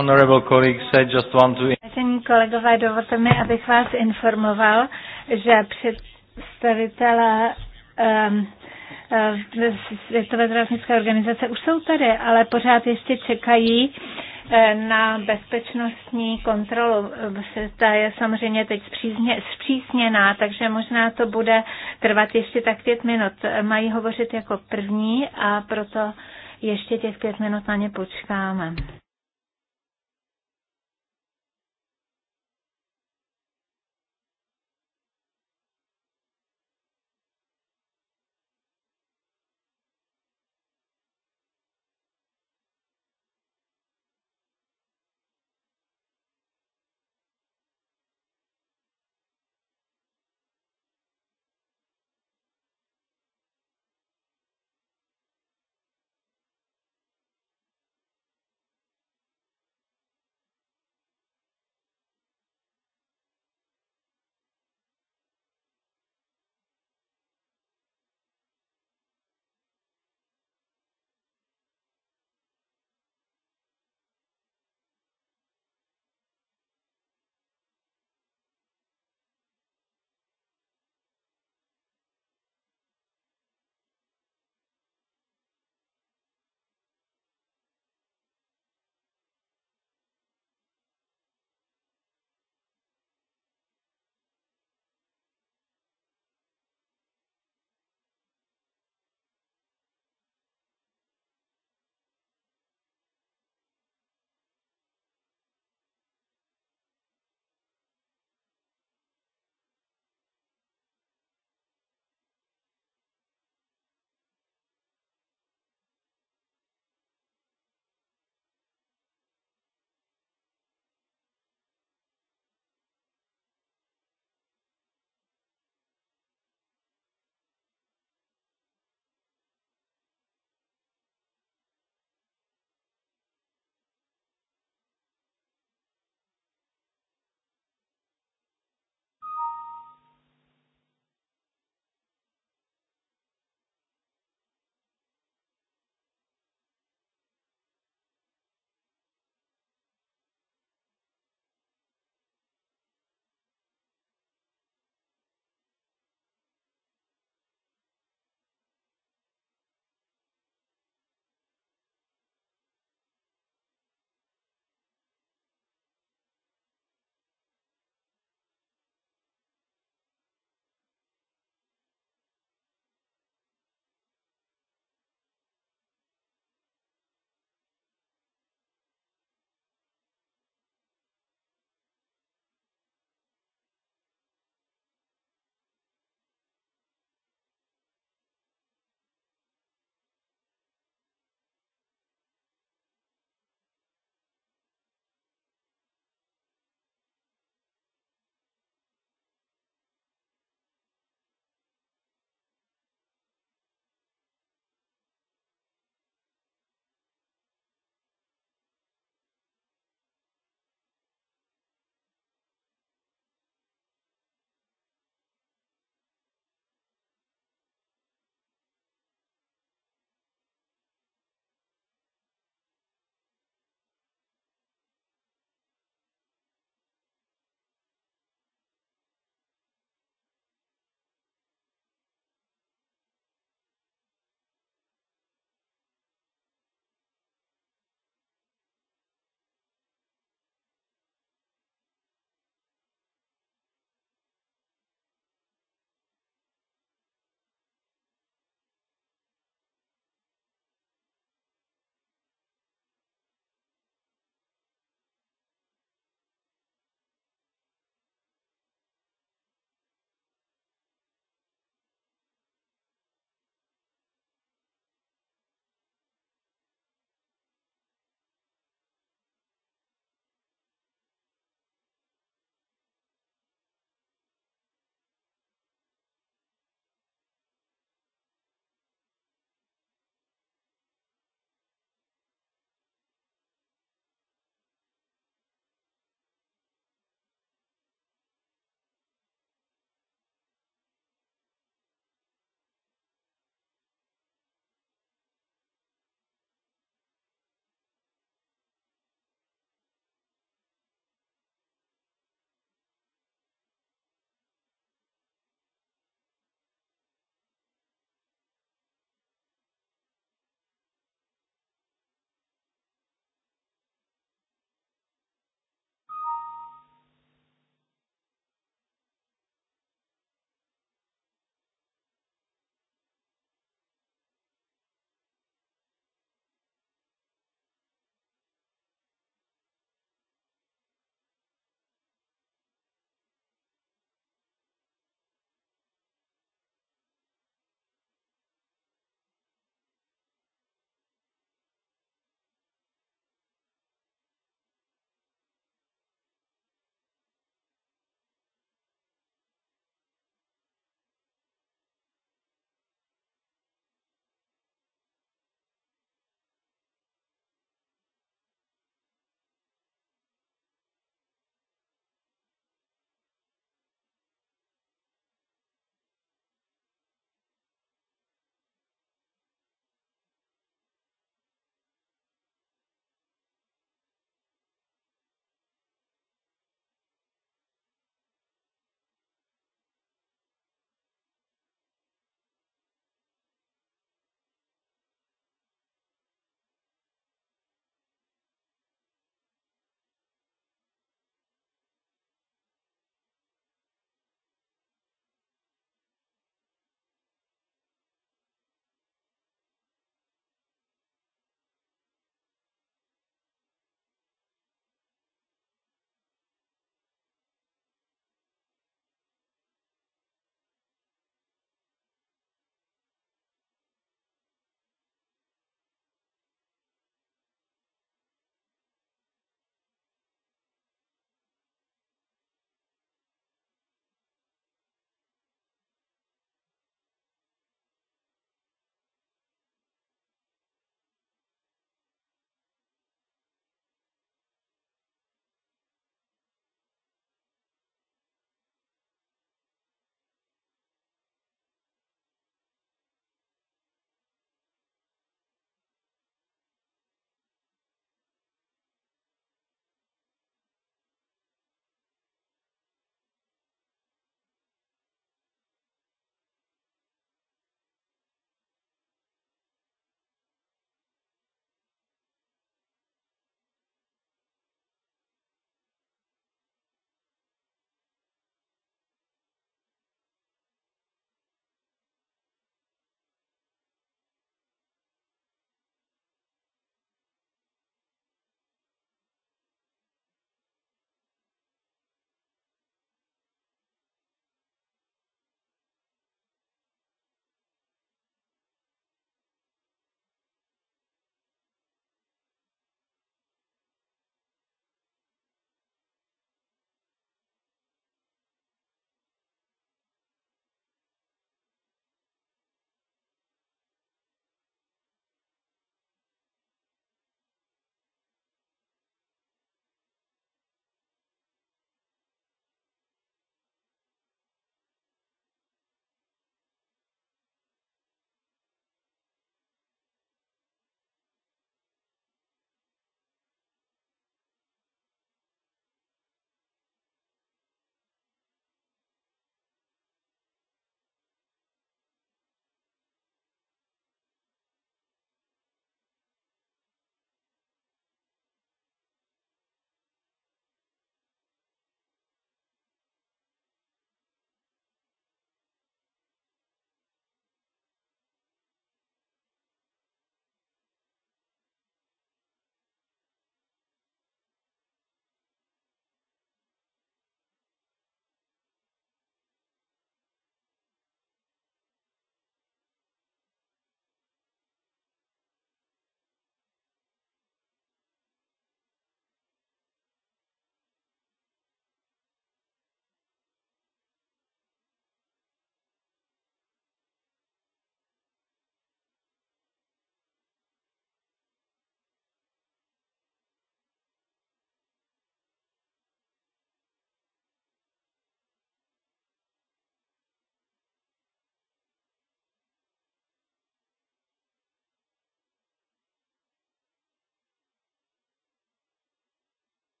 Honorable colleagues, I just want to... Vážení kolegové, dovolte mi, abych vás informoval, že představitelé um, Světové zdravotnické organizace už jsou tady, ale pořád ještě čekají eh, na bezpečnostní kontrolu. Ta je samozřejmě teď zpřízně, zpřísněná, takže možná to bude trvat ještě tak pět minut. Mají hovořit jako první a proto ještě těch pět minut na ně počkáme.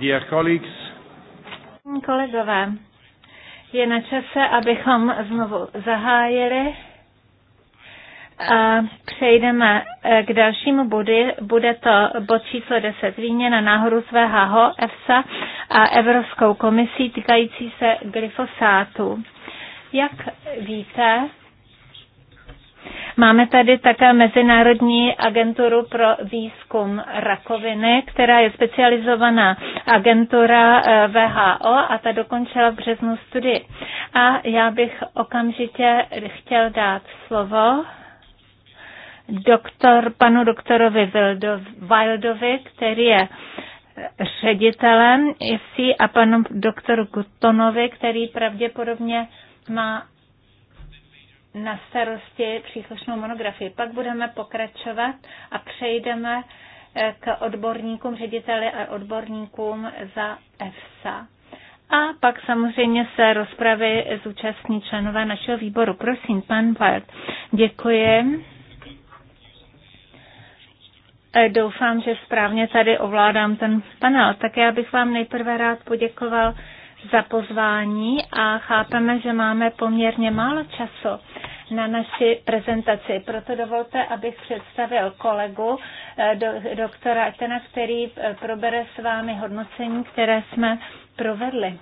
Dear colleagues, kolegové, je na čase, abychom znovu zahájili a přejdeme eh, k dalšímu body. Bude to bod číslo 10 výměna náhodu svého EFSA a Evropskou komisí týkající se glyfosátu. Jak víte, Máme tady také Mezinárodní agenturu pro výzkum rakoviny, která je specializovaná agentura eh, VHO a ta dokončila v březnu studii. A já bych okamžitě chtěl dát slovo doktor, panu doktorovi Wildovi, který je ředitelem ISI a panu doktoru Gutonovi, který pravděpodobně má na starosti příslušnou monografii. Pak budeme pokračovat a přejdeme eh, k odborníkům, řediteli a odborníkům za EFSA. A pak samozřejmě se rozpravy zúčastní členové našeho výboru. Prosím, pan Bart. Děkuji. Eh, doufám, že správně tady ovládám ten panel. Tak já bych vám nejprve rád poděkoval za pozvání a chápeme, že máme poměrně málo času na naši prezentaci. Proto dovolte, abych představil kolegu, eh, do, doktora Etena, který eh, probere s vámi hodnocení, které jsme provedli.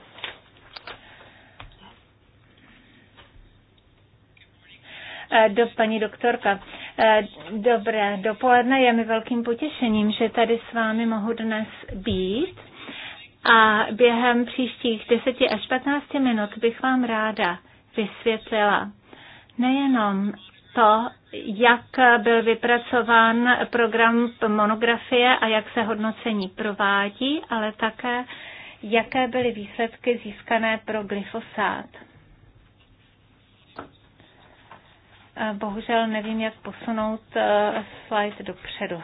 Eh, do paní doktorka. Dobré dopoledne, je mi velkým potěšením, že tady s vámi mohu dnes být. A během příštích 10 až 15 minut bych vám ráda vysvětlila, Nejenom to, jak byl vypracován program monografie a jak se hodnocení provádí, ale také jaké byly výsledky získané pro glyfosát. Bohužel nevím, jak posunout eh, slide dopředu.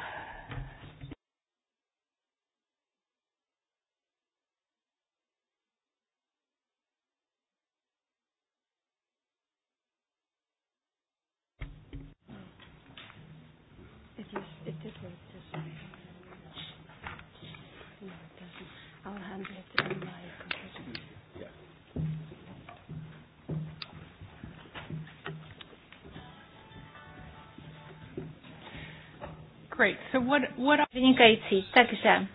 Vynikající. Takže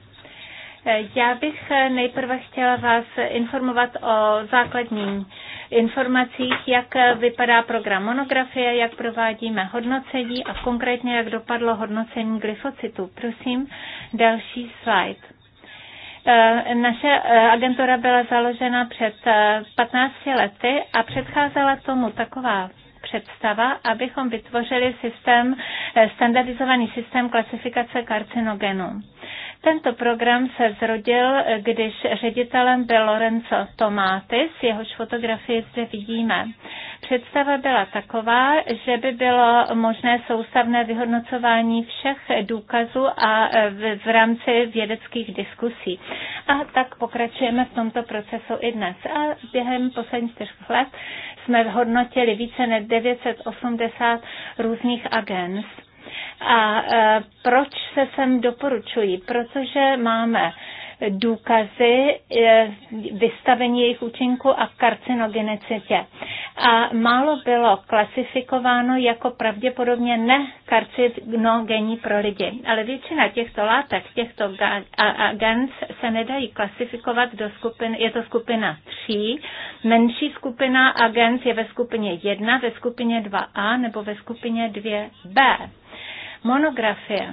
eh, já bych eh, nejprve chtěla vás informovat o základním informacích, jak eh, vypadá program monografie, jak provádíme hodnocení a konkrétně jak dopadlo hodnocení glyfocitu. Prosím, další slide. Naše agentura byla založena před 15 lety a předcházela tomu taková představa, abychom vytvořili systém, eh, standardizovaný systém klasifikace karcinogenů. Tento program se zrodil, eh, když ředitelem byl Lorenzo Tomatis, jehož fotografii zde vidíme. Představa byla taková, že by bylo možné soustavné vyhodnocování všech důkazů a eh, v, v rámci vědeckých diskusí. A tak pokračujeme v tomto procesu i dnes. A během posledních čtyř let jsme hodnotili více než 980 různých agens. A e, proč se sem doporučují? Protože máme důkazy eh, vystavení jejich účinku a karcinogenicitě. A málo bylo klasifikováno jako pravděpodobně nekarcinogenní pro lidi. Ale většina těchto látek, těchto agens se nedají klasifikovat do skupin, je to skupina 3, menší skupina agens je ve skupině 1, ve skupině 2a nebo ve skupině 2b. Monografie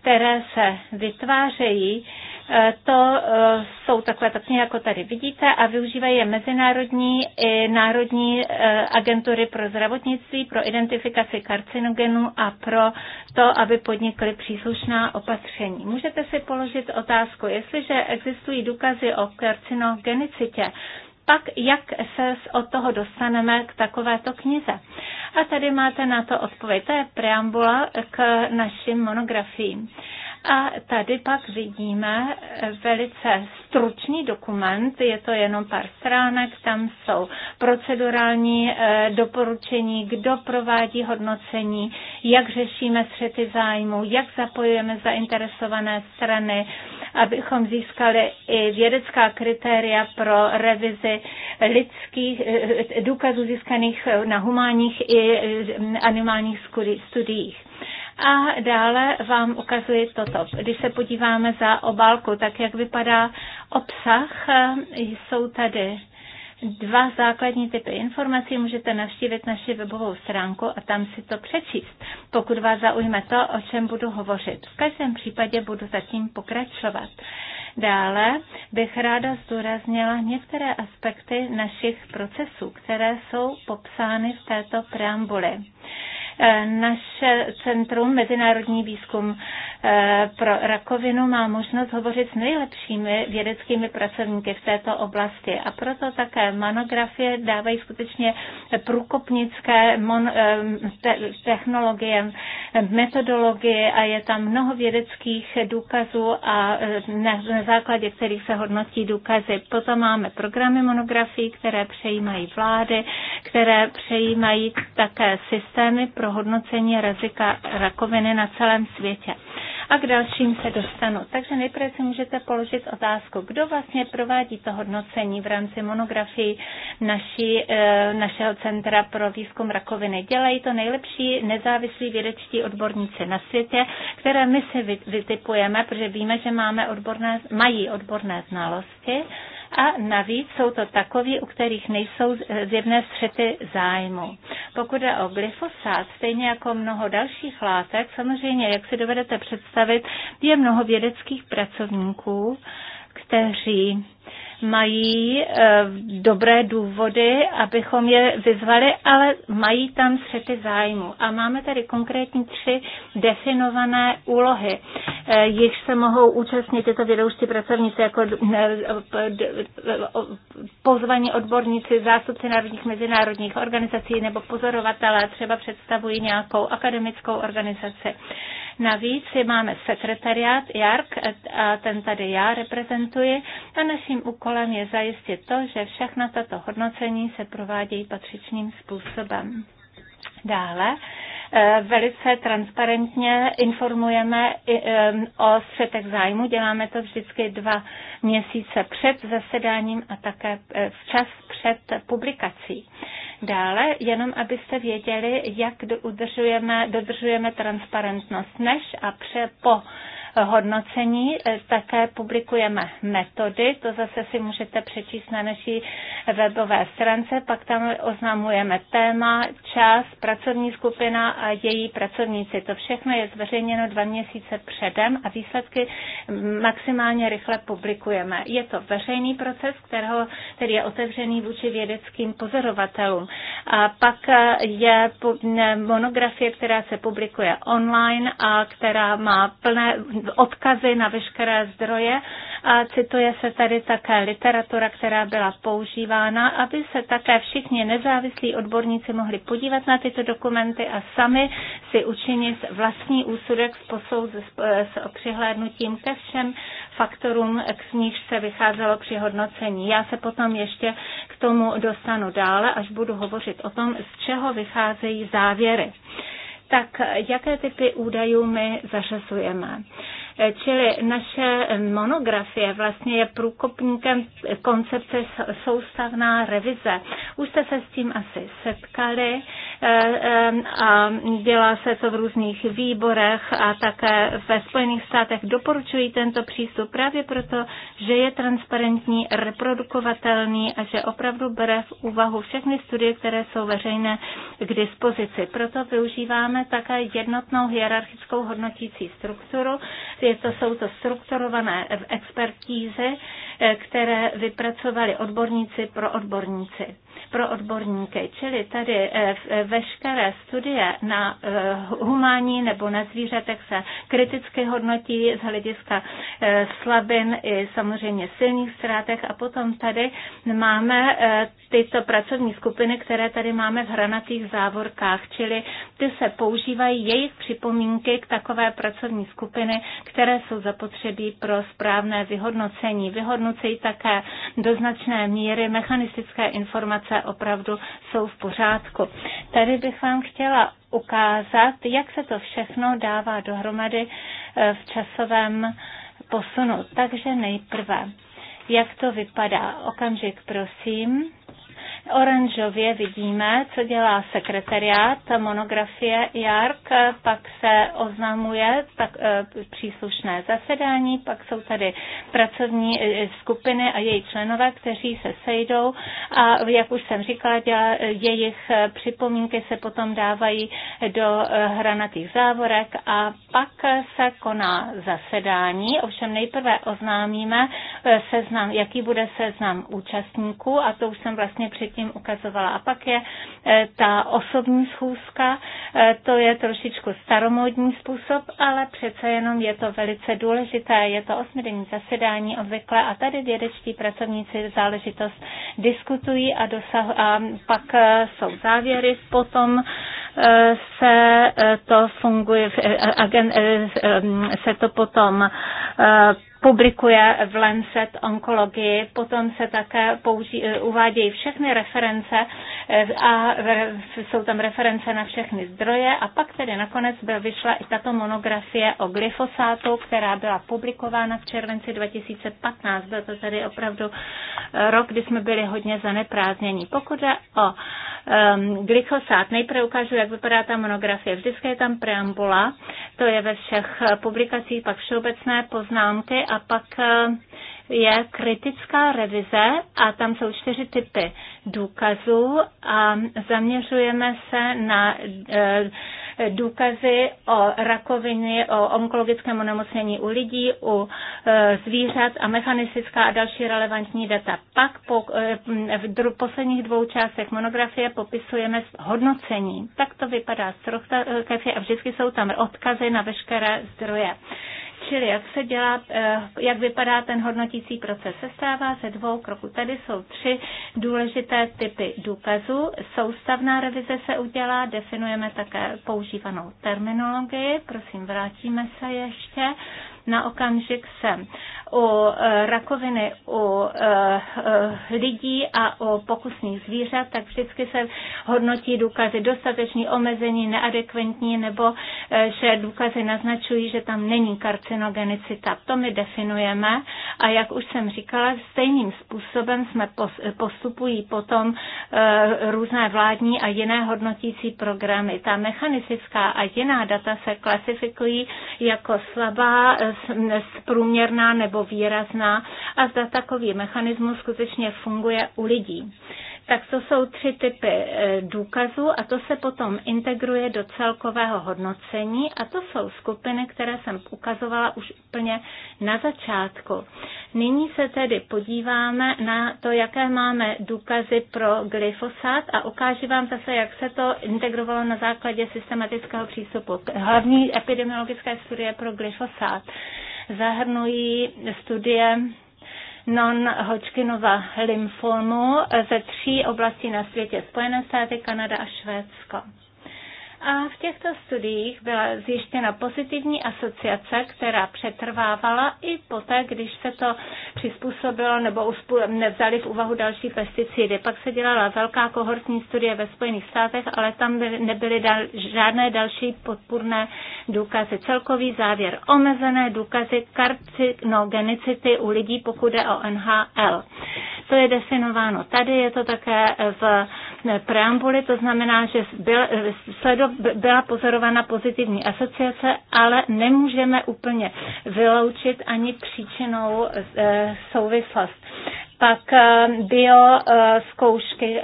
které se vytvářejí, eh, to eh, jsou takové tak jako tady vidíte a využívají je mezinárodní i národní eh, agentury pro zdravotnictví, pro identifikaci karcinogenů a pro to, aby podnikly příslušná opatření. Můžete si položit otázku, jestliže existují důkazy o karcinogenicitě, pak jak se od toho dostaneme k takovéto knize. A tady máte na to odpověď. To je preambula k našim monografiím. A tady pak vidíme velice stručný dokument, je to jenom pár stránek, tam jsou procedurální eh, doporučení, kdo provádí hodnocení, jak řešíme střety zájmu, jak zapojujeme zainteresované strany, abychom získali i vědecká kritéria pro revizi lidských eh, důkazů získaných na humánních i eh, animálních studiích. A dále vám ukazuji toto. Když se podíváme za obálku, tak jak vypadá obsah, jsou tady dva základní typy informací. Můžete navštívit naši webovou stránku a tam si to přečíst, pokud vás zaujme to, o čem budu hovořit. V každém případě budu zatím pokračovat. Dále bych ráda zdůraznila některé aspekty našich procesů, které jsou popsány v této preambuli. Naše Centrum Mezinárodní výzkum eh, pro rakovinu má možnost hovořit s nejlepšími vědeckými pracovníky v této oblasti a proto také monografie dávají skutečně průkopnické mon, eh, technologie, metodologie a je tam mnoho vědeckých důkazů a eh, na, na základě kterých se hodnotí důkazy. Potom máme programy monografií, které přejímají vlády, které přejímají také systémy pro hodnocení rizika rakoviny na celém světě. A k dalším se dostanu. Takže nejprve si můžete položit otázku, kdo vlastně provádí to hodnocení v rámci monografii naší, e, našeho Centra pro výzkum rakoviny. Dělají to nejlepší nezávislí vědečtí odborníci na světě, které my si vytipujeme, protože víme, že máme odborné, mají odborné znalosti a navíc jsou to takoví, u kterých nejsou zjevné eh, střety zájmu. Pokud je o glyfosát, stejně jako mnoho dalších látek, samozřejmě, jak si dovedete představit, je mnoho vědeckých pracovníků, kteří mají eh, dobré důvody, abychom je vyzvali, ale mají tam střety zájmu. A máme tady konkrétní tři definované úlohy, eh, jichž se mohou účastnit tyto vědoucí pracovníci jako eh, pozvaní odborníci, zástupci národních mezinárodních organizací nebo pozorovatelé, třeba představují nějakou akademickou organizaci. Navíc máme sekretariát JARK a ten tady já reprezentuji a naším úkolem je zajistit to, že všechna tato hodnocení se provádějí patřičným způsobem. Dále eh, velice transparentně informujeme o střetech zájmu. Děláme to vždycky dva měsíce před zasedáním a také eh, včas před publikací. Dále, jenom abyste věděli, jak udržujeme, dodržujeme transparentnost než a pře po hodnocení. E, Také publikujeme metody, to zase si můžete přečíst na naší webové stránce, pak tam oznamujeme téma, čas, pracovní skupina a její pracovníci. To všechno je zveřejněno dva měsíce předem a výsledky maximálně rychle publikujeme. Je to veřejný proces, kterého, který je otevřený vůči vědeckým pozorovatelům. A pak e, je monografie, která se publikuje online a která má plné odkazy na veškeré zdroje a cituje se tady také literatura, která byla používána, aby se také všichni nezávislí odborníci mohli podívat na tyto dokumenty a sami si učinit vlastní úsudek s, posouz, s přihlédnutím ke všem faktorům, k níž se vycházelo při hodnocení. Já se potom ještě k tomu dostanu dále, až budu hovořit o tom, z čeho vycházejí závěry tak jaké typy údajů my zařazujeme. Eh, čili naše monografie vlastně je průkopníkem koncepce soustavná revize. Už jste se s tím asi setkali eh, eh, a dělá se to v různých výborech a také ve Spojených státech doporučují tento přístup právě proto, že je transparentní, reprodukovatelný a že opravdu bere v úvahu všechny studie, které jsou veřejné k dispozici. Proto využíváme také jednotnou hierarchickou hodnotící strukturu, je to, jsou to strukturované expertízy, eh, které vypracovali odborníci pro odborníci pro odborníky, čili tady eh, eh, veškeré studie na humání nebo na zvířatech se kriticky hodnotí z hlediska slabin i samozřejmě silných ztrátech a potom tady máme tyto pracovní skupiny, které tady máme v hranatých závorkách, čili ty se používají jejich připomínky k takové pracovní skupiny, které jsou zapotřebí pro správné vyhodnocení. vyhodnocení také do značné míry mechanistické informace opravdu jsou v pořádku. Tady bych vám chtěla ukázat, jak se to všechno dává dohromady eh, v časovém posunu. Takže nejprve, jak to vypadá. Okamžik, prosím. Oranžově vidíme, co dělá sekretariát, monografie JARK, pak se oznamuje tak, eh, příslušné zasedání, pak jsou tady pracovní eh, skupiny a její členové, kteří se sejdou a, jak už jsem říkala, dělá, eh, jejich připomínky se potom dávají do hranatých závorek a pak se koná zasedání. Ovšem nejprve oznámíme seznam, jaký bude seznam účastníků a to už jsem vlastně předtím předtím ukazovala. A pak je eh, ta osobní schůzka, eh, to je trošičku staromódní způsob, ale přece jenom je to velice důležité. Je to osmidenní zasedání obvykle a tady vědečtí pracovníci záležitost diskutují a, dosah- a pak eh, jsou závěry, potom se to funguje, se to potom publikuje v Lancet onkologii, potom se také použí, eh, uvádějí všechny reference eh, a jsou tam reference na všechny zdroje a pak tedy nakonec byl vyšla i tato monografie o glyfosátu, která byla publikována v červenci 2015. Byl to tedy opravdu eh, rok, kdy jsme byli hodně zaneprázdnění. Pokud je o um, glyfosát, nejprve ukážu, jak vypadá ta monografie. Vždycky je tam preambula, to je ve všech publikacích, pak všeobecné poznámky a pak eh, je kritická revize a tam jsou čtyři typy důkazů a zaměřujeme se na eh, důkazy o rakovině, o onkologickém onemocnění u lidí, u eh, zvířat a mechanistická a další relevantní data. Pak po, v posledních dvou částech monografie popisujeme hodnocení. Tak to vypadá z a vždycky jsou tam odkazy na veškeré zdroje. Čili jak se dělá, eh, jak vypadá ten hodnotící proces, sestává ze dvou kroků. Tady jsou tři důležité typy důkazů. Soustavná revize se udělá, definujeme také používanou terminologii, prosím, vrátíme se ještě na okamžik sem. U eh, rakoviny u eh, eh, lidí a u pokusných zvířat, tak vždycky se hodnotí důkazy dostatečný, omezení, neadekventní, nebo že důkazy naznačují, že tam není karcinogenicita. To my definujeme a jak už jsem říkala, stejným způsobem jsme postupují potom různé vládní a jiné hodnotící programy. Ta mechanistická a jiná data se klasifikují jako slabá, průměrná nebo výrazná a zda takový mechanismus skutečně funguje u lidí tak to jsou tři typy e, důkazů a to se potom integruje do celkového hodnocení a to jsou skupiny, které jsem ukazovala už úplně na začátku. Nyní se tedy podíváme na to, jaké máme důkazy pro glyfosát a ukážu vám zase, jak se to integrovalo na základě systematického přístupu. Hlavní epidemiologické studie pro glyfosát zahrnují studie non-Hodgkinova lymfomu ze tří oblastí na světě. Spojené státy, Kanada a Švédsko. A v těchto studiích byla zjištěna pozitivní asociace, která přetrvávala i poté, když se to přizpůsobilo nebo nevzali v úvahu další pesticidy. Pak se dělala velká kohortní studie ve Spojených státech, ale tam byly, nebyly dal, žádné další podpůrné důkazy. Celkový závěr. Omezené důkazy karcinogenicity u lidí, pokud je o NHL. To je definováno tady, je to také v preambuli, to znamená, že byl, sledoval byla pozorována pozitivní asociace, ale nemůžeme úplně vyloučit ani příčinou eh, souvislost pak eh, bio eh, zkoušky,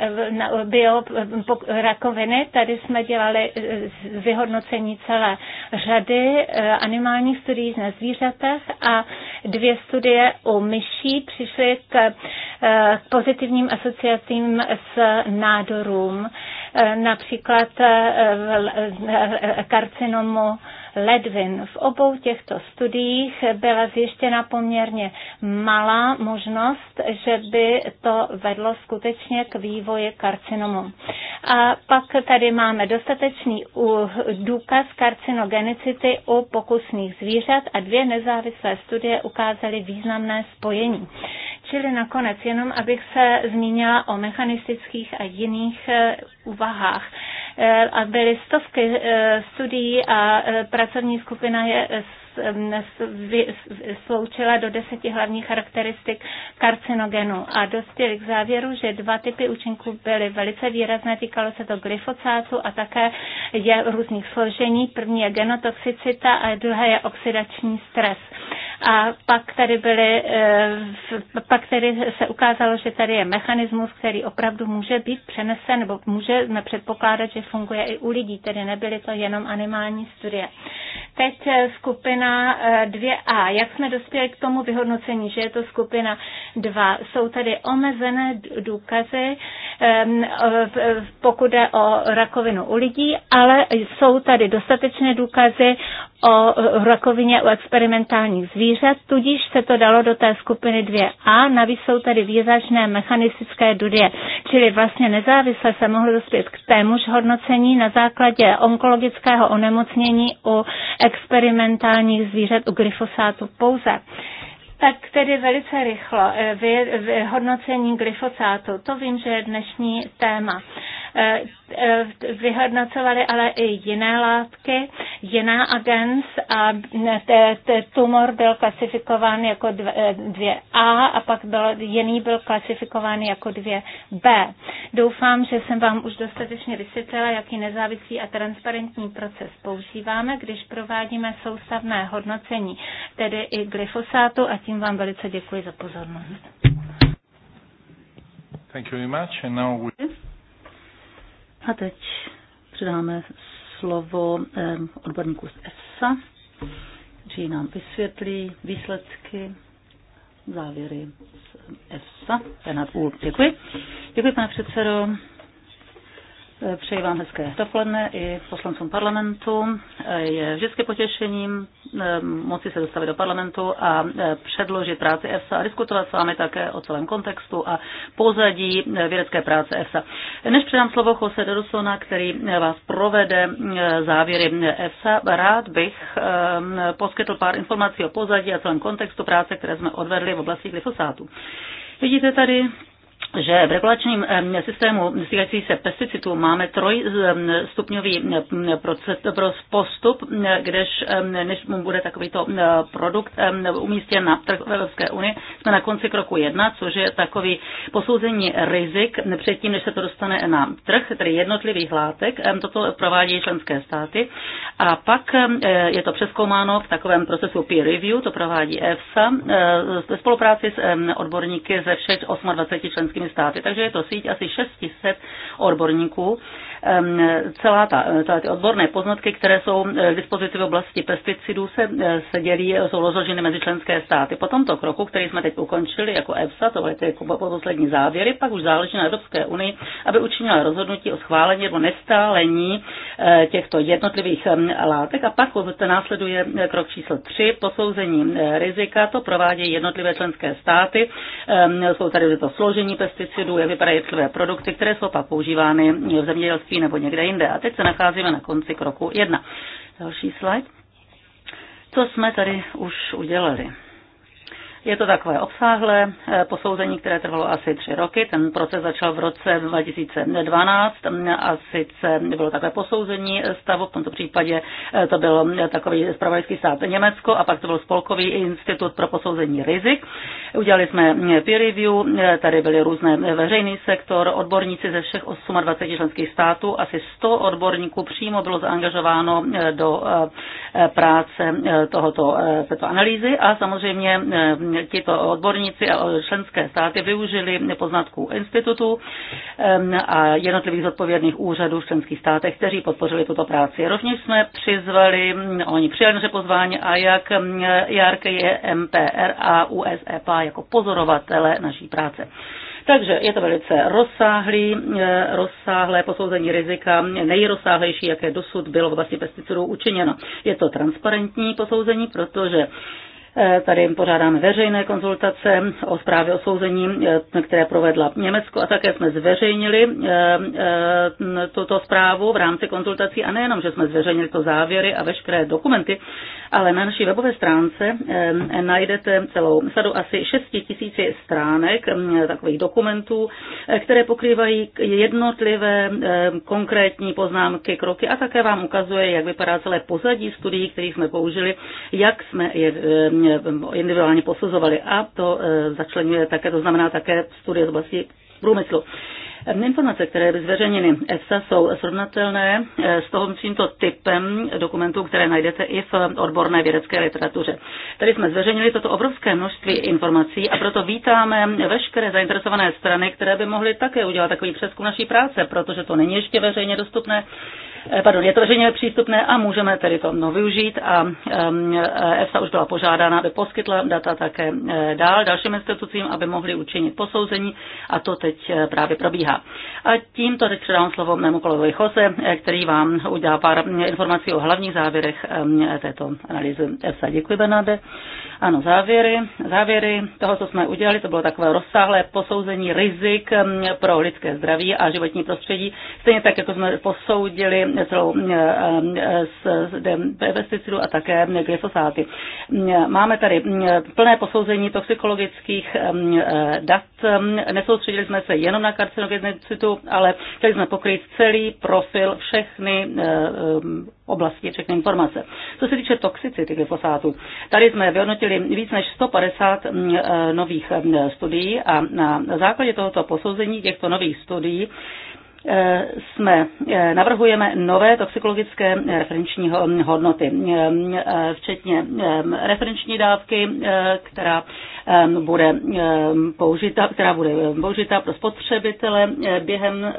bio rakoviny. Tady jsme dělali vyhodnocení celé řady animálních studií na zvířatech a dvě studie o myší přišly k pozitivním asociacím s nádorům. Eh, například eh, eh, karcinomu ledvin. V obou těchto studiích byla zjištěna poměrně malá možnost, že by to vedlo skutečně k vývoji karcinomu. A pak tady máme dostatečný důkaz karcinogenicity u pokusných zvířat a dvě nezávislé studie ukázaly významné spojení. Čili nakonec, jenom abych se zmínila o mechanistických a jiných eh, úvahách. Eh, a byly stovky eh, studií a eh, pracovní skupina je sloučila do deseti hlavních charakteristik karcinogenu a dospěli k závěru, že dva typy účinků byly velice výrazné, týkalo se to glyfocátu a také je různých složení. První je genotoxicita a druhé je oxidační stres. A pak tady, byly, eh, pak tady se ukázalo, že tady je mechanismus, který opravdu může být přenesen, nebo můžeme předpokládat, že funguje i u lidí, tedy nebyly to jenom animální studie. Teď eh, skupina 2A. Eh, Jak jsme dospěli k tomu vyhodnocení, že je to skupina 2? Jsou tady omezené důkazy, ehm, eh, pokud jde o rakovinu u lidí, ale jsou tady dostatečné důkazy o rakovině u experimentálních zvířat, tudíž se to dalo do té skupiny 2A, navíc jsou tady výzačné mechanistické studie, čili vlastně nezávisle se mohlo dospět k témuž hodnocení na základě onkologického onemocnění u experimentálních zvířat u glyfosátu pouze. Tak tedy velice rychlo, eh, vyhodnocení glyfosátu, to vím, že je dnešní téma. Eh, eh, vyhodnocovali ale i jiné látky, jiná agens a tumor byl klasifikován jako 2A eh, a pak byl, jiný byl klasifikován jako 2B. Doufám, že jsem vám už dostatečně vysvětlila, jaký nezávislý a transparentní proces používáme, když provádíme soustavné hodnocení, tedy i glyfosátu a tím vám velice děkuji za pozornost. Thank you very much. And now we... A teď předáme slovo eh, odborníku z EFSA, kteří nám vysvětlí výsledky, závěry z EFSA. Děkuji. Děkuji, pane předsedo. Přeji vám hezké dopoledne i poslancům parlamentu. Je vždycky potěšením eh, moci se dostavit do parlamentu a eh, předložit práci EFSA a diskutovat s vámi také o celém kontextu a pozadí eh, vědecké práce EFSA. Než předám slovo Jose Dodosona, který vás provede závěry EFSA, rád bych poskytl pár informací o pozadí a celém kontextu práce, které jsme odvedli v oblasti glyfosátu. Vidíte tady že v regulačním systému týkající se pesticidů máme trojstupňový postup, kdež než bude takovýto produkt umístěn na trh v Evropské unii. Jsme na konci kroku jedna, což je takový posouzení rizik předtím, než se to dostane na trh, tedy jednotlivých látek. Toto provádí členské státy. A pak je to přeskoumáno v takovém procesu peer review, to provádí EFSA ve spolupráci s odborníky ze všech 28 členských členskými státy. Takže je to síť asi 600 odborníků Celá ta, celá ty odborné poznatky, které jsou eh, k dispozici v oblasti pesticidů, se, eh, se dělí, jsou rozloženy mezi členské státy. Po tomto kroku, který jsme teď ukončili jako EFSA, to byly ty jako poslední závěry, pak už záleží na Evropské unii, aby učinila rozhodnutí o schválení nebo nestálení eh, těchto jednotlivých látek. A pak následuje krok číslo 3, posouzení rizika, to provádějí jednotlivé členské státy. Jsou tady to složení pesticidů, jak vypadají jednotlivé produkty, které jsou pak používány v zemědělství zdravotnictví nebo někde jinde. A teď se nacházíme na konci kroku jedna. Další slide. Co jsme tady už udělali? Je to takové obsáhlé eh, posouzení, které trvalo asi tři roky. Ten proces začal v roce 2012 a sice bylo takové posouzení stavu, v tomto případě eh, to byl eh, takový spravodajský stát Německo a pak to byl Spolkový institut pro posouzení rizik. Udělali jsme peer review, tady byly různé veřejný sektor, odborníci ze všech 28 členských států, asi 100 odborníků přímo bylo zaangažováno do práce tohoto, této analýzy a samozřejmě tito odborníci a členské státy využili poznatků institutu a jednotlivých zodpovědných úřadů v členských státech, kteří podpořili tuto práci. Rovněž jsme přizvali, oni přijali naše pozvání a jak JARK je MPR a USEPA jako pozorovatele naší práce. Takže je to velice rozsáhlý, e, rozsáhlé posouzení rizika, nejrozsáhlejší, jaké dosud bylo v oblasti pesticidů učiněno. Je to transparentní posouzení, protože Eh, tady pořádáme veřejné konzultace o zprávě o souzení, eh, které provedla Německo a také jsme zveřejnili eh, tuto zprávu v rámci konzultací a nejenom, že jsme zveřejnili to závěry a veškeré dokumenty, ale na naší webové stránce najdete celou sadu asi 6 tisíci stránek takových dokumentů, eh, které pokrývají jednotlivé konkrétní poznámky, kroky a také vám ukazuje, jak vypadá celé pozadí studií, které jsme použili, jak jsme je individuálně posuzovali a to eh, začlenuje také, to znamená také studie z oblasti průmyslu. Informace, které byly zveřejněny EFSA, jsou srovnatelné eh, s toho, tímto typem dokumentů, které najdete i v odborné vědecké literatuře. Tady jsme zveřejnili toto obrovské množství informací a proto vítáme veškeré zainteresované strany, které by mohly také udělat takový přeskum naší práce, protože to není ještě veřejně dostupné Eh, pardon, je to veřejně přístupné a můžeme tedy to no, využít a eh, EFSA už byla požádána, aby poskytla data také eh, dál dalším institucím, aby mohli učinit posouzení a to teď právě probíhá. A tímto teď předám slovo mému kolegovi Jose, který vám udělá pár informací o hlavních závěrech této analýzy EFSA. Děkuji, Bernáde. Ano, závěry, závěry toho, co jsme udělali, to bylo takové rozsáhlé posouzení rizik mm, pro lidské zdraví a životní prostředí. Stejně tak, jako jsme posoudili celou mm, s pesticidů a také glyfosáty. Mm, máme tady plné posouzení toxikologických dat. Nesoustředili jsme se jenom na karcinogenicitu, ale chtěli jsme pokrýt celý profil všechny oblasti, všechny informace. Co se týče toxicity glyfosátu, tady jsme vyhodnotili zhodnotili víc než 150 mm, eh, nových mm, studií a na základě tohoto posouzení těchto nových studií eh, jsme, eh, navrhujeme nové toxikologické mm, referenční hodnoty, včetně referenční dávky, která bude použita, která bude použita pro spotřebitele eh, během,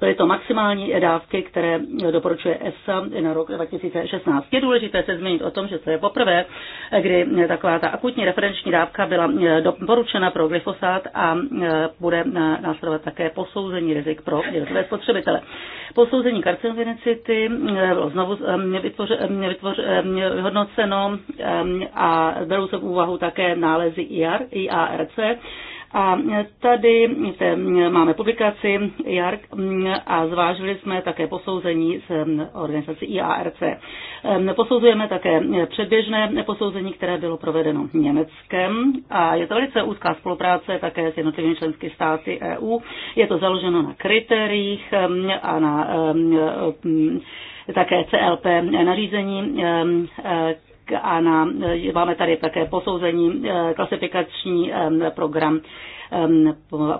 byly to maximální dávky, které doporučuje ESA na rok 2016. Je důležité se zmínit o tom, že to je poprvé, kdy taková ta akutní referenční dávka byla eh, doporučena pro glyfosát a eh, bude následovat také posouzení rizik pro jednotlivé spotřebitele. Posouzení karcinogenicity bylo znovu vytvoř, vytvoř, vyhodnoceno a berou se v úvahu také na nálezy IR, IARC. A tady máme publikaci IARC a zvážili jsme také posouzení s organizací IARC. Posouzujeme také předběžné posouzení, které bylo provedeno Německem a je to velice úzká spolupráce také s jednotlivými členskými státy EU. Je to založeno na kritériích a na také CLP nařízení, a na, eh, máme tady také posouzení, eh, klasifikační eh, program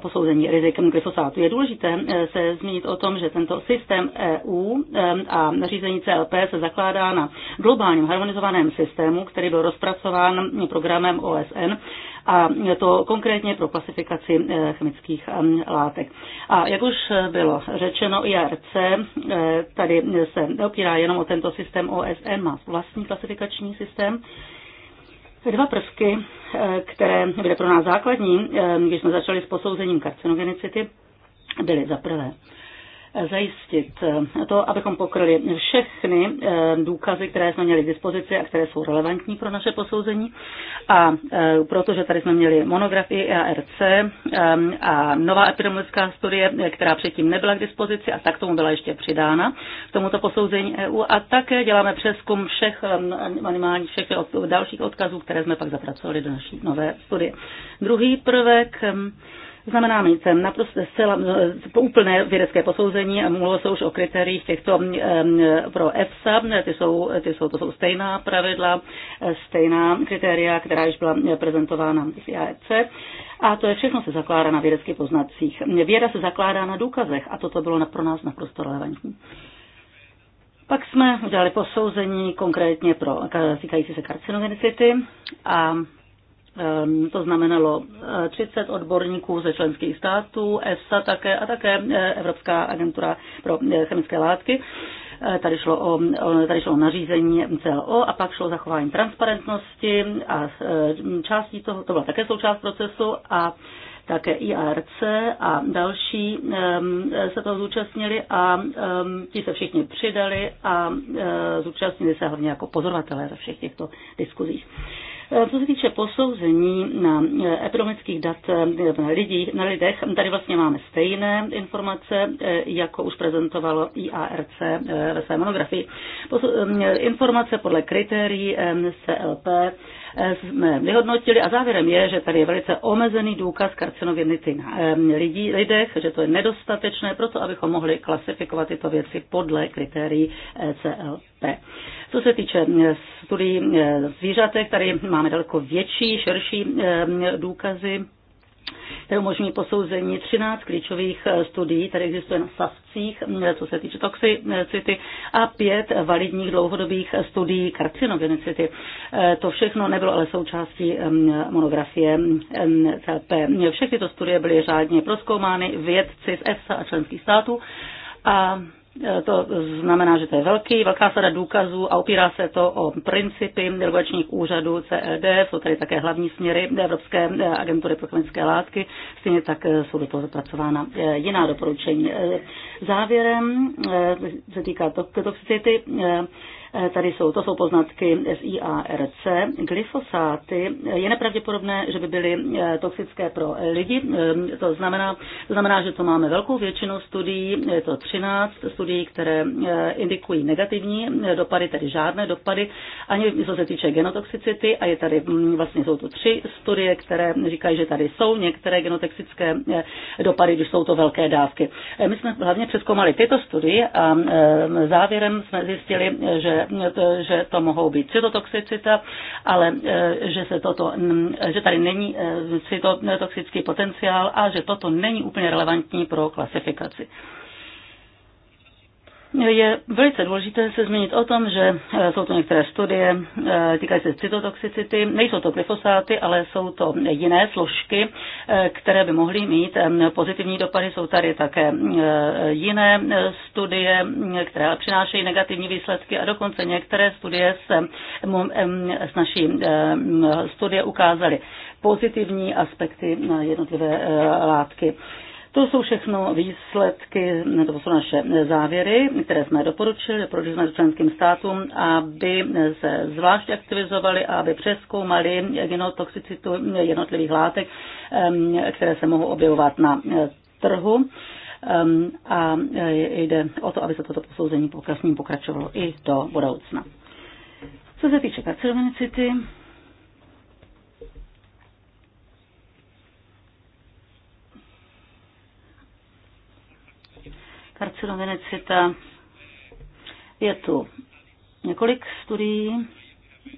posouzení rizik glyfosátu. Je důležité se zmínit o tom, že tento systém EU a nařízení CLP se zakládá na globálním harmonizovaném systému, který byl rozpracován programem OSN a to konkrétně pro klasifikaci eh, chemických eh, látek. A jak už bylo řečeno, IRC eh, tady se opírá jenom o tento systém OSN, má vlastní klasifikační systém, Dva prvky, které byly pro nás základní, když jsme začali s posouzením karcinogenicity, byly za prvé zajistit to, abychom pokryli všechny eh, důkazy, které jsme měli k dispozici a které jsou relevantní pro naše posouzení. A eh, protože tady jsme měli monografii EARC eh, a nová epidemiologická studie, která předtím nebyla k dispozici a tak tomu byla ještě přidána k tomuto posouzení EU a také děláme přeskum všech minimálních všech dalších odkazů, které jsme pak zapracovali do naší nové studie. Druhý prvek Znamená mít naprosto zcela, no, úplné vědecké posouzení a mluvilo se už o kritériích těchto pro EFSA, ty jsou, ty jsou, to jsou stejná pravidla, stejná kritéria, která již byla prezentována v IAEC. A to je všechno se zakládá na vědeckých poznacích. Věda se zakládá na důkazech a toto bylo pro nás naprosto relevantní. Pak jsme udělali posouzení konkrétně pro týkající se karcinogenicity a Ehm, to znamenalo 30 eh, odborníků ze členských států, EFSA také a také eh, Evropská agentura pro eh, chemické látky. Tady šlo o, tady šlo o nařízení CLO a pak šlo o zachování transparentnosti a částí toho, to byla také součást procesu a také IARC a další ehm, se toho zúčastnili a ehm, ti se všichni přidali a zúčastnili se hlavně jako pozorovatelé ve všech těchto diskuzích. Eh, co se týče posouzení na eh, ekonomických dat eh, na, lidí, na lidech, tady vlastně máme stejné informace, jako už prezentovalo IARC ve své monografii. Informace podle kritérií CLP Eh, jsme vyhodnotili a závěrem je, že tady je velice omezený důkaz karcinogenity na ehm, lidí, lidech, že to je nedostatečné proto, abychom mohli klasifikovat tyto věci podle kritérií eh, CLP. Co se týče mm, studií eh, zvířatek, tady máme daleko větší, širší ehm, důkazy které umožní posouzení 13 klíčových eh, studií, které existuje na savcích, eh, co se týče toxicity, a pět validních dlouhodobých studií karcinogenicity. Eh, to všechno nebylo ale součástí monografie NCP. Všechny tyto studie byly řádně proskoumány vědci z EFSA a členských států a E, to znamená, že to je velký, velká sada důkazů a opírá se to o principy regulačních úřadů CLD, e jsou tady také hlavní směry Evropské e, agentury pro chemické látky, stejně tak jsou do toho zapracována jiná doporučení. Závěrem se týká toxicity, Eh, tady jsou, to jsou poznatky SIARC. Glyfosáty eh, je nepravděpodobné, že by byly eh, toxické pro lidi. To znamená, to znamená, že to máme velkou většinu studií, je to 13 studií, které indikují negativní dopady, tedy žádné dopady, ani co se týče genotoxicity a je tady, mm, vlastně jsou tu tři studie, které říkají, že tady jsou některé genotoxické dopady, když jsou to velké dávky. My jsme hlavně přeskoumali tyto studie a závěrem jsme zjistili, že že to mohou být cytotoxicita, ale eh, že, se toto, mm, že tady není eh, cytotoxický potenciál a že toto není úplně relevantní pro klasifikaci je velice důležité se zmínit o tom, že eh, jsou to některé studie eh, týkající se cytotoxicity. Nejsou to glyfosáty, ale jsou to jiné složky, eh, které by mohly mít pozitivní dopady. Jsou tady také jiné studie, mm, které přinášejí negativní výsledky a dokonce některé studie s, mm, mm, s naší studie ukázaly pozitivní aspekty na jednotlivé látky. To jsou všechno výsledky, to jsou naše závěry, které jsme doporučili, doporučili jsme členským státům, aby se zvlášť aktivizovali a aby přeskoumali genotoxicitu jednotlivých látek, které se mohou objevovat na eh, trhu. A eh, jde o to, aby se toto posouzení pokračovalo i do budoucna. Co se týče karcinogenicity, karcinogenicita. Je tu několik studií,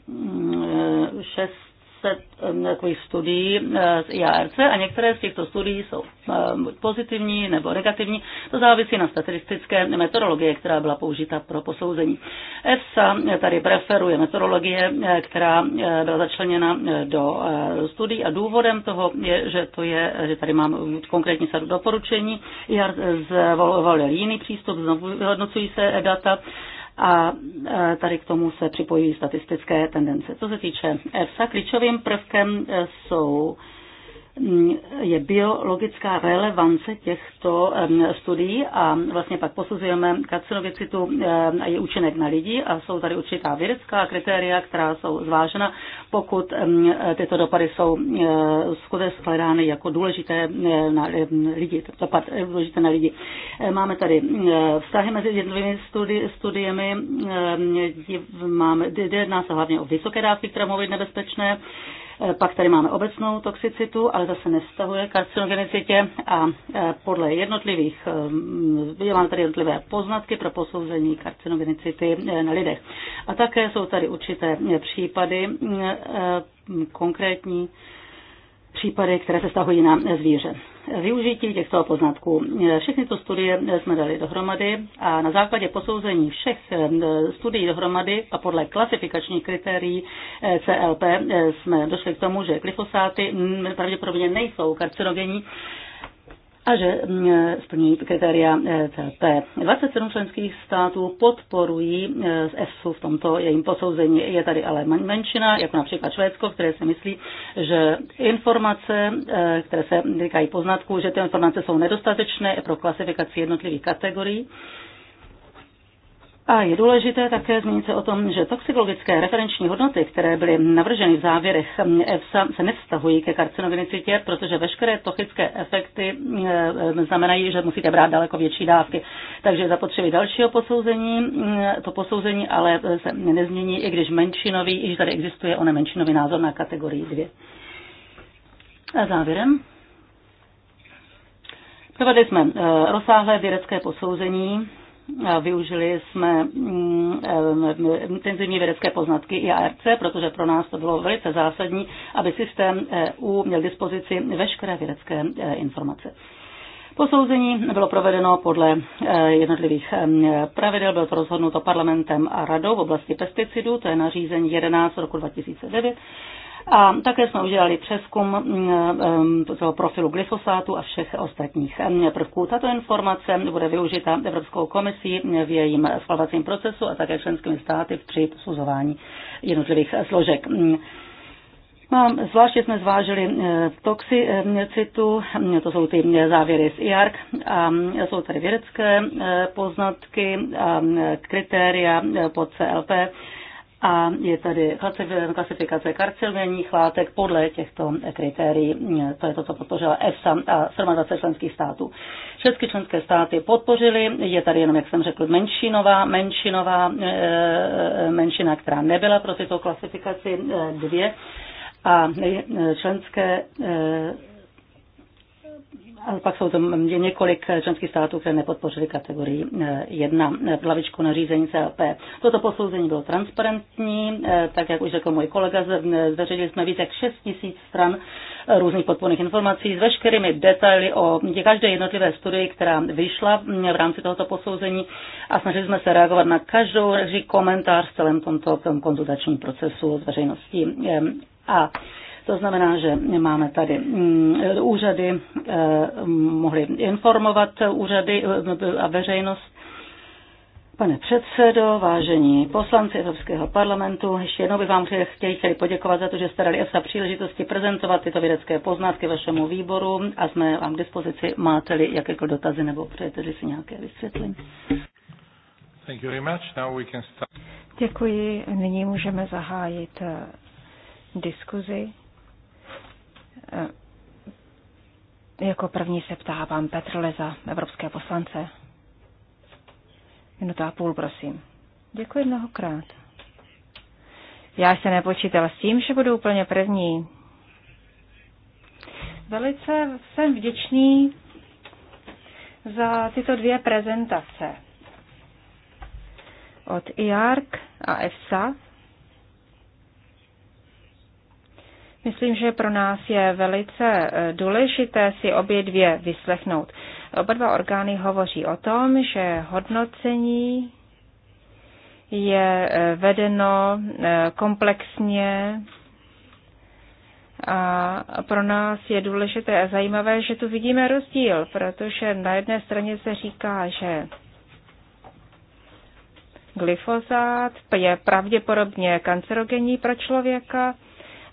mm, šest 20 takových studií eh, z IARC a některé z těchto studií jsou eh, buď pozitivní nebo negativní. To závisí na statistické metodologie, která byla použita pro posouzení. EFSA tady preferuje metodologie, eh, která byla začleněna do studií a důvodem toho je, že, to je, že tady mám konkrétní sadu doporučení. IARC zvolil jiný přístup, znovu vyhodnocují se data a e, tady k tomu se připojí statistické tendence. Co se týče EFSA, klíčovým prvkem e, jsou je biologická relevance těchto studií a vlastně pak posuzujeme karcinogenicitu a je účinek na lidi a jsou tady určitá vědecká kritéria, která jsou zvážena, pokud tyto dopady jsou e, skutečně shledány jako důležité na lidi, dopad e, důležité na lidi. E, máme tady vztahy mezi jednotlivými studi- studiemi, máme, jedná se hlavně o vysoké dávky, které mohou být nebezpečné, Eh, pak tady máme obecnou toxicitu, ale zase nestahuje karcinogenicitě a eh, podle jednotlivých, eh, máme tady jednotlivé poznatky pro posouzení karcinogenicity na lidech. A také jsou tady určité případy konkrétní, případy, které se stahují na zvíře. Využití těchto poznatků. Všechny to studie jsme dali dohromady a na základě posouzení všech eh, studií dohromady a podle klasifikačních kritérií eh, CLP eh, jsme došli k tomu, že glyfosáty mm, pravděpodobně nejsou karcinogenní a že mm, splňují kritéria eh, CP. 27 členských států podporují z eh, EFSU v tomto jejím posouzení. Je tady ale menšina, jako například Švédsko, které si myslí, že informace, eh, které se týkají poznatků, že ty informace jsou nedostatečné pro klasifikaci jednotlivých kategorií a je důležité také zmínit se o tom, že toxikologické referenční hodnoty, které byly navrženy v závěrech EFSA, se nevztahují ke karcinogenicitě, protože veškeré toxické efekty eh, znamenají, že musíte brát daleko větší dávky. Takže zapotřebí dalšího posouzení. Eh, to posouzení ale se nezmění, i když menšinový, i když tady existuje one menšinový názor na kategorii 2. A závěrem. Provedli jsme eh, rozsáhlé vědecké posouzení Využili jsme mm, eh, intenzivní vědecké poznatky i ARC, protože pro nás to bylo velice zásadní, aby systém EU měl dispozici veškeré vědecké eh, informace. Posouzení bylo provedeno podle eh, jednotlivých pravidel, bylo to rozhodnuto parlamentem a radou v oblasti pesticidů, to je nařízení 11 roku 2009. A také jsme udělali přeskum mm, mm, toho profilu glyfosátu a všech ostatních mm, prvků. Tato informace bude využita Evropskou komisí v jejím schvalovacím procesu a také členskými státy při posuzování jednotlivých složek. Mám, no, zvláště jsme zvážili eh, toxicitu, to jsou ty závěry z IARC, a jsou tady vědecké eh, poznatky, a kritéria eh, pod CLP a je tady klasifikace karcinogenních látek podle těchto kritérií. To je to, co podpořila EFSA a 27 členských států. Všechny členské státy podpořily, je tady jenom, jak jsem řekl, menšinová, menšinová e, e, menšina, která nebyla pro tyto klasifikaci e, dvě a členské ale pak jsou tam je několik členských států, které nepodpořily kategorii 1 eh, v eh, hlavičku řízení CLP. Toto posouzení bylo transparentní, eh, tak jak už řekl můj kolega, zveřejnili jsme více jak 6 tisíc stran různých podporných informací s veškerými detaily o každé jednotlivé studii, která vyšla mm, v rámci tohoto posouzení a snažili jsme se reagovat na každou komentář v celém tomto konzultačním procesu s veřejností. A to znamená, že máme tady mm, úřady, eh, mohli informovat úřady eh, a veřejnost. Pane předsedo, vážení poslanci Evropského parlamentu, ještě jednou bych vám chtěli, chtěli poděkovat za to, že jste dali EFSA příležitosti prezentovat tyto vědecké poznatky vašemu výboru a jsme vám k dispozici. Máte-li jakékoliv dotazy nebo přejete-li si nějaké vysvětlení? Thank you very much. Now we can start. Děkuji. Nyní můžeme zahájit eh, diskuzi. Eh, jako první se ptá pan Petr Leza, evropské poslance. Minuta a půl, prosím. Děkuji mnohokrát. Já se nepočítal s tím, že budu úplně první. Velice jsem vděčný za tyto dvě prezentace od IARC a EFSA Myslím, že pro nás je velice eh, důležité si obě dvě vyslechnout. Oba dva orgány hovoří o tom, že hodnocení je eh, vedeno eh, komplexně a pro nás je důležité a zajímavé, že tu vidíme rozdíl, protože na jedné straně se říká, že glyfozát je pravděpodobně kancerogenní pro člověka,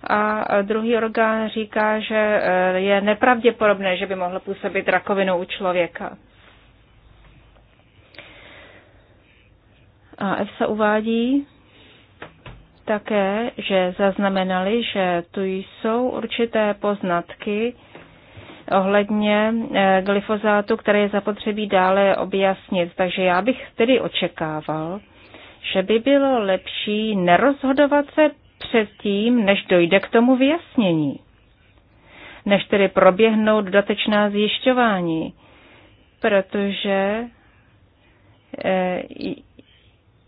a druhý orgán říká, že eh, je nepravděpodobné, že by mohlo působit rakovinu u člověka. A EFSA uvádí také, že zaznamenali, že tu jsou určité poznatky ohledně eh, glyfozátu, které je zapotřebí dále objasnit. Takže já bych tedy očekával, že by bylo lepší nerozhodovat se předtím, než dojde k tomu vyjasnění, než tedy proběhnou dodatečná zjišťování, protože eh,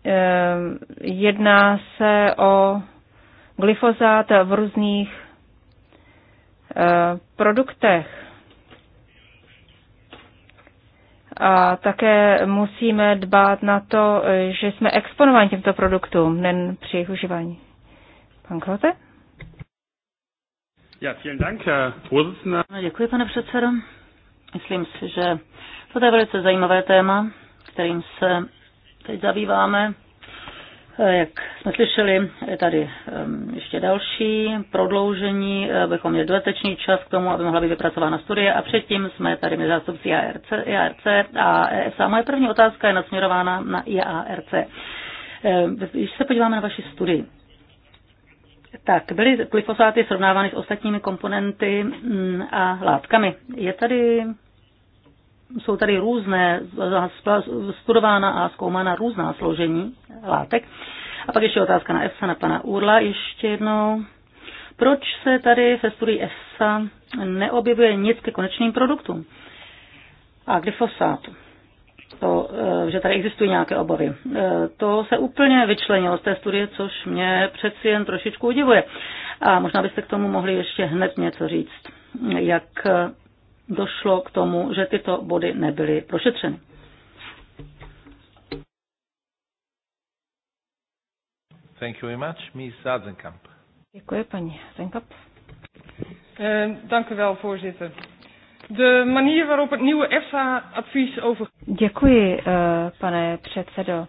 eh, jedná se o glyfozát v různých eh, produktech. A také musíme dbát na to, že jsme exponováni těmto produktům, nen při jejich užívání. Pan Klote. Ja, vielen Dank, Herr Vorsitzender. Děkuji, pane předsedo. Myslím si, že to je velice zajímavé téma, kterým se teď zabýváme. Eh, jak jsme slyšeli, je tady ehm, ještě další prodloužení, eh, bychom měli dodatečný čas k tomu, aby mohla být vypracována studie. A předtím jsme tady my zástupci IARC, IARC a ESA. E Moje první otázka je nasměrována na IARC. Eh, když se podíváme na vaši studii, tak, byly glyfosáty srovnávány s ostatními komponenty mm, a látkami. Je tady, jsou tady různé, studována a zkoumána různá složení látek. A pak ještě otázka na EFSA, na pana Urla ještě jednou. Proč se tady ve studii EFSA neobjevuje nic ke konečným produktům a glyfosátu? to, eh, že tady existují nějaké obavy. Eh, to se úplně vyčlenilo z té studie, což mě přeci jen trošičku udivuje. A možná byste k tomu mohli ještě hned něco říct, jak eh, došlo k tomu, že tyto body nebyly prošetřeny. Thank you very much, Ms. Zadzenkamp. Děkuji, paní Azenkamp. Eh, dank u wel, voorzitter. De manier waarop het nieuwe EFSA-advies over. Děkuji, eh, pane předsedo.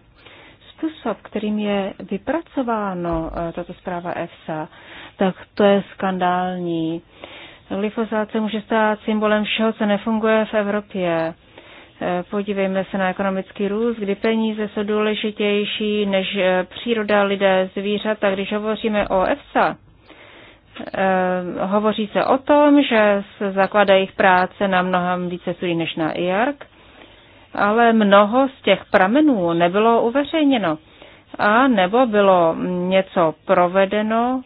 Způsob, kterým je vypracováno eh, tato zpráva EFSA, tak to je skandální. Glyfosát se může stát symbolem všeho, co nefunguje v Evropě. Eh, podívejme se na ekonomický růst, kdy peníze jsou důležitější než příroda, lidé, zvířata. Když hovoříme o EFSA, Eh, hovoří se o tom, že se zakladají práce na mnohem více studií než na IARC, ale mnoho z těch pramenů nebylo uveřejněno. A nebo bylo něco provedeno,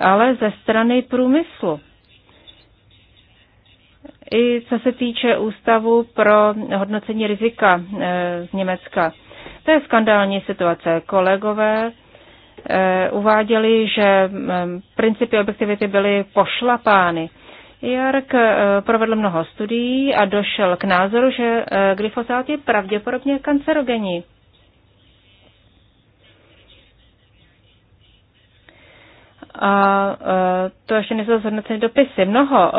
ale ze strany průmyslu. I co se týče Ústavu pro hodnocení rizika eh, z Německa. To je skandální situace. Kolegové Eh, uváděli, že eh, principy objektivity byly pošlapány. Jark eh, provedl mnoho studií a došel k názoru, že glyfosát je pravděpodobně kancerogenní. A to ještě nejsou zhodnoceny dopisy. Mnoho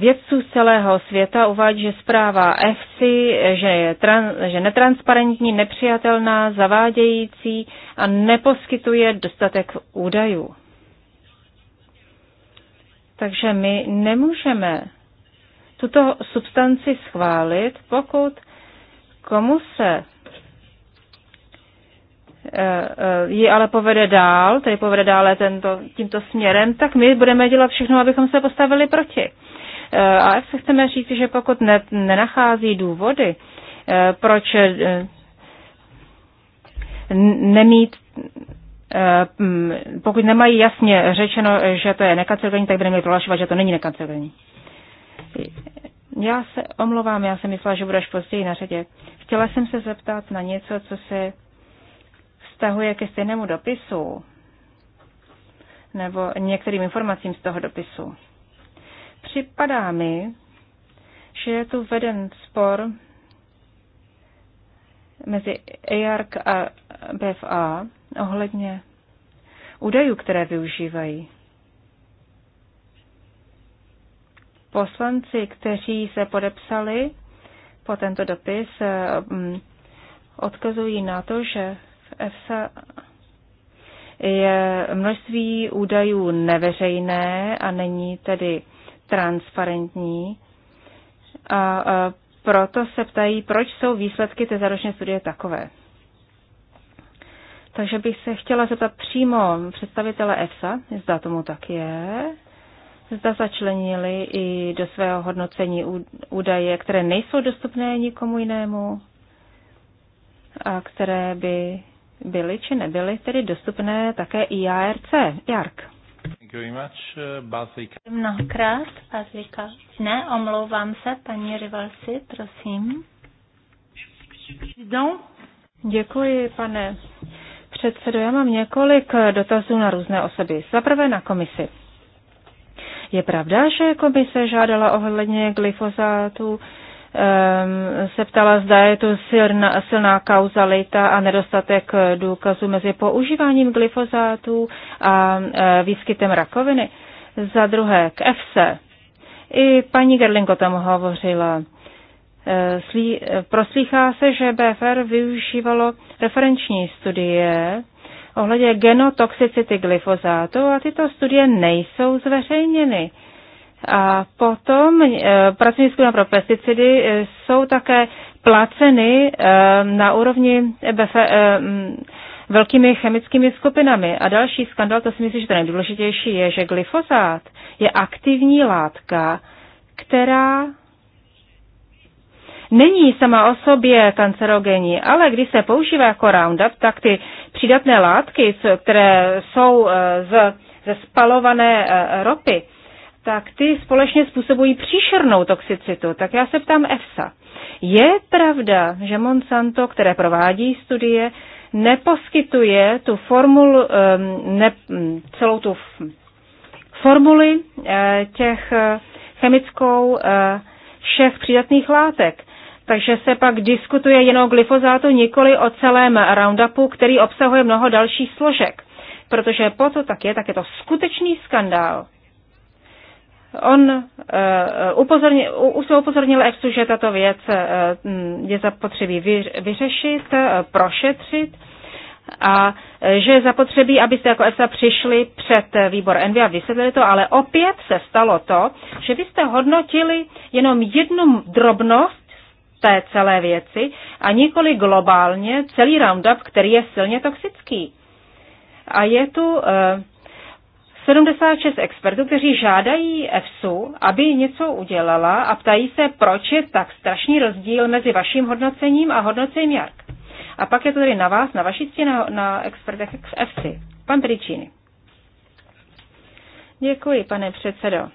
Vědců z celého světa uvádí, že zpráva EFSI, že je tran, že netransparentní, nepřijatelná, zavádějící a neposkytuje dostatek údajů. Takže my nemůžeme tuto substanci schválit, pokud komu se eh, eh, ji ale povede dál, tedy povede dále tento, tímto směrem, tak my budeme dělat všechno, abychom se postavili proti. Eh, a jak se chceme říct, že pokud ne, nenachází důvody, eh, proč eh, nemít pokud nemají jasně řečeno, že to je nekancerogenní, tak by neměli prohlašovat, že to není nekancerogenní. Já se omlouvám, já jsem myslela, že budeš později na řadě. Chtěla jsem se zeptat na něco, co se vztahuje ke stejnému dopisu nebo některým informacím z toho dopisu. Připadá mi, že je tu veden spor mezi EARC a BFA ohledně údajů, které využívají. Poslanci, kteří se podepsali po tento dopis, mm, odkazují na to, že v EFSA je množství údajů neveřejné a není tedy transparentní a proto se ptají, proč jsou výsledky té záročné studie takové. Takže bych se chtěla zeptat přímo představitele EFSA, zda tomu tak je, zda začlenili i do svého hodnocení údaje, které nejsou dostupné nikomu jinému a které by byly či nebyly tedy dostupné také IARC, JARC. Thank you very much, uh, Bazlika. Mnohokrát, Bazlika. Ne, omlouvám se, paní Rivalsi, prosím. Děkuji, pane předsedo. Já mám několik dotazů na různé osoby. Zaprvé na komisi. Je pravda, že komise žádala ohledně glyfozátu Ehm, se ptala, zda je to silná, silná kauzalita a nedostatek důkazů mezi používáním glyfozátů a e, výskytem rakoviny. Za druhé, k EFSE. I paní Gerlingo tam tom hovořila. E, slí, e, proslýchá se, že BFR využívalo referenční studie ohledně genotoxicity glyfozátu a tyto studie nejsou zveřejněny. A potom eh, pracovní skupina pro pesticidy eh, jsou také placeny eh, na úrovni mm, velkými chemickými skupinami. A další skandal, to si myslím, že to nejdůležitější, je, že glyfozát je aktivní látka, která není sama o sobě kancerogenní, ale když se používá jako Roundup, tak ty přidatné látky, které jsou z, ze spalované ropy, tak ty společně způsobují příšernou toxicitu. Tak já se ptám EFSA. Je pravda, že Monsanto, které provádí studie, neposkytuje tu formul, ne, mm, celou tu formuli eh, těch eh, chemickou eh, všech přidatných látek. Takže se pak diskutuje jenom o glyfozátu, nikoli o celém Roundupu, který obsahuje mnoho dalších složek. Protože po to tak je, tak je to skutečný skandál. On uh, upozornil, upozornil EFSU, že tato věc uh, je zapotřebí vyřešit, uh, prošetřit a že je zapotřebí, abyste jako EFSA přišli před výbor Envy a vysvětlili to, ale opět se stalo to, že vy jste hodnotili jenom jednu drobnost té celé věci a nikoli globálně celý Roundup, který je silně toxický. A je tu uh, 76 expertů, kteří žádají EFSU, aby něco udělala a ptají se, proč je tak strašný rozdíl mezi vaším hodnocením a hodnocením JARK. A pak je to tedy na vás, na vaší ctě, na, na expertech z EFSI. Pan Tričíny. Děkuji, pane předsedo.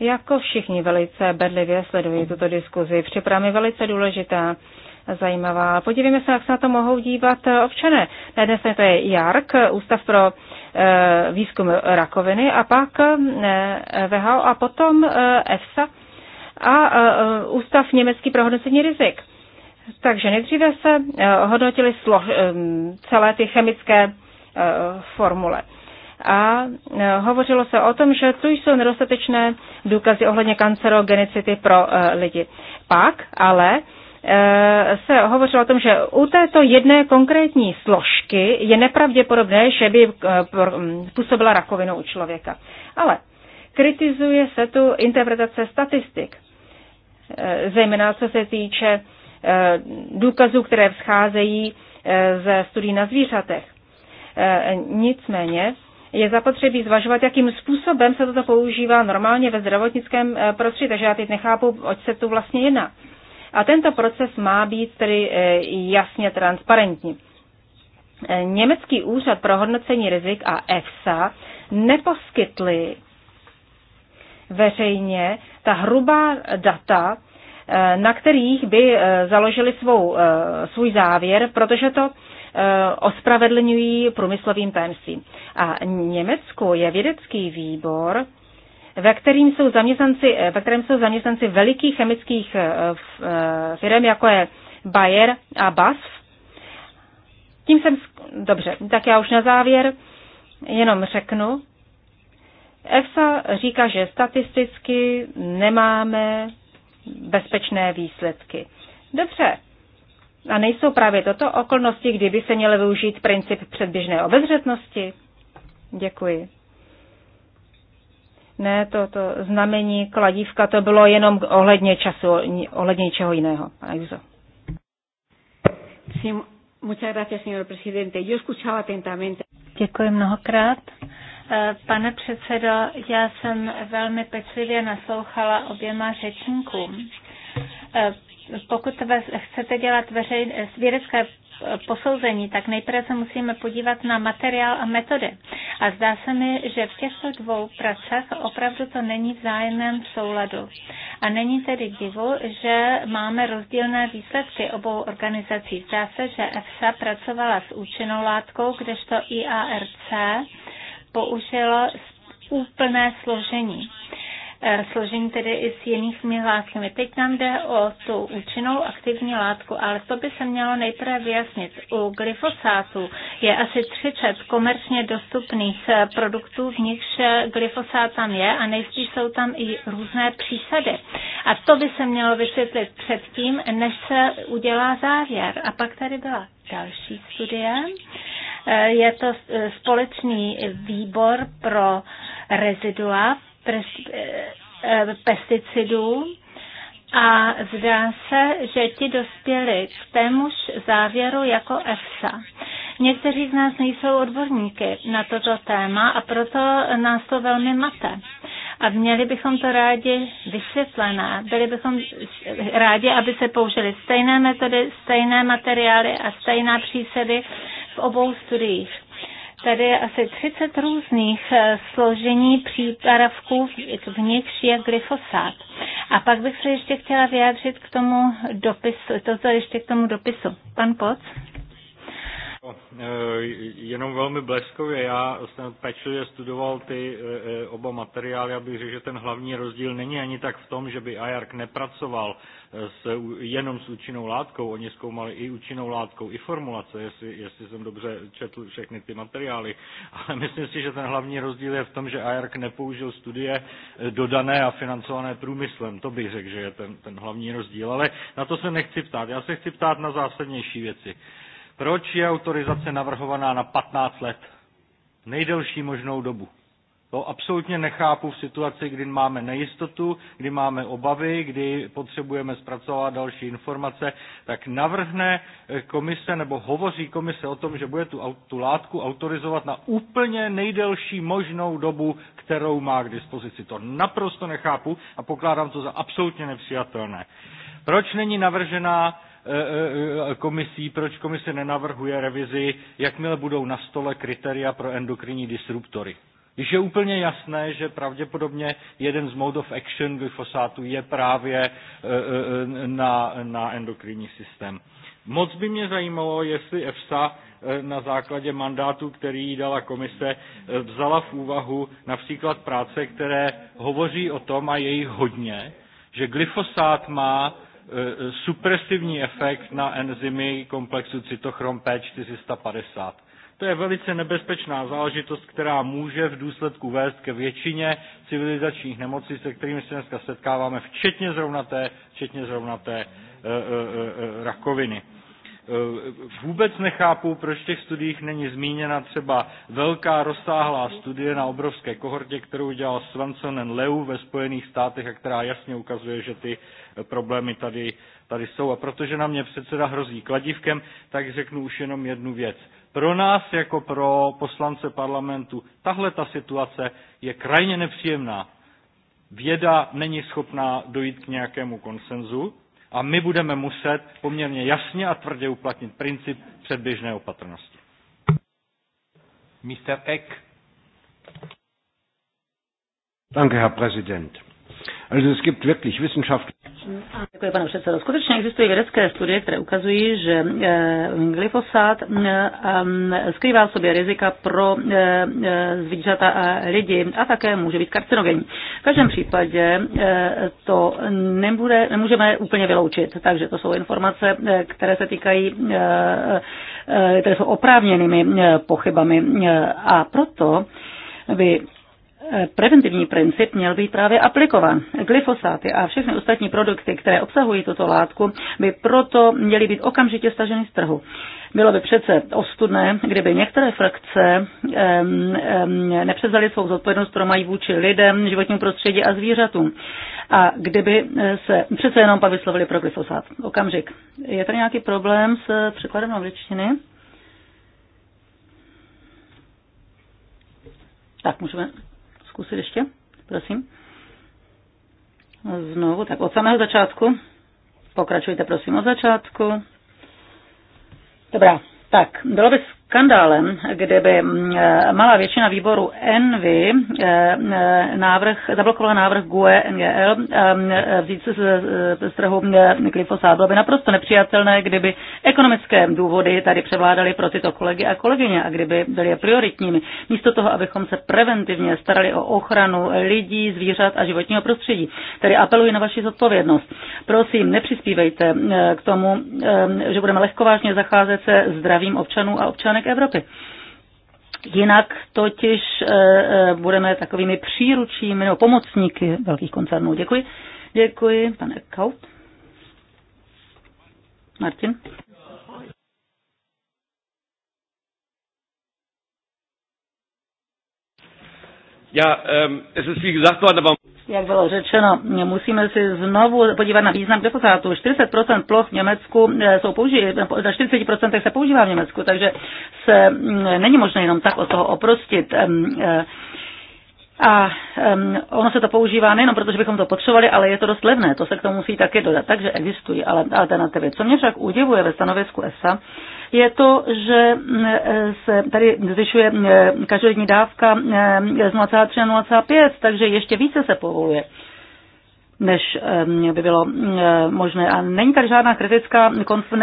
Jako všichni velice bedlivě sledují tuto diskuzi. je velice důležitá zajímavá. Podívejme se, jak se na to mohou dívat občané. Na jedné straně to je JARK, Ústav pro Eh, výzkum rakoviny a pak eh, VHO a potom EFSA eh, a Ústav německý pro hodnocení rizik. Takže nejdříve se hodnotily celé ty chemické formule. A hovořilo se o tom, že tu jsou nedostatečné důkazy ohledně kancerogenicity pro lidi. Pak ale Eh, se hovořilo o tom, že u této jedné konkrétní složky je nepravděpodobné, že by eh, hm, působila rakovinu u člověka. Ale kritizuje se tu interpretace statistik, eh, zejména co se týče důkazů, které vzcházejí ze studií na zvířatech. Nicméně je zapotřebí zvažovat, jakým způsobem se toto používá normálně ve zdravotnickém prostředí, takže já teď nechápu, oč se tu vlastně jedná. A tento proces má být tedy eh, jasně transparentní. Eh, Německý úřad pro hodnocení rizik a EFSA neposkytli veřejně ta hrubá data, eh, na kterých by založili svou, svůj závěr, protože to ospravedlňují průmyslovým tajemstvím. A Německu je vědecký výbor ve, kterém jsou zaměstnanci, eh, ve kterém jsou zaměstnanci velikých chemických eh, eh, firm, jako je Bayer a BASF. Tím jsem... Dobře, tak já už na závěr jenom řeknu. EFSA říká, že statisticky nemáme bezpečné výsledky. Dobře. A nejsou právě toto okolnosti, kdyby se měl využít princip předběžné obezřetnosti? Děkuji. Ne, to, to znamení kladívka, to bylo jenom ohledně času, ohledně něčeho jiného. Pane Juzo. Děkuji mnohokrát. Eh, pane předsedo, já jsem velmi pečlivě naslouchala oběma řečníkům. Eh, pokud chcete dělat veřejné, vědecké posouzení, tak nejprve se musíme podívat na materiál a metody. A zdá se mi, že v těchto dvou pracech opravdu to není v zájemném souladu. A není tedy divu, že máme rozdílné výsledky obou organizací. Zdá se, že EFSA pracovala s účinnou látkou, kdežto IARC použilo úplné složení. Eh, složení tedy i s jinými látkami. Teď nám jde o tu účinnou aktivní látku, ale to by se mělo nejprve vyjasnit. U glyfosátu je asi 30 komerčně dostupných eh, produktů, v nichž eh, glyfosát tam je a nejspíš jsou tam i různé přísady. A to by se mělo vysvětlit předtím, než se udělá závěr. A pak tady byla další studie. Je to společný výbor pro rezidua Eh, pesticidů a zdá se, že ti dospěli k témuž závěru jako EFSA. Někteří z nás nejsou odborníky na toto téma a proto nás to velmi mate. A měli bychom to rádi vysvětlené. Byli bychom rádi, aby se použili stejné metody, stejné materiály a stejná přísedy v obou studiích. Tady je asi 30 různých eh, složení přípravků, v nichž je glyfosát. A pak bych se ještě chtěla vyjádřit k tomu dopisu, to ještě k tomu dopisu. Pan Poc? E, jenom velmi bleskově. Já jsem pečlivě studoval ty e, e, oba materiály a řekl, že ten hlavní rozdíl není ani tak v tom, že by IARC nepracoval s, jenom s účinnou látkou. Oni zkoumali i účinnou látkou, i formulace, jestli, jestli jsem dobře četl všechny ty materiály. Ale myslím si, že ten hlavní rozdíl je v tom, že IARC nepoužil studie dodané a financované průmyslem. To bych řekl, že je ten, ten hlavní rozdíl. Ale na to se nechci ptát. Já se chci ptát na zásadnější věci. Proč je autorizace navrhovaná na 15 let? Nejdelší možnou dobu. To absolutně nechápu v situaci, kdy máme nejistotu, kdy máme obavy, kdy potřebujeme zpracovat další informace, tak navrhne eh, komise nebo hovoří komise o tom, že bude tu, tu látku autorizovat na úplně nejdelší možnou dobu, kterou má k dispozici. To naprosto nechápu a pokládám to za absolutně nepřijatelné. Proč není navržená Eh, eh, eh, komisí, proč komise nenavrhuje revizi, jakmile budou na stole kritéria pro endokrinní disruptory. Když je úplně jasné, že pravděpodobně jeden z mode of action glyfosátu je právě na, na endokrinní systém. Moc by mě zajímalo, jestli EFSA na základě mandátu, který jí dala komise, vzala v úvahu například práce, které hovoří o tom, a je jich hodně, že glyfosát má Eh, supresivní efekt na enzymy komplexu cytochrom P450. To je velice nebezpečná záležitost, která může v důsledku vést ke většině civilizačních nemocí, se kterými se dneska setkáváme, včetně zrovnaté, včetně zrovnaté e, e, e, rakoviny. Eh, vůbec nechápu, proč v těch studiích není zmíněna třeba velká rozsáhlá studie na obrovské kohortě, kterou dělal Swanson Leu ve Spojených státech a která jasně ukazuje, že ty eh, problémy tady, tady jsou. A protože na mě předseda hrozí kladivkem, tak řeknu už jenom jednu věc. Pro nás jako pro poslance parlamentu tahle ta situace je krajně nepříjemná. Věda není schopná dojít k nějakému konsenzu, a my budeme muset poměrně jasně a tvrdě uplatnit princip předběžné opatrnosti. Mr. Eck. Danke, Herr Präsident. Also es gibt wirklich Wissenschaft. Děkuji, pane předsedo. Skutečně existují vědecké studie, které ukazují, že e, glyfosát e, skrývá v sobě rizika pro e, zvířata a lidi a také může být karcinogenní. V každém případě to nebude, nemůžeme úplně vyloučit, takže to jsou informace, které se týkají, které jsou oprávněnými pochybami a proto by preventivní princip měl být právě aplikovan. Glyfosáty a všechny ostatní produkty, které obsahují tuto látku, by proto měly být okamžitě staženy z trhu. Bylo by přece ostudné, kdyby některé frakce um, um, nepřevzaly svou zodpovědnost, kterou mají vůči lidem, životnímu prostředí a zvířatům. A kdyby eh, se přece jenom pak vyslovili pro glyfosát. Okamžik. Je tady nějaký problém s překladem angličtiny? Tak, můžeme zkusit ještě? Prosím. Znovu, tak od samého začátku. Pokračujte, prosím, od začátku. Dobrá, tak bylo by skandálem, kde by mm, eh, malá většina výboru Envy eh, eh, návrh, zablokovala návrh GUE NGL vzít se z trhu glyfosát. Bylo by naprosto nepřijatelné, kdyby ekonomické důvody tady převládaly pro tyto kolegy a kolegyně a kdyby byly prioritními. Místo toho, abychom se preventivně starali o ochranu lidí, zvířat a životního prostředí. Tedy apeluji na vaši zodpovědnost. Prosím, nepřispívejte k tomu, že budeme lehkovážně zacházet se zdravím občanů a občanů článek Evropy. Jinak totiž eh, eh, budeme takovými příručími nebo pomocníky velkých koncernů. Děkuji. Děkuji, pane Kaut. Martin. Ja, ähm, es ist wie gesagt worden, aber jak bylo řečeno, musíme si znovu podívat na význam glyfosátu. 40% ploch v Německu eh, jsou použi- na 40% se používá v Německu, takže se mm, není možné jenom tak od toho oprostit. Eh, a um, ono se to používá nejenom proto, že bychom to potřebovali, ale je to dost levné, to se k tomu musí také dodat, takže existují alternativy. Co mě však udivuje ve stanovisku ESA, je to, že mm, se tady zvyšuje mm, každodenní dávka mm, z 0,3 na 0,5, takže ještě více se povoluje než eh, by bylo eh, možné. A není tady žádná kritická,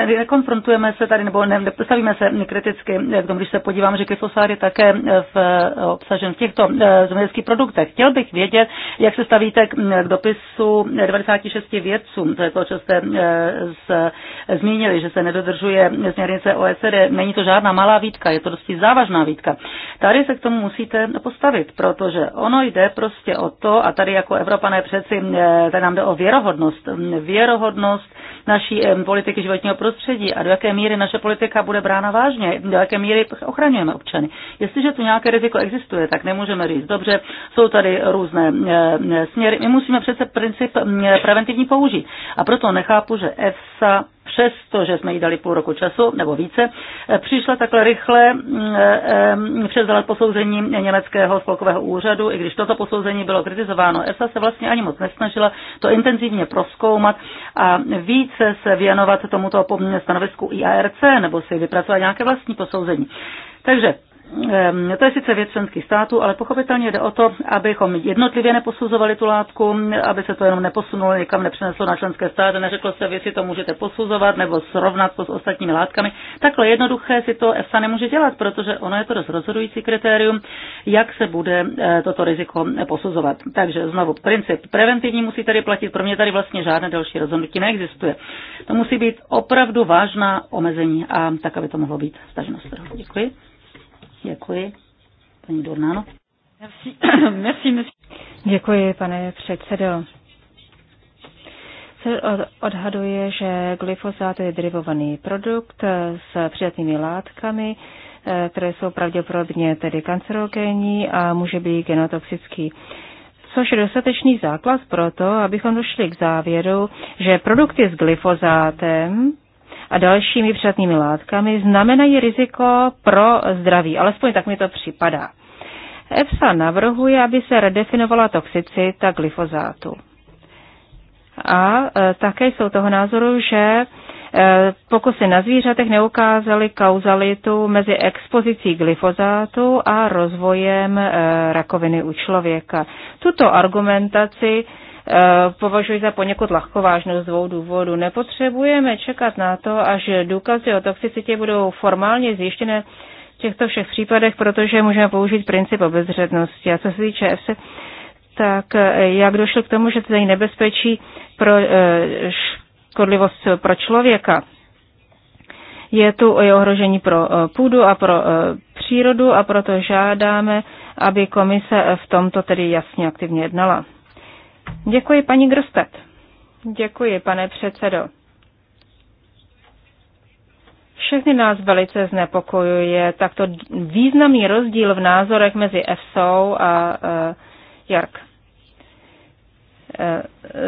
nekonfrontujeme se tady, nebo nepostavíme se kriticky k tomu, když se podívám, že glyfosát je také eh, v, obsažen v těchto zemědělských produktech. Chtěl bych vědět, jak se stavíte k dopisu 96 vědců, to je to, co jste z, zmínili, že se nedodržuje směrnice OECD. Není to žádná malá výtka, je to dosti závažná výtka. Tady se k tomu musíte postavit, protože ono jde prostě o to, a tady jako Evropané přeci tak nám jde o věrohodnost. Věrohodnost naší politiky životního prostředí a do jaké míry naše politika bude brána vážně, do jaké míry ochraňujeme občany. Jestliže tu nějaké riziko existuje, tak nemůžeme říct, dobře, jsou tady různé směry. My musíme přece princip preventivní použít. A proto nechápu, že EFSA přesto, že jsme jí dali půl roku času nebo více, eh, přišla takhle rychle, mm, eh, eh, převzala posouzení německého spolkového úřadu, i když toto posouzení bylo kritizováno. ESA se vlastně ani moc nesnažila to intenzivně proskoumat a více se věnovat tomuto stanovisku IARC nebo si vypracovat nějaké vlastní posouzení. Takže Ehm, to je sice věc členských států, ale pochopitelně jde o to, abychom jednotlivě neposuzovali tu látku, aby se to jenom neposunulo, někam nepřeneslo na členské státy, neřeklo se, vy si to můžete posuzovat nebo srovnat to s ostatními látkami. Takhle jednoduché si to EFSA nemůže dělat, protože ono je to dost rozhodující kritérium, jak se bude eh, toto riziko posuzovat. Takže znovu, princip preventivní musí tady platit, pro mě tady vlastně žádné další rozhodnutí neexistuje. To musí být opravdu vážná omezení a tak, aby to mohlo být staženost. Děkuji. Děkuji. Paní Dornáno. Merci. <coughs> Merci, Děkuji, pane předsedo. Se odhaduje, že glyfosát je derivovaný produkt s přidatnými látkami, eh, které jsou pravděpodobně tedy kancerogénní a může být genotoxický což je dostatečný základ pro to, abychom došli k závěru, že produkty s glyfozátem a dalšími přátnými látkami znamenají riziko pro zdraví. Alespoň tak mi to připadá. EFSA navrhuje, aby se redefinovala toxicita glyfozátu. A e, také jsou toho názoru, že e, pokusy na zvířatech neukázaly kauzalitu mezi expozicí glyfozátu a rozvojem e, rakoviny u člověka. Tuto argumentaci Eh, považuji za poněkud lahkovážnou z dvou důvodů. Nepotřebujeme čekat na to, až důkazy o toxicitě budou formálně zjištěné v těchto všech případech, protože můžeme použít princip obezřetnosti. A co se týče EFSA, tak eh, jak došlo k tomu, že to je nebezpečí pro eh, škodlivost pro člověka? Je tu i ohrožení pro půdu a pro přírodu a proto žádáme, aby komise v tomto tedy jasně aktivně jednala. Děkuji, paní Grostet. Děkuji, pane předsedo. Všechny nás velice znepokojuje takto významný rozdíl v názorech mezi FSO a e, JARK. E,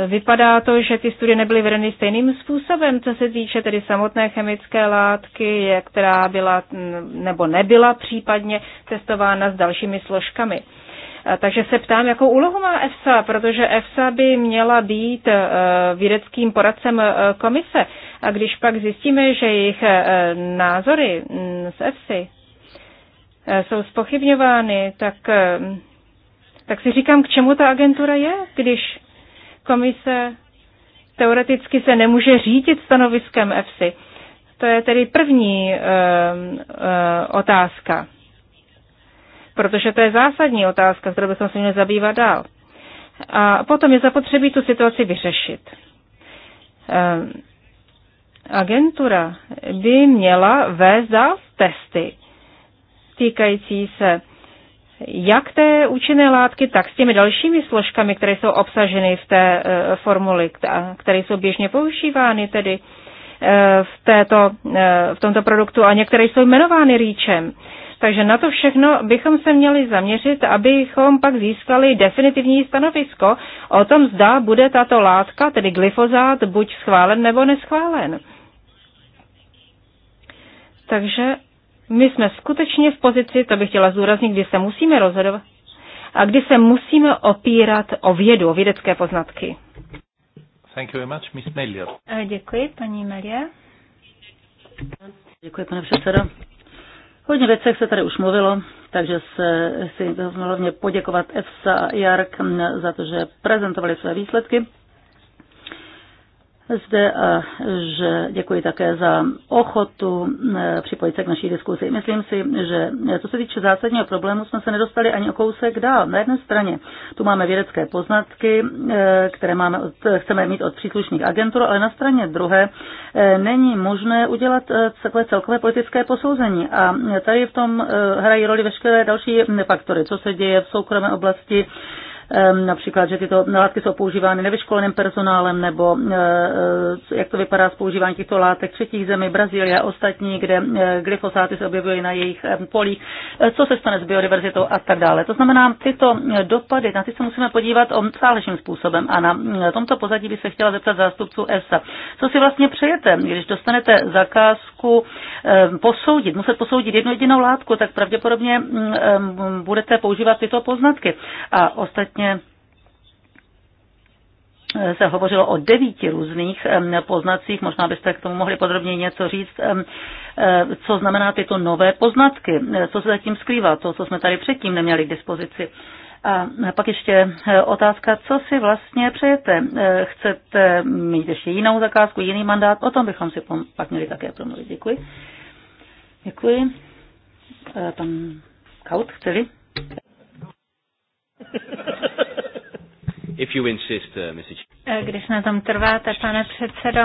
vypadá to, že ty studie nebyly vedeny stejným způsobem, co se týče tedy samotné chemické látky, která byla nebo nebyla případně testována s dalšími složkami. Takže se ptám, jakou úlohu má EFSA, protože EFSA by měla být e, vědeckým poradcem e, komise. A když pak zjistíme, že jejich e, názory mm, z EFSI jsou spochybňovány, tak, tak si říkám, k čemu ta agentura je, když komise teoreticky se nemůže řídit stanoviskem EFSI. To je tedy první uh, uh, otázka protože to je zásadní otázka, kterou bychom se měli zabývat dál. A potom je zapotřebí tu situaci vyřešit. Ehm, agentura by měla vést dál testy týkající se jak té účinné látky, tak s těmi dalšími složkami, které jsou obsaženy v té e, formuli, které jsou běžně používány tedy e, v, této, e, v tomto produktu a některé jsou jmenovány rýčem. Takže na to všechno bychom se měli zaměřit, abychom pak získali definitivní stanovisko o tom, zda bude tato látka, tedy glyfozát, buď schválen nebo neschválen. Takže my jsme skutečně v pozici, to bych chtěla zúraznit, kdy se musíme rozhodovat a kdy se musíme opírat o vědu, o vědecké poznatky. Thank you very much, Miss Melia. Děkuji, paní Melia. Děkuji, pane předsedo. Hodně věcech se tady už mluvilo, takže se chci hlavně poděkovat EFSA a IARC za to, že prezentovali své výsledky zde a že děkuji také za ochotu e, připojit se k naší diskusi. Myslím si, že e, co se týče zásadního problému, jsme se nedostali ani o kousek dál. Na jedné straně tu máme vědecké poznatky, e, které máme od, chceme mít od příslušných agentur, ale na straně druhé není možné udělat takové celkové politické posouzení. A tady v tom hrají roli veškeré další faktory, co se děje v soukromé oblasti, Ehm, například, že tyto látky jsou používány nevyškoleným personálem, nebo eh, eh, jak to vypadá s používáním těchto látek třetích zemí, Brazílie a ostatní, kde eh, glyfosáty se objevují na jejich ehm, polích, co se stane s biodiverzitou a tak dále. To znamená, tyto dopady, na ty se musíme podívat obsáhlejším způsobem a na tomto pozadí bych se chtěla zeptat zástupců ESA. Co si vlastně přejete, když dostanete zakázku ehm, posoudit, muset posoudit jednu jedinou látku, tak pravděpodobně mm, budete používat tyto poznatky. A ostatní vlastně se hovořilo o devíti různých poznacích, možná byste k tomu mohli podrobně něco říct, co znamená tyto nové poznatky, co se zatím skrývá, to, co jsme tady předtím neměli k dispozici. A pak ještě eh, otázka, co si vlastně přejete. Eh, chcete mít ještě jinou zakázku, jiný mandát? O tom bychom si pak měli také promluvit. Děkuji. Děkuji. Eh, pan Kaut, chceli? If you insist, uh, Mr. Eh, když na tom trváte, pane předsedo.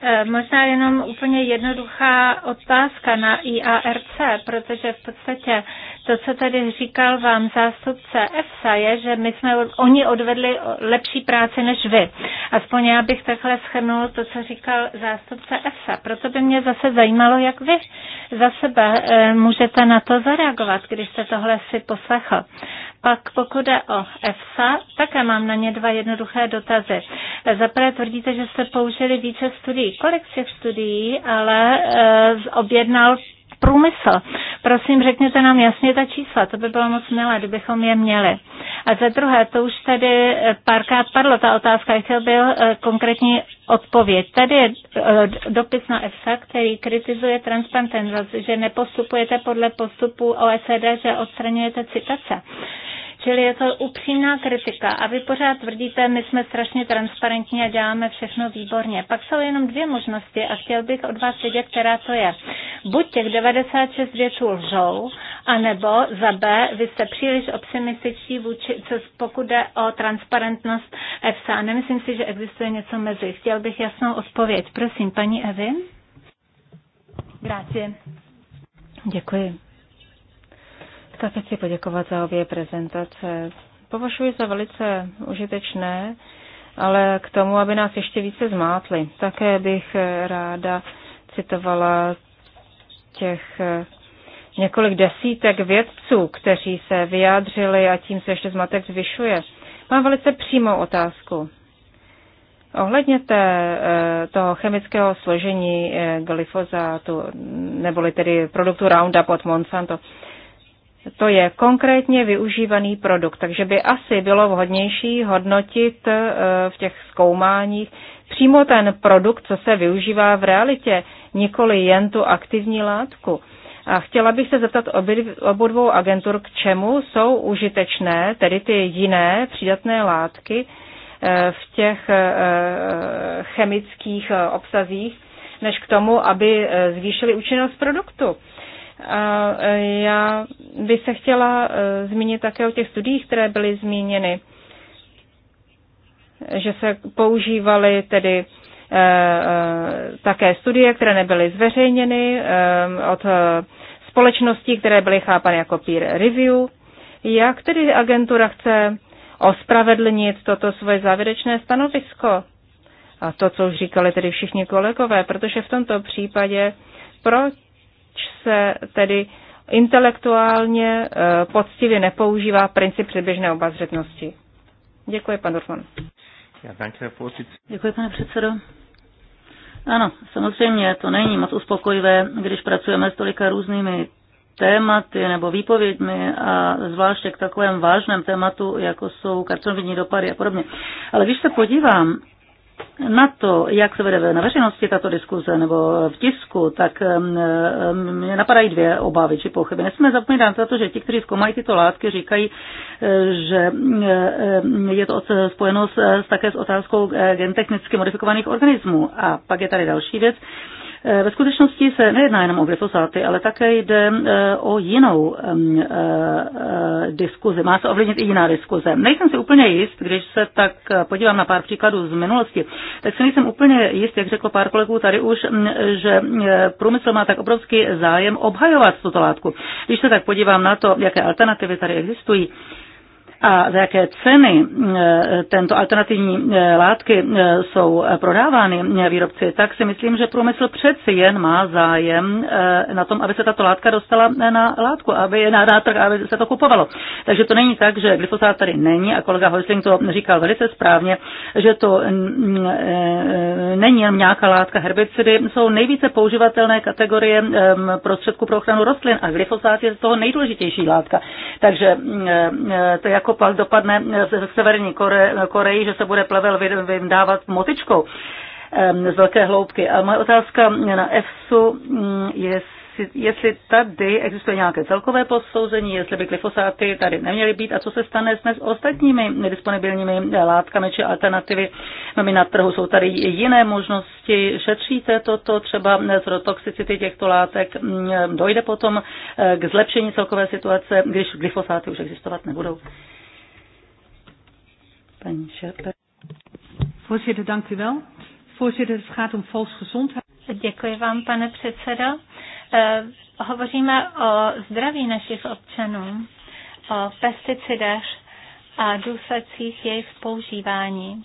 Eh, možná jenom úplně jednoduchá otázka na IARC, protože v podstatě to, co tady říkal vám zástupce EFSA, je, že my jsme, oni odvedli lepší práci než vy. Aspoň já bych takhle schrnul to, co říkal zástupce EFSA. Proto by mě zase zajímalo, jak vy za sebe eh, můžete na to zareagovat, když jste tohle si poslechl. Pak pokud jde o EFSA, také mám na ně dva jednoduché dotazy. Zaprvé tvrdíte, že jste použili více studií. Kolik z těch studií ale e, objednal průmysl. Prosím, řekněte nám jasně ta čísla, to by bylo moc milé, kdybychom je měli. A za druhé, to už tady eh, párkrát padlo, ta otázka, chtěl byl eh, konkrétní odpověď. Tady je eh, dopis na EFSA, který kritizuje transparentnost, že nepostupujete podle postupu OSD, že odstraňujete citace. Čili je to upřímná kritika. A vy pořád tvrdíte, my jsme strašně transparentní a děláme všechno výborně. Pak jsou jenom dvě možnosti a chtěl bych od vás vědět, která to je. Buď těch 96 věců lžou, anebo za B, vy jste příliš optimističtí, pokud jde o transparentnost EFSA. Nemyslím si, že existuje něco mezi. Chtěl bych jasnou odpověď. Prosím, paní Evy. Grazie. Děkuji. Také chci poděkovat za obě prezentace. Považuji za velice užitečné, ale k tomu, aby nás ještě více zmátli. Také bych ráda citovala těch eh, několik desítek vědců, kteří se vyjádřili a tím se ještě zmatek zvyšuje. Mám velice přímou otázku. Ohledně té, eh, toho chemického složení eh, glyfozátu, neboli tedy produktu Roundup od Monsanto, to je konkrétně využívaný produkt, takže by asi bylo vhodnější hodnotit e, v těch zkoumáních přímo ten produkt, co se využívá v realitě, nikoli jen tu aktivní látku. A chtěla bych se zeptat obou dvou agentur, k čemu jsou užitečné, tedy ty jiné přídatné látky e, v těch e, chemických obsazích, než k tomu, aby zvýšili účinnost produktu. A e, já bych se chtěla e, zmínit také o těch studiích, které byly zmíněny, že se používaly tedy e, také studie, které nebyly zveřejněny od společností, které byly chápány jako peer review. Jak tedy agentura chce ospravedlnit toto svoje závěrečné stanovisko? A to, co už říkali tedy všichni kolegové, protože v tomto případě proč se tedy intelektuálně eh, poctivě nepoužívá princip předběžné obazřetnosti. Děkuji, pan Dorfman. Děkuji, pane předsedo. Ano, samozřejmě to není moc uspokojivé, když pracujeme s tolika různými tématy nebo výpověďmi a zvláště k takovém vážném tématu, jako jsou karcinovidní dopady a podobně. Ale když se podívám na to, jak se vede na veřejnosti tato diskuze nebo v tisku, tak mě napadají dvě obavy či pochyby. Nesmíme zapomínat na to, že ti, kteří zkoumají tyto látky, říkají, eh, že eh, je to spojeno s, také s otázkou eh, gentechnicky modifikovaných organismů. A pak je tady další věc, Eh, ve skutečnosti se nejedná jenom o glyfosáty, ale také jde eh, o jinou eh, diskuzi. Má se ovlivnit i jiná diskuze. Nejsem si úplně jist, když se tak podívám na pár příkladů z minulosti, tak si nejsem úplně jist, jak řeklo pár kolegů tady už, že průmysl má tak obrovský zájem obhajovat tuto látku. Když se tak podívám na to, jaké alternativy tady existují, a za jaké ceny eh, tento alternativní eh, látky eh, jsou prodávány výrobci, tak si myslím, že průmysl přeci jen má zájem na tom, aby se tato látka dostala na látku, aby na, na trh, aby se to kupovalo. Takže to není tak, že glyfosát tady není a kolega Hojsling to říkal velice správně, že to mm, není jen nějaká látka herbicidy, jsou nejvíce používatelné kategorie ehm, prostředku pro ochranu rostlin a glyfosát je z toho nejdůležitější látka. Takže mm, to jak jako pak dopadne z Severní Kore, Koreji, že se bude plevel vydávat motičkou z velké hloubky. A moje otázka na EFSU mm, je, jestli tady existuje nějaké celkové posouzení, jestli by glyfosáty tady neměly být a co se stane s ostatními nedisponibilními látkami či alternativy no, na trhu. Jsou tady jiné možnosti, šetříte toto třeba z toxicity těchto látek, mm, dojde potom eh, k zlepšení celkové situace, když glyfosáty už existovat nebudou. Paní Scherper. Voorzitter, dank u wel. Voorzitter, het gaat om Děkuji vám, pane předsedo. Eh, hovoříme o zdraví našich občanů, o pesticidech a důsledcích jejich používání.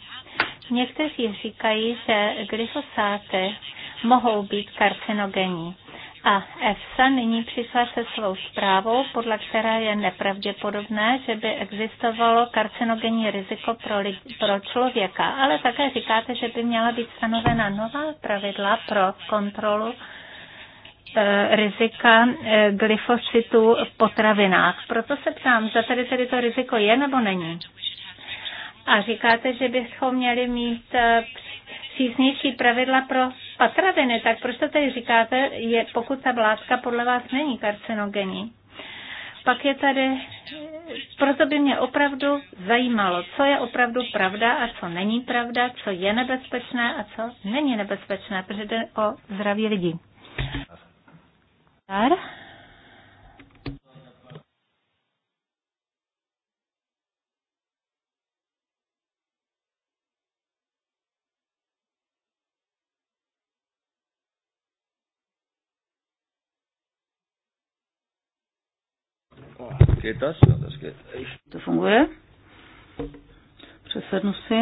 Někteří říkají, že glyfosáty mohou být karcinogenní. A EFSA nyní přišla se svou zprávou, podle které je nepravděpodobné, že by existovalo karcinogenní riziko pro, lid, pro člověka, ale také říkáte, že by měla být stanovena nová pravidla pro kontrolu e, rizika e, glyfositu v potravinách. Proto se ptám, zda tady tedy to riziko je nebo není. A říkáte, že bychom měli mít eh, přísnější pravidla pro patraviny, tak proč to tady říkáte, je, pokud ta látka podle vás není karcinogenní? Pak je tady, proto by mě opravdu zajímalo, co je opravdu pravda a co není pravda, co je nebezpečné a co není nebezpečné, protože jde o zdraví lidí. Dar? Geht das? Ja, das geht. To funguje? Přesednu si.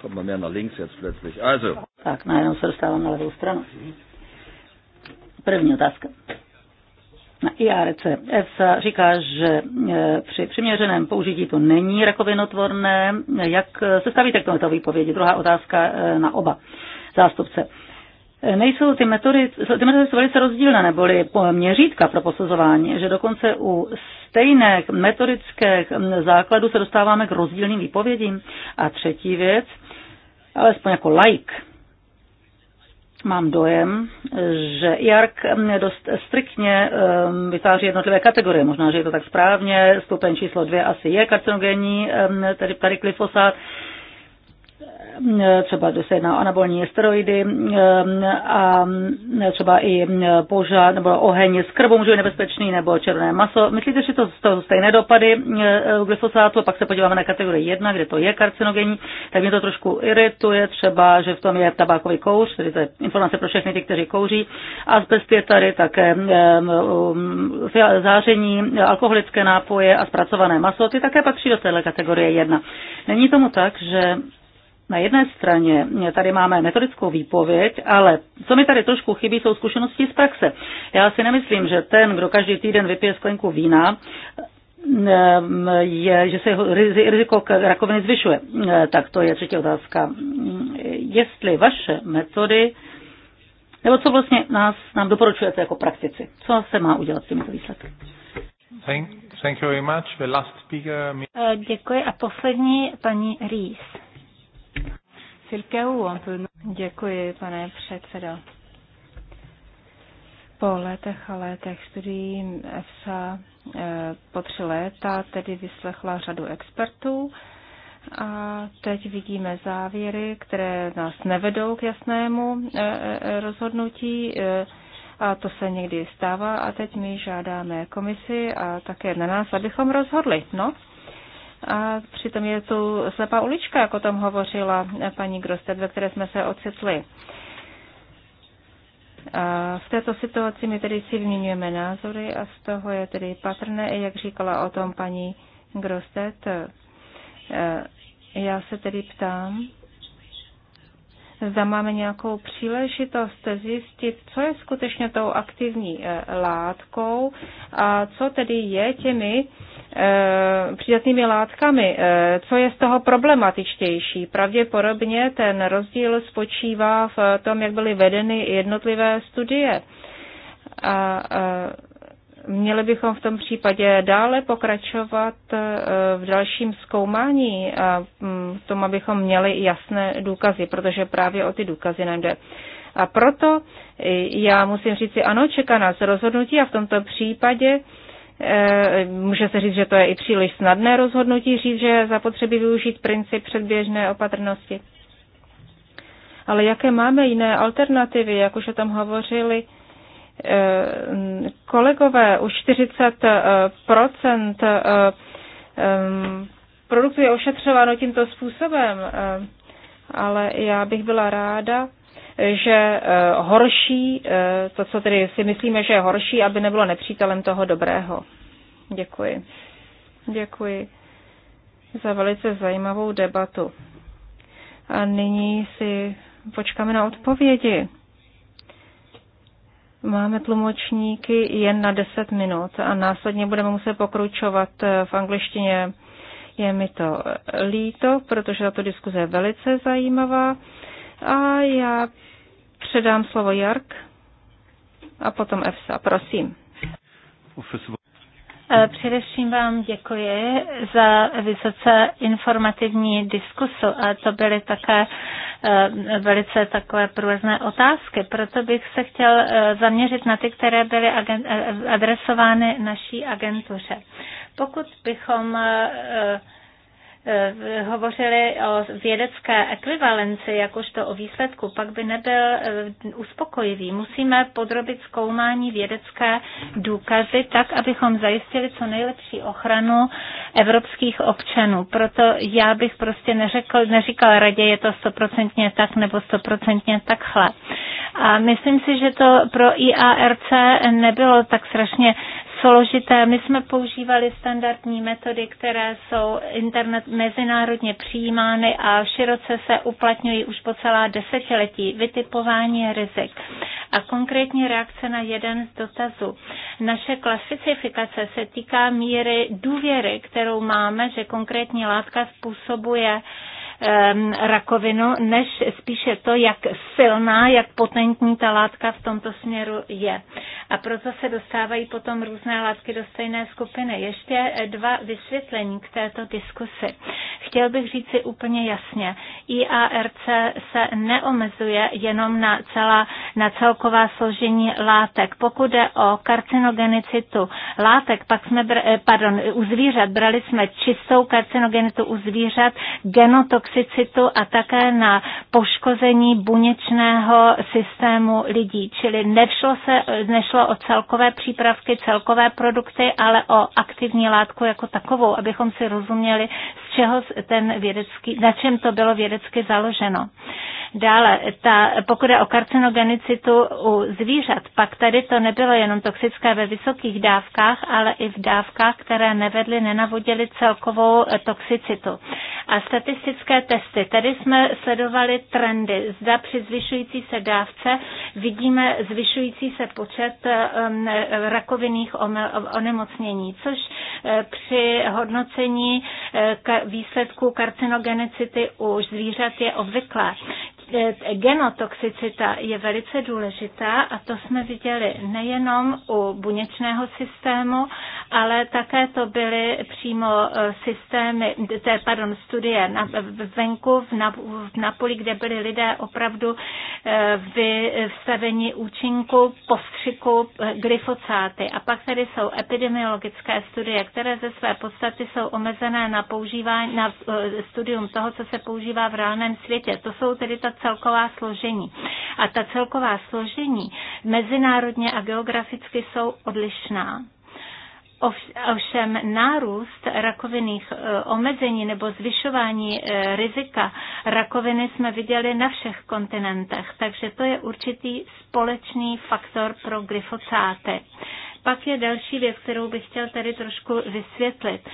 Kommt man mehr nach links jetzt plötzlich. Also. Tak, najednou se dostávám na levou stranu. První otázka. Na IARC EFSA říká, že e, při přiměřeném použití to není rakovinotvorné. Jak se stavíte k tomuto výpovědi? Druhá otázka e, na oba zástupce. Nejsou ty metody, ty metody jsou velice rozdílné, neboli měřítka pro posuzování, že dokonce u stejné metodické hm, základu se dostáváme k rozdílným výpovědím. A třetí věc, alespoň jako like, Mám dojem, že JARK hm, dost striktně hm, vytváří jednotlivé kategorie. Možná, že je to tak správně. Stupeň číslo dvě asi je karcinogenní, tedy tady glyfosát třeba se na anabolní steroidy ehm, a třeba i požár nebo oheň s krvou může být nebezpečný nebo červené maso. Myslíte, že to jsou stejné dopady eh, glyfosátu? Pak se podíváme na kategorii 1, kde to je karcinogenní, tak mě to trošku irituje, třeba, že v tom je tabákový kouř, tedy to je informace pro všechny ty, kteří kouří, asbest je tady také ehm, záření, alkoholické nápoje a zpracované maso, ty také patří do téhle kategorie 1. Není tomu tak, že na jedné straně tady máme metodickou výpověď, ale co mi tady trošku chybí, jsou zkušenosti z praxe. Já si nemyslím, že ten, kdo každý týden vypije sklenku vína, eh, je, že se riziko rakoviny zvyšuje. Eh, tak to je třetí otázka. Jestli vaše metody, nebo co vlastně nás, nám doporučujete jako praktici? Co se má udělat s těmito výsledky? Thank, thank you very much. The last speaker... Eh, děkuji. A poslední paní Rees. Děkuji, pane předsedo. Po letech a letech studií EFSA eh, po tři léta tedy vyslechla řadu expertů a teď vidíme závěry, které nás nevedou k jasnému eh, eh, rozhodnutí a to se někdy stává a teď my žádáme komisi a také na nás, abychom rozhodli. No, a přitom je tu slepá ulička, jako tam tom hovořila paní Grosted, ve které jsme se ocitli. A v této situaci my tedy si vyměňujeme názory a z toho je tedy patrné, jak říkala o tom paní Grosted. E, já se tedy ptám, zda máme nějakou příležitost zjistit, co je skutečně tou aktivní e, látkou a co tedy je těmi E, přidatnými látkami. E, co je z toho problematičtější? Pravděpodobně ten rozdíl spočívá v tom, jak byly vedeny jednotlivé studie. A e, měli bychom v tom případě dále pokračovat v dalším zkoumání a mm, v tom, abychom měli jasné důkazy, protože právě o ty důkazy nám jde. A proto já musím říct si, ano, čeká nás rozhodnutí a v tomto případě Eh, může se říct, že to je i příliš snadné rozhodnutí říct, že je zapotřebí využít princip předběžné opatrnosti. Ale jaké máme jiné alternativy, jak už o tom hovořili eh, kolegové, už 40 eh, produktů je ošetřováno tímto způsobem, ale já bych byla ráda, že eh, horší, eh, to, co tedy si myslíme, že je horší, aby nebylo nepřítelem toho dobrého. Děkuji. Děkuji za velice zajímavou debatu. A nyní si počkáme na odpovědi. Máme tlumočníky jen na 10 minut a následně budeme muset pokručovat eh, v angličtině. Je mi to líto, protože tato diskuze je velice zajímavá. A já předám slovo Jark a potom EFSA. Prosím. Eh, především vám děkuji za vysoce informativní diskusu a to byly také eh, velice takové průzné otázky. Proto bych se chtěl eh, zaměřit na ty, které byly adresovány naší agentuře. Pokud bychom Eh, hovořili o vědecké ekvivalenci, jakožto o výsledku, pak by nebyl eh, uspokojivý. Musíme podrobit zkoumání vědecké důkazy tak, abychom zajistili co nejlepší ochranu evropských občanů. Proto já bych prostě neřekl, neříkal radě, je to stoprocentně tak nebo stoprocentně takhle. A myslím si, že to pro IARC nebylo tak strašně složité. My jsme používali standardní metody, které jsou internet mezinárodně přijímány a široce se uplatňují už po celá desetiletí. Vytipování rizik a konkrétní reakce na jeden z dotazů. Naše klasifikace se týká míry důvěry, kterou máme, že konkrétní látka způsobuje Ehm, rakovinu, než spíše to, jak silná, jak potentní ta látka v tomto směru je. A proto se dostávají potom různé látky do stejné skupiny. Ještě dva vysvětlení k této diskusi. Chtěl bych říct si úplně jasně, IARC se neomezuje jenom na, celá, na celková složení látek. Pokud jde o karcinogenicitu látek, pak jsme, pardon, u zvířat, brali jsme čistou karcinogenitu u zvířat, genotox toxicitu a také na poškození buněčného systému lidí. Čili nešlo, se, nešlo o celkové přípravky, celkové produkty, ale o aktivní látku jako takovou, abychom si rozuměli čeho ten vědecký, na čem to bylo vědecky založeno. Dále, ta, pokud je o karcinogenicitu u zvířat, pak tady to nebylo jenom toxické ve vysokých dávkách, ale i v dávkách, které nevedly, nenavodily celkovou eh, toxicitu. A statistické testy. Tady jsme sledovali trendy. Zda při zvyšující se dávce vidíme zvyšující se počet eh, rakovinných onemocnění, což eh, při hodnocení výsledků karcinogenicity u zvířat je obvyklé. Eh, genotoxicita je velice důležitá a to jsme viděli nejenom u buněčného systému, ale také to byly přímo eh, systémy, té, pardon, studie na, venku v, na, v Napoli, kde byli lidé opravdu eh, vystaveni účinku postřiku glyfocáty. A pak tady jsou epidemiologické studie, které ze své podstaty jsou omezené na používání, na studium toho, co se používá v reálném světě. To jsou tedy ta celková složení. A ta celková složení mezinárodně a geograficky jsou odlišná. Ovšem nárůst rakovinných e, omezení nebo zvyšování e, rizika rakoviny jsme viděli na všech kontinentech, takže to je určitý společný faktor pro glyfosáty. Pak je další věc, kterou bych chtěl tady trošku vysvětlit.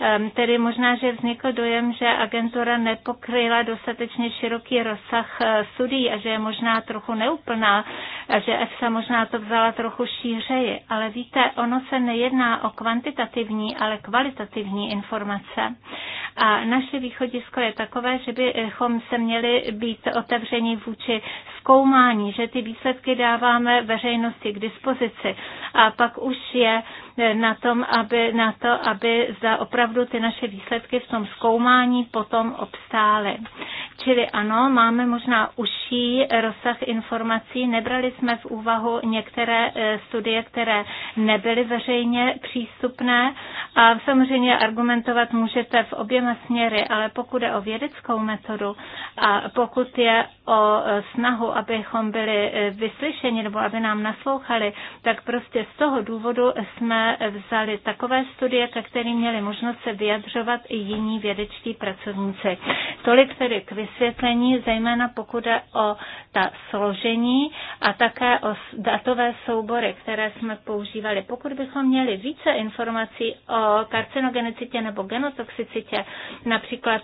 Ehm, tedy možná, že vznikl dojem, že agentura nepokryla dostatečně široký rozsah eh, studií a že je možná trochu neúplná a že EFSA možná to vzala trochu šířeji. Ale víte, ono se nejedná o kvantitativní, ale kvalitativní informace. A naše východisko je takové, že bychom se měli být otevřeni vůči zkoumání, že ty výsledky dáváme veřejnosti k dispozici a pak už je na, tom, aby, na to, aby za opravdu ty naše výsledky v tom zkoumání potom obstály. Čili ano, máme možná užší rozsah informací. Nebrali jsme v úvahu některé eh, studie, které nebyly veřejně přístupné. A samozřejmě argumentovat můžete v oběma směry, ale pokud je o vědeckou metodu a pokud je o eh, snahu, abychom byli eh, vyslyšeni nebo aby nám naslouchali, tak prostě z toho důvodu jsme vzali takové studie, ke kterým měli možnost se vyjadřovat i jiní vědečtí pracovníci. Tolik tedy k vysvětlení, zejména pokud je o ta složení a také o datové soubory, které jsme používali. Pokud bychom měli více informací o karcinogenicitě nebo genotoxicitě, například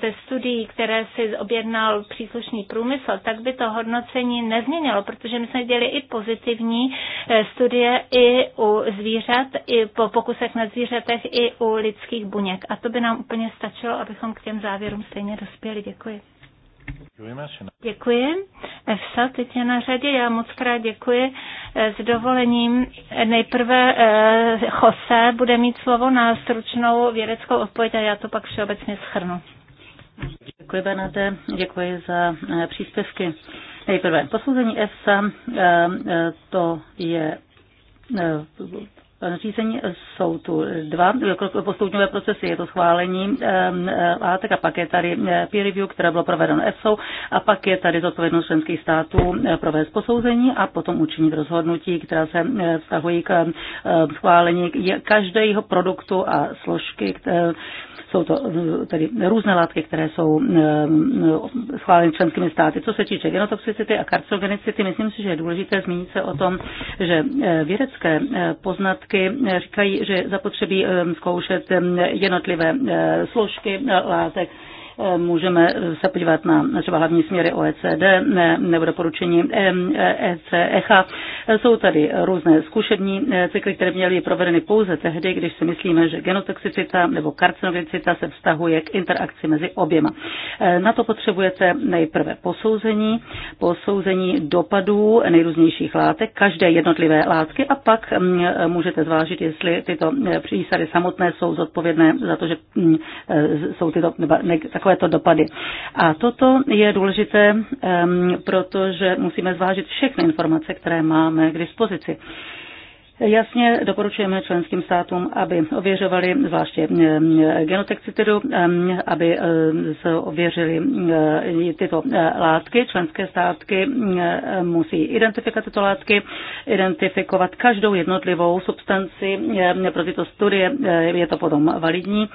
ze studií, které si objednal příslušný průmysl, tak by to hodnocení nezměnilo, protože my jsme dělali i pozitivní eh, studie i u zvířat, i po pokusech na zvířatech, i u lidských buněk. A to by nám úplně stačilo, abychom k těm závěrům stejně dospěli. Děkuji. Děkuji. EFSA teď je na řadě. Já moc krát děkuji. S dovolením nejprve eh, Jose bude mít slovo na stručnou vědeckou odpověď a já to pak všeobecně schrnu. Děkuji, Benete. Děkuji za eh, příspěvky. Nejprve posouzení EFSA, eh, to je No, to bylo řízení jsou tu dva jako postupňové procesy, je to schválení látek a pak je tady peer review, které bylo provedeno EFSO a pak je tady zodpovědnost členských států provést posouzení a potom učinit rozhodnutí, která se vztahují k schválení každého produktu a složky. Jsou to tedy různé látky, které jsou schváleny členskými státy. Co se týče genotoxicity a karcinogenicity, myslím si, že je důležité zmínit se o tom, že vědecké poznatky výsledky eh, říkají, že zapotřebí eh, zkoušet eh, jednotlivé složky látek Můžeme se podívat na třeba hlavní směry OECD nebo doporučení ECHA. E, e e jsou tady různé zkušební cykly, které měly být provedeny pouze tehdy, když si myslíme, že genotoxicita nebo karcinogenicita se vztahuje k interakci mezi oběma. Na to potřebujete nejprve posouzení, posouzení dopadů nejrůznějších látek, každé jednotlivé látky a pak můžete zvážit, jestli tyto přísady samotné jsou zodpovědné za to, že jsou tyto, nebo takovéto dopady. A toto je důležité, protože musíme zvážit všechny informace, které máme k dispozici. Jasně doporučujeme členským státům, aby ověřovali zvláště eh, genotexitidu, ehm, aby eh, se ověřili eh, tyto látky. Členské státky musí identifikovat tyto látky, identifikovat každou jednotlivou substanci pro tyto studie. Je to potom validní.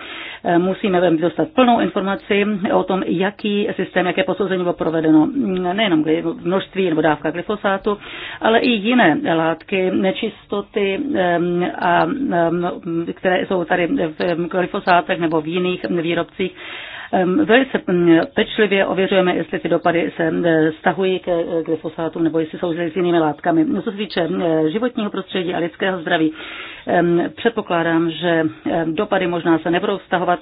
Musíme dostat plnou informaci o tom, jaký systém, jaké posouzení bylo provedeno. Mm, nejenom množství nebo dávka glyfosátu, ale i jiné látky, nečistoty produkty, a, které jsou tady v glyfosátech nebo v jiných výrobcích. Velice mm, pečlivě ověřujeme, jestli ty dopady se stahují k e, glyfosátům nebo jestli jsou s jinými látkami. No, co se týče e, životního prostředí a lidského zdraví, Předpokládám, že dopady možná se nebudou vztahovat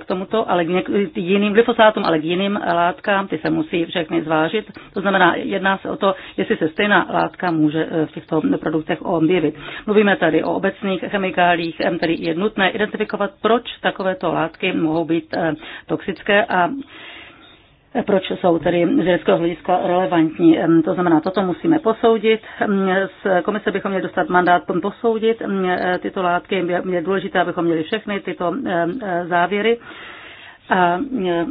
k tomuto, ale k jiným glyfosátům, ale k jiným látkám, ty se musí všechny zvážit. To znamená, jedná se o to, jestli se stejná látka může eh, v těchto produktech objevit. Mluvíme tady o obecných chemikálích, tedy je nutné identifikovat, proč takovéto látky mohou být eh, toxické a proč jsou tedy z vědeckého hlediska relevantní. To znamená, toto musíme posoudit. Z komise bychom měli dostat mandát posoudit tyto látky. Je důležité, abychom měli všechny tyto závěry. A e,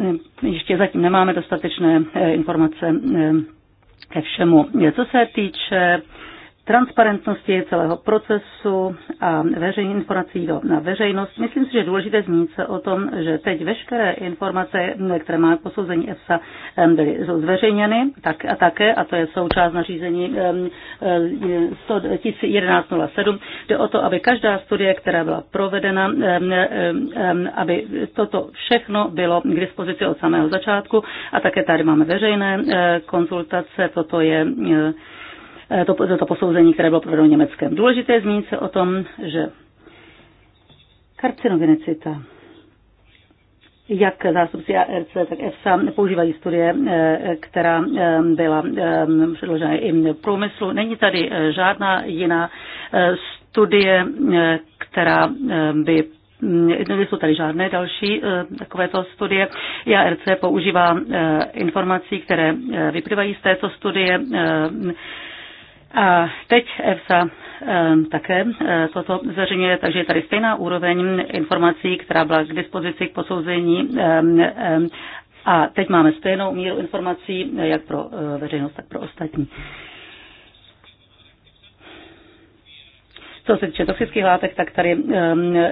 e, ještě zatím nemáme dostatečné e, informace ke všemu. Co se týče transparentnosti celého procesu a veřejných informací na veřejnost. Myslím si, že je důležité zmínit se o tom, že teď veškeré informace, které má posouzení EFSA, byly zveřejněny tak a také, a to je součást nařízení 1107, jde o to, aby každá studie, která byla provedena, aby toto všechno bylo k dispozici od samého začátku a také tady máme veřejné eh, konzultace, toto je eh, Eh, to, to posouzení, které bylo provedeno Německém. Důležité je zmínit se o tom, že karcinogenicita jak zástupci ARC, tak EFSA používají studie, eh, která eh, byla předložena i průmyslu. Není tady žádná jiná studie, která by mm, Nejsou tady žádné další takovéto studie. IARC používá informací, které vyplývají z této studie a teď EFSA ehm, také eh, toto zveřejňuje, takže je tady stejná úroveň informací, která byla k dispozici k posouzení ehm, ehm, a teď máme stejnou míru informací eh, jak pro eh, veřejnost, tak pro ostatní. Co se týče toxických látek, tak tady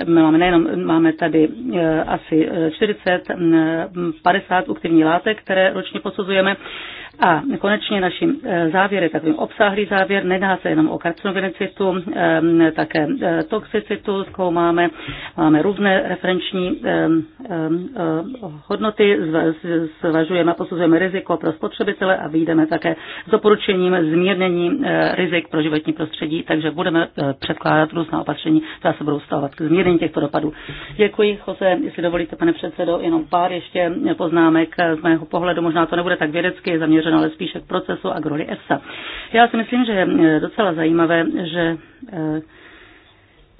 máme nejenom, máme tady asi 40, 50 aktivních látek, které ročně posuzujeme a konečně naším eh, závěrem, takovým obsáhlý závěr, nedá se jenom o karcinogenicitu, ehm, také eh, toxicitu zkoumáme, máme různé referenční ehm, ehm, eh, hodnoty, zvažujeme a posuzujeme riziko pro spotřebitele a vyjdeme také s doporučením zmírnění rizik pro životní prostředí, takže budeme předkládat různá opatření, která se budou stávat k zmírnění těchto dopadů. Děkuji, Jose, jestli dovolíte, pane předsedo, jenom pár ještě poznámek z mého pohledu, možná to nebude tak vědecky zaměřené, zaměřen, ale spíše k procesu e a k roli EFSA. Já si myslím, že je docela zajímavé, že eh,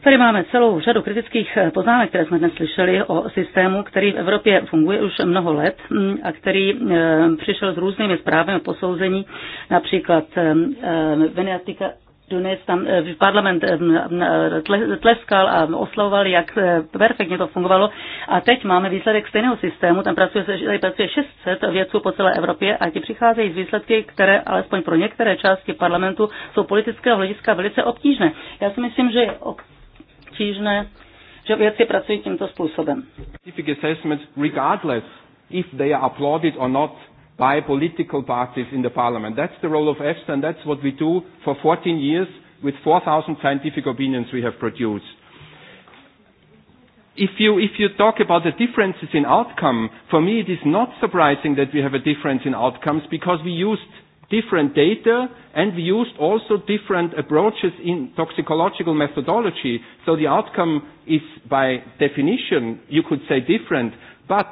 Tady máme celou řadu kritických eh, poznámek, které jsme dnes slyšeli o systému, který v Evropě funguje už mnoho let mm, a který eh, přišel s různými zprávami o posouzení, například Venetika dnes tam eh, parlament eh, tleskal a oslavoval, jak eh, perfektně to fungovalo. A teď máme výsledek stejného systému. Tam pracuje, tady pracuje 600 vědců po celé Evropě a ti přicházejí z výsledky, které alespoň pro některé části parlamentu jsou politického hlediska velice obtížné. Já si myslím, že je obtížné, že věci pracují tímto způsobem. If they are or not, by political parties in the parliament. That's the role of EFSA, and that's what we do for 14 years with 4,000 scientific opinions we have produced. If you, if you talk about the differences in outcome, for me it is not surprising that we have a difference in outcomes because we used different data and we used also different approaches in toxicological methodology. So the outcome is by definition, you could say different, but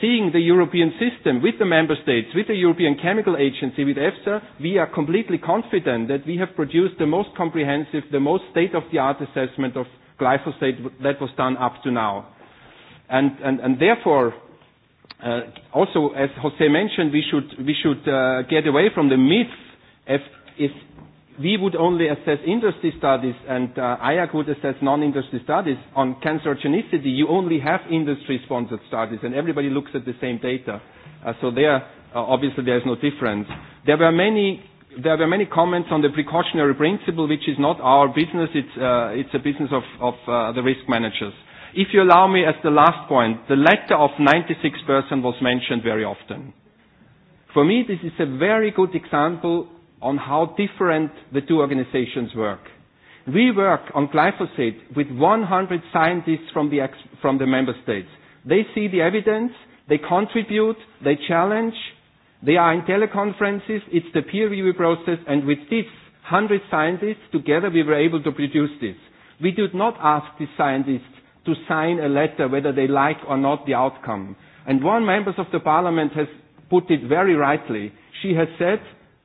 seeing the European system with the member states, with the European Chemical Agency, with EFSA, we are completely confident that we have produced the most comprehensive, the most state-of-the-art assessment of glyphosate that was done up to now. And, and, and therefore, uh, also, as Jose mentioned, we should, we should uh, get away from the myth if, if we would only assess industry studies and uh, IAC would assess non-industry studies on cancerogenicity. You only have industry-sponsored studies and everybody looks at the same data. Uh, so there, uh, obviously, there is no difference. There were many there were many comments on the precautionary principle, which is not our business. It's, uh, it's a business of, of uh, the risk managers. If you allow me, as the last point, the letter of 96% was mentioned very often. For me, this is a very good example on how different the two organizations work. We work on glyphosate with 100 scientists from the, ex- from the member states. They see the evidence, they contribute, they challenge, they are in teleconferences, it's the peer review process, and with these 100 scientists together we were able to produce this. We did not ask the scientists to sign a letter whether they like or not the outcome. And one member of the parliament has put it very rightly. She has said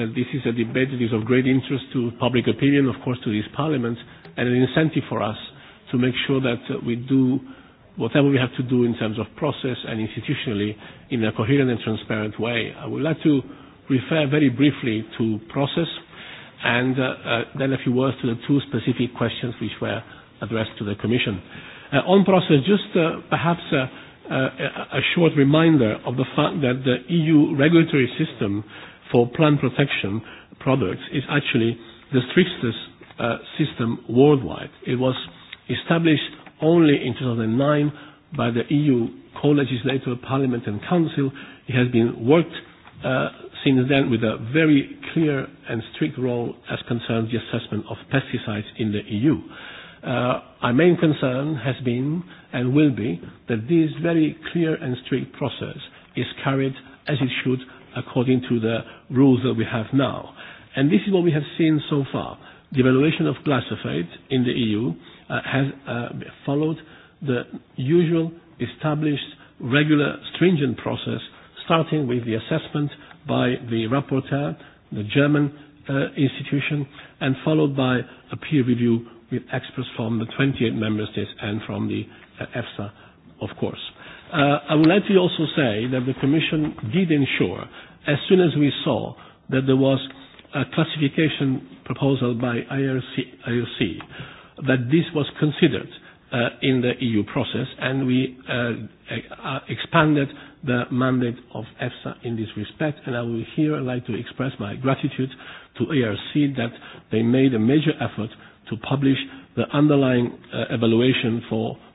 that this is a debate that is of great interest to public opinion, of course, to this parliament, and an incentive for us to make sure that uh, we do whatever we have to do in terms of process and institutionally in a coherent and transparent way. I would like to refer very briefly to process and uh, uh, then a few words to the two specific questions which were addressed to the Commission. Uh, on process, just uh, perhaps uh, uh, a short reminder of the fact that the EU regulatory system for plant protection products is actually the strictest uh, system worldwide. It was established only in 2009 by the EU co-legislator, Parliament and Council. It has been worked uh, since then with a very clear and strict role as concerns the assessment of pesticides in the EU. Uh, our main concern has been and will be that this very clear and strict process is carried as it should according to the rules that we have now. And this is what we have seen so far. The evaluation of glyphosate in the EU uh, has uh, followed the usual established regular stringent process, starting with the assessment by the rapporteur, the German uh, institution, and followed by a peer review with experts from the 28 member states and from the uh, EFSA, of course. Uh, I would like to also say that the Commission did ensure, as soon as we saw that there was a classification proposal by IRC, IRC that this was considered uh, in the EU process, and we uh, uh, expanded the mandate of EFSA in this respect. And I will here like to express my gratitude to ARC that they made a major effort to publish the underlying uh, evaluation for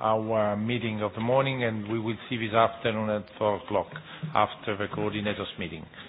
our meeting of the morning, and we will see this afternoon at 4:00 o'clock after the coordinators meeting.